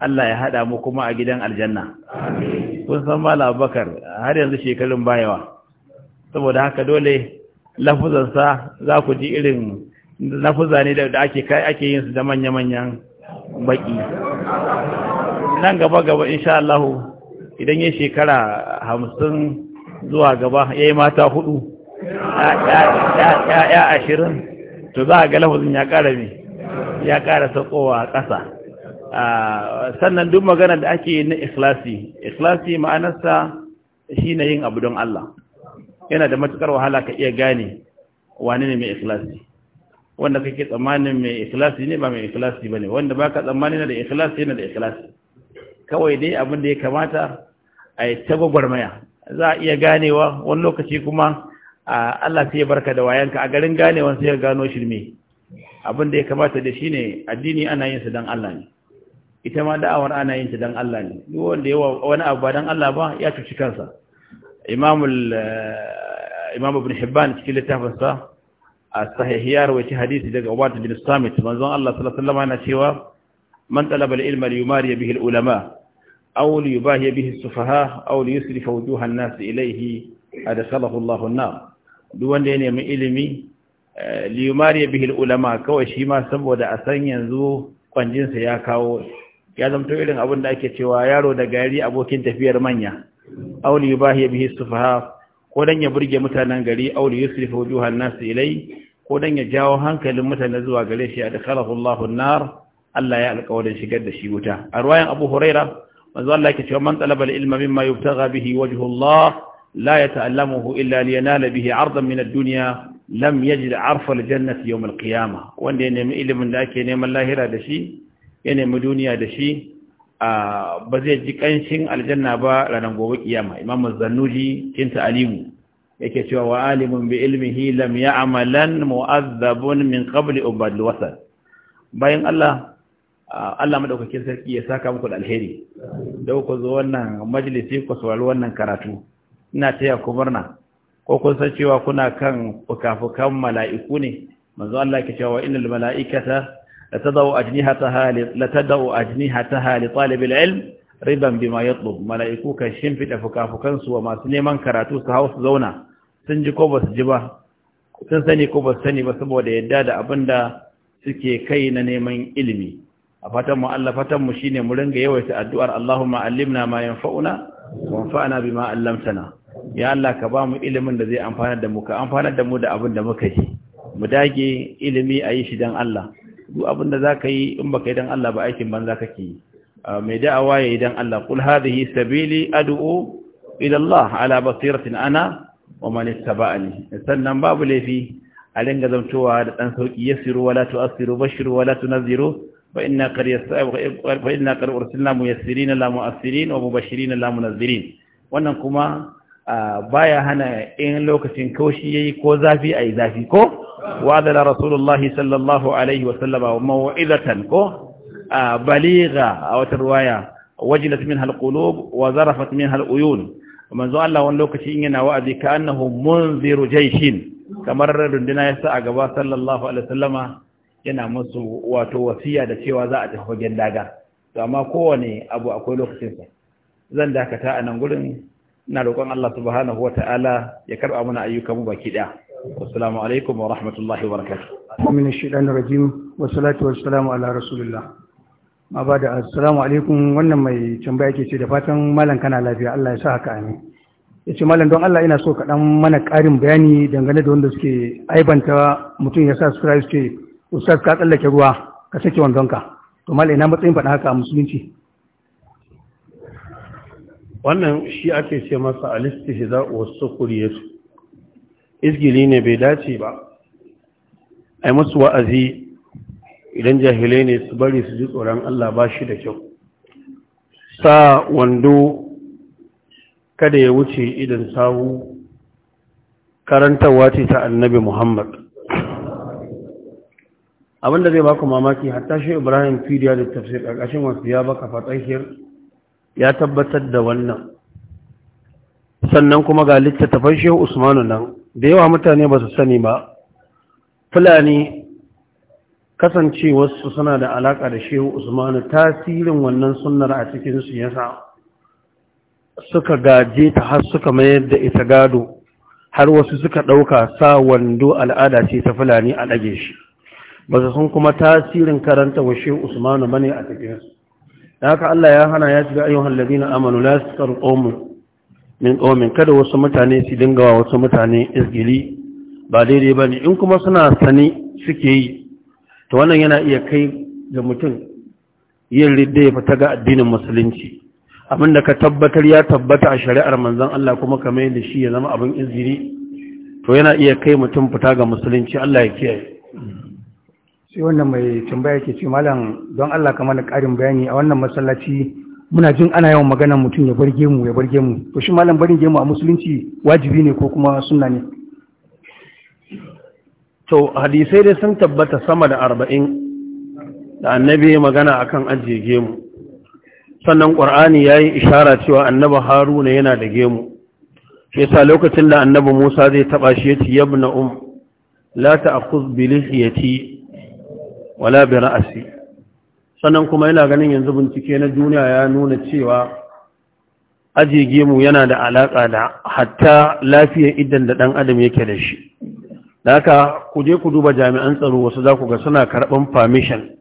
الله يهدى مكما أجدان الجنة آمين kun san mala abubakar har yanzu shekarun bayawa saboda haka dole lafuzansa za ku ji irin lafuza ne da ake yin su da manya-manyan baki nan gaba-gaba insha Allah idan ya shekara hamsin zuwa gaba ya yi mata hudu ya ashirin to za a ga lafuzin ya ƙara ne ya ƙara sakowa ƙasa Ah, sannan duk magana da ake na ikhlasi ikhlasi ma'anarsa shine yin abu don Allah yana da matukar wahala ka iya gane wani ne mai ikhlasi wanda kake tsammanin mai ikhlasi ne ba mai ikhlasi bane wanda baka tsammanin da ikhlasi yana da ikhlasi kawai dai abin da ya kamata a yi ta gwagwarmaya za a iya ganewa wani lokaci kuma Allah sai ya barka da wayanka a garin ganewa sai ya gano shirme abin da ya kamata da shine addini ana yin sa don Allah ne ita ma da'awar ana yin ta dan Allah ne duk wanda yawa wani abu ba dan Allah ba ya cuci kansa eh, imam ibn hibban cikin littafin sa sahihiyar wa hadisi daga wata bin Samit manzon Allah sallallahu alaihi cewa man talaba al-ilma liyumari bihi al-ulama aw liyubahi bihi sufaha aw liyusrifa wujuhan nas ilayhi adkhalahu Allah an-nar duk wanda ya nemi ilimi eh, liyumari bihi ulama kawai shi ma saboda a san yanzu kwanjinsa ya kawo ya zamto irin abin da ake cewa yaro da gari abokin tafiyar manya auli bahi bihi sufaha ko dan ya burge mutanen gari auli yusrifu wujuhan nas ilai ko dan ya jawo hankalin mutane zuwa gare shi adkhalahu Allahu an-nar Allah ya alƙawarin shigar da shi wuta a ruwayan Abu Huraira manzo Allah yake cewa man talaba al-ilma mimma yubtagha bihi wajhu Allah la yata'allamuhu illa liyanala bihi 'ardan min ad-dunya lam yajid 'arfa al-jannati yawm al-qiyamah wanda ya nemi ilimin da ake neman lahira da shi ya nemi duniya da shi ba zai ji kanshin aljanna ba ranar gobe kiyama imam zannuji cin alimu yake cewa wa alimun bi ilmihi lam ya'malan mu'azzabun min qabli ubadul wasal bayan Allah Allah madaukakin sarki ya saka muku da alheri da ku zo wannan majalisi ku sauraro wannan karatu ina taya ku murna ko kun san cewa kuna kan fukafukan mala'iku ne manzo Allah yake cewa innal mala'ikata لتدعو أجنحتها لتدعو أجنحتها لطالب العلم ربا بما يطلب ملائكو كشين في تفكافكن سو ما سنيمان كراتو سهاوس زونا سنجي كوبس جبا سنسني كوبس سني بسبو دي داد أبندا سكي كينا نيمان إلمي أفتم الله فتم مشيني ملنجي يويت الدوار اللهم علمنا ما ينفعنا وانفعنا بما علمتنا ya Allah ka ba mu ilimin da zai amfanar da mu ka amfanar da mu da abin da muka ji mu dage ilimi a yi shi don Allah duk abin da zaka yi in baka yi dan Allah ba aikin banza kake yi mai da'awa yayi dan Allah qul hadhihi sabili ad'u ila Allah ala basiratin ana wa man ittaba'ani sannan babu laifi a dinga zamtowa da dan sauki yasiru wala tu'assiru bashiru wala tunziru fa inna qad fa inna qad ursilna na la mu'assirin wa mubashirina la munzirin wannan kuma baya hana in lokacin kaushi yayi ko zafi ayi zafi ko وأذن رسول الله صلى الله عليه وسلم موعظة بليغة أو الرواية وجلت منها القلوب وزرفت منها الأيون ومن ذو الله ونلوك شئنا وأذي كأنه منذر جيش كمرر رندنا يسعى قبا صلى الله عليه وسلم yana musu wato wasiya da cewa za a tafi fagen daga to amma kowane abu akwai lokacinsa zan dakata a nan gurin ina roƙon Allah subhanahu wataala ya karɓa mana ayyukan mu baki ɗaya والسلام عليكم ورحمة الله وبركاته من الشيطان الرجيم والصلاة والسلام على رسول الله ما بعد السلام عليكم wannan mai tambaya ke ce da fatan malam kana lafiya Allah ya sa haka amin yace malam don Allah ina so ka dan mana karin bayani dangane da wanda suke aibanta mutum ya sa subscribe ce ustaz ka tsallake ruwa ka sake wandonka to malam ina matsayin faɗa haka a musulunci wannan shi ake ce masa alistihza wa sukuriyatu izgili ne bai dace ba ai musu wa'azi idan jahilai ne su bari su ji tsoron Allah ba shi da kyau sa wando kada ya wuce idan sawu karantarwa ce ta annabi Muhammad Abin da zai ku mamaki hatta shi Ibrahim Fidiya da tafsir ƙarƙashin wasu ya baka fatsahir ya tabbatar da wannan sannan kuma ga littattafan shehu Usmanu nan da yawa mutane ba su sani ba fulani kasancewarsu suna da alaƙa da shehu usmanu tasirin wannan sunnar a cikinsu yasa suka gaje ta har suka mayar da ita gado har wasu suka ɗauka sa wando al'ada ce ta fulani a ɗage shi ba su sun kuma tasirin karanta wa shehu usmanu bane a cikinsu da haka Allah ya hana ya shiga ayyuhan ladina amanu la tasqaru qawmun min kada wasu mutane su dinga wa wasu mutane izgili ba daidai ba ne in kuma suna sani suke yi to wannan yana iya kai ga mutum yin ridda ya fita ga addinin musulunci abin da ka tabbatar ya tabbata a shari'ar manzon Allah kuma ka mai da shi ya zama abin izgili to yana iya kai mutum fita ga musulunci Allah ya kiyaye sai wannan mai tambaya ke ce malam don Allah ka mana karin bayani a wannan masallaci muna jin ana yawan magana mutum ya bar gemu ya bar gemu to shi malam barin gemu a musulunci wajibi ne ko kuma sunna ne to hadisai dai sun tabbata sama da arba'in da annabi magana akan ajiye gemu sannan ƙwar'ani ya yi ishara cewa annaba haruna yana da gemu shi yasa lokacin da annaba musa zai taɓa shi ya ci yabna um la ta'khudh bi lihiyati wala bi ra'si sannan kuma yana ganin yanzu bincike na duniya ya nuna cewa ajiye gemu yana da alaƙa da hatta lafiyar idan da ɗan adam yake da shi da haka ku je ku duba jami'an tsaro wasu za ku ga suna karɓan permission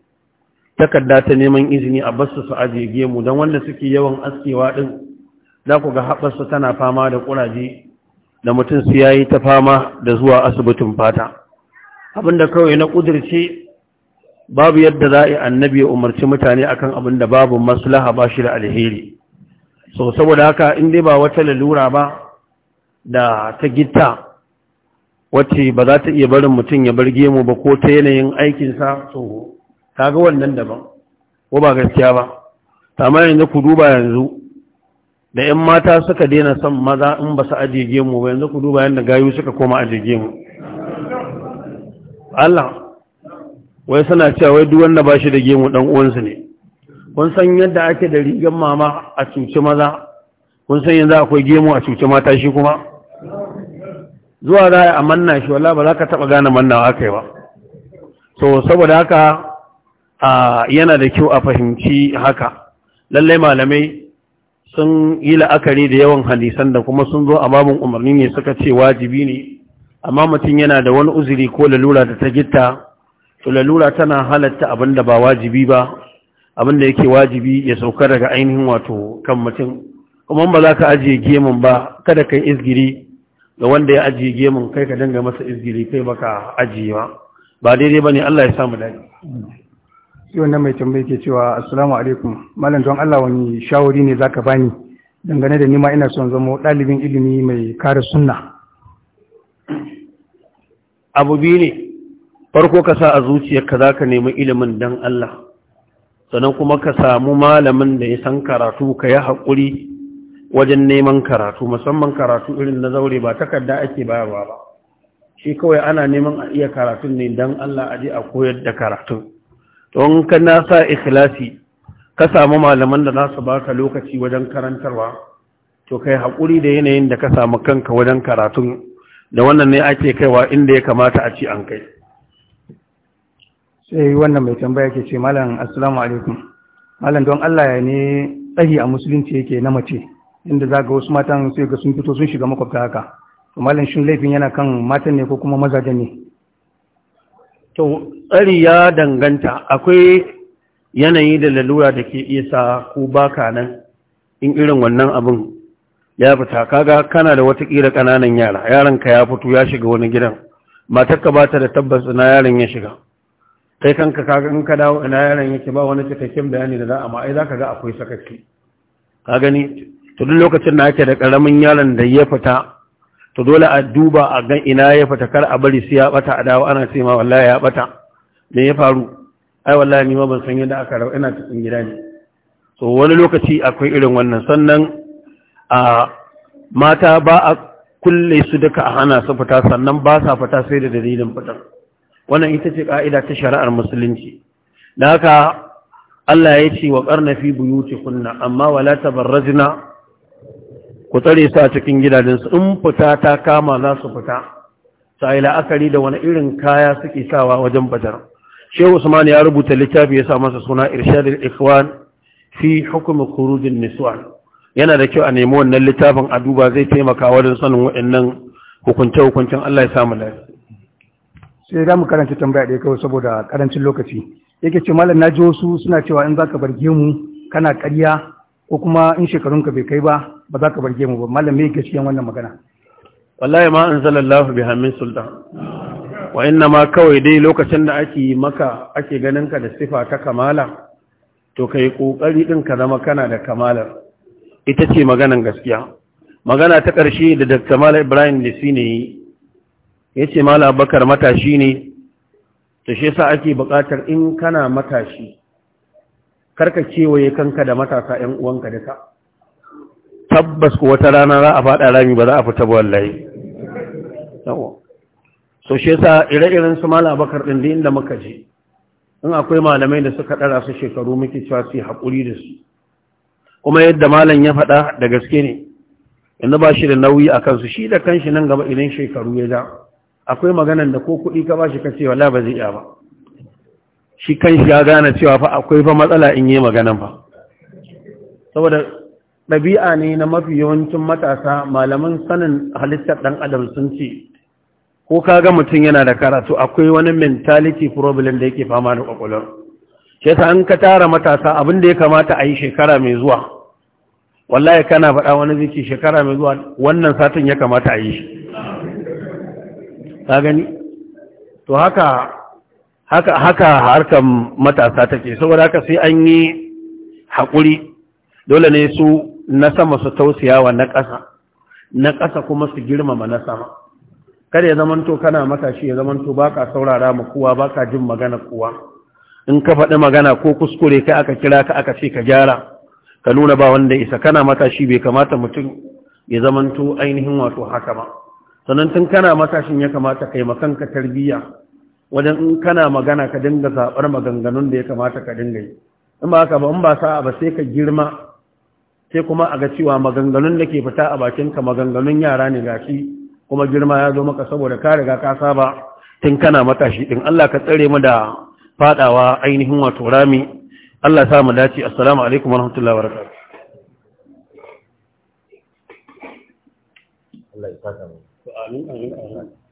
takarda ta neman izini a basu su ajiye gemu don wanda suke yawan askewa ɗin za ku ga haɓarsa tana fama da ƙuraje da mutum su yayi ta fama da zuwa asibitin fata abinda kawai na ƙudirce babu yadda za a annabi ya umarci mutane akan abin da babu maslaha ba shi da alheri so saboda haka in dai ba wata lalura ba da ta gitta wacce ba za ta iya barin mutum ya bar gemu ba ko ta yanayin aikinsa so ta ga wannan daban ko ba gaskiya ba amma yanzu ku duba yanzu da 'yan mata suka daina son maza in ba su ajiye gemu ba yanzu ku duba yadda gayu suka koma ajiye gemu Allah wai suna cewa wai duk wanda ba da gemu dan uwansu ne kun san yadda ake da rigar mama a cuce maza kun san yanzu akwai gemu a cuce mata shi kuma zuwa za a manna shi wala ba za ka taɓa gane mannawa aka yi ba so saboda haka a yana da kyau a fahimci haka lallai malamai sun yi la'akari da yawan hadisan da kuma sun zo a babun umarni ne suka ce wajibi ne amma mutum yana da wani uzuri ko lalura da ta gitta to lalura tana halatta abin da ba wajibi ba abin da yake wajibi ya sauka daga ainihin wato kan mutum kuma ba za ka ajiye gemun ba kada kai izgiri ga wanda ya ajiye gemun kai ka dinga masa izgiri kai baka ajiye ba ba daidai bane Allah ya samu dadi shi wannan mai tambaye ke cewa assalamu alaikum malam don Allah wani shawari ne zaka bani dangane da nima ina son zama ɗalibin ilimi mai kare sunna abu biyu ne farko ka sa a zuciyarka za ka nemi ilimin dan Allah sannan kuma ka samu malamin da ya san karatu ka yi haƙuri wajen neman karatu musamman karatu irin na zaure ba takarda ake bayarwa ba shi kawai ana neman a iya karatun ne don Allah aje a koyar da karatun don ka na sa ikhlasi ka samu malaman da za su baka lokaci wajen karantarwa to kai haƙuri da yanayin da ka samu kanka wajen karatun da wannan ne ake kaiwa inda ya kamata a ci an kai sai eh, wannan mai tambaya ke ce malam assalamu alaikum malam don Allah ya ne tsahi a musulunci yake na mace inda za ga wasu matan sai ga sun fito sun shiga makwabta haka to malam shin laifin yana kan matan ne ko kuma mazajen ne to tsari ya danganta akwai yanayi da lalura da ke iya ko baka nan in irin wannan abin ya fita kaga kana da wata kira kananan yara yaranka ya fito ya shiga wani gidan matarka ba ta da tabbas na yaron ya shiga kai kanka kaga in ka dawo ina yaron yake ba wani cikakken bayani da za a ma za ka ga akwai sakaki? ka gani to duk lokacin da ake da karamin yaron da ya fita to dole a duba a gan ina ya fita kar a bari sai ya bata a dawo ana cewa wallahi ya bata me ya faru ai wallahi ni ma ban san yadda aka rawa ina cikin gida ne so wani lokaci akwai irin wannan sannan a mata ba a kulle su duka a hana su fita sannan ba sa fita sai da dalilin fitar wannan ita ce ƙa'ida ta shari'ar musulunci da haka Allah ya ce wa ƙarna fi buyuti kunna amma wala tabarrazina ku tsare su a cikin gidajensu in fita ta kama za su fita sai la'akari da wani irin kaya suke sawa wajen fitar shehu usman ya rubuta littafi ya sa masa suna irshadul ikhwan fi hukm khurujin niswan yana da kyau a nemi wannan littafin a duba zai taimaka wajen sanin waɗannan hukunce-hukuncen Allah ya samu lafiya sai za mu karanta tambaya ɗaya kawai saboda karancin lokaci yake ce malam na ji wasu suna cewa in za ka barge mu kana karya ko kuma in shekarunka bai kai ba ba za ka barge mu ba malam mai gaskiya wannan magana wallahi ma anzalallahu bi hamin sultan wa inna ma kawai dai lokacin da ake maka ake ganin ka da sifa ta kamala to kai kokari din ka zama kana da kamalar ita ce maganan gaskiya magana ta ƙarshe da Dr. Malam Ibrahim Lissi ne ya ce mala bakar matashi ne ta shi sa ake bukatar in kana matashi karka kewaye kanka da matasa 'yan uwanka da ka tabbas ko wata rana za a faɗa rami ba za a fita ba wallahi so shi yasa ire-iren su mala bakar ɗin da inda muka je in akwai malamai da suka ɗara su shekaru muke cewa su haƙuri da su kuma yadda malam ya faɗa da gaske ne inda ba shi da nauyi a kansu shi da kanshi nan gaba idan shekaru ya da akwai maganan da ko kuɗi ka bashi ka ce wala ba zai iya ba shi kan shi ya gane cewa fa akwai fa matsala in yi maganan ba saboda ɗabi'a ne na mafi yawancin matasa malaman sanin halittar ɗan adam sun ce ko ka ga mutum yana da karatu akwai wani mentality problem da yake fama da kwakwalwar shi yasa an ka tara matasa abin da ya kamata a yi shekara mai zuwa wallahi kana faɗa wani zai ce shekara mai zuwa wannan satin ya kamata a yi shi ka gani to haka haka haka harkar matasa take saboda haka sai an yi haƙuri dole ne su na sama su tausiyawa na ƙasa na ƙasa kuma su girmama na sama kada ya zamanto kana matashi ya zamanto baka saurara ma kowa baka jin magana kowa in ka faɗi magana ko kuskure kai aka kira ka aka ce ka gyara ka nuna ba wanda isa kana matashi bai kamata mutum ya zamanto ainihin wato haka ba sannan tun kana matashin ya kamata kai makanka tarbiyya wajen in kana magana ka dinga zaɓar maganganun da ya kamata ka dinga yi in ba ka ba in ba sa'a ba sai ka girma sai kuma a ga cewa maganganun da ke fita a bakin ka maganganun yara ne gashi kuma girma ya zo maka saboda ka riga ka saba tun kana matashi din Allah ka tsare mu da fadawa ainihin wato rami Allah sa mu dace assalamu alaikum warahmatullahi wabarakatuh Allah ya saka mu 啊！你啊！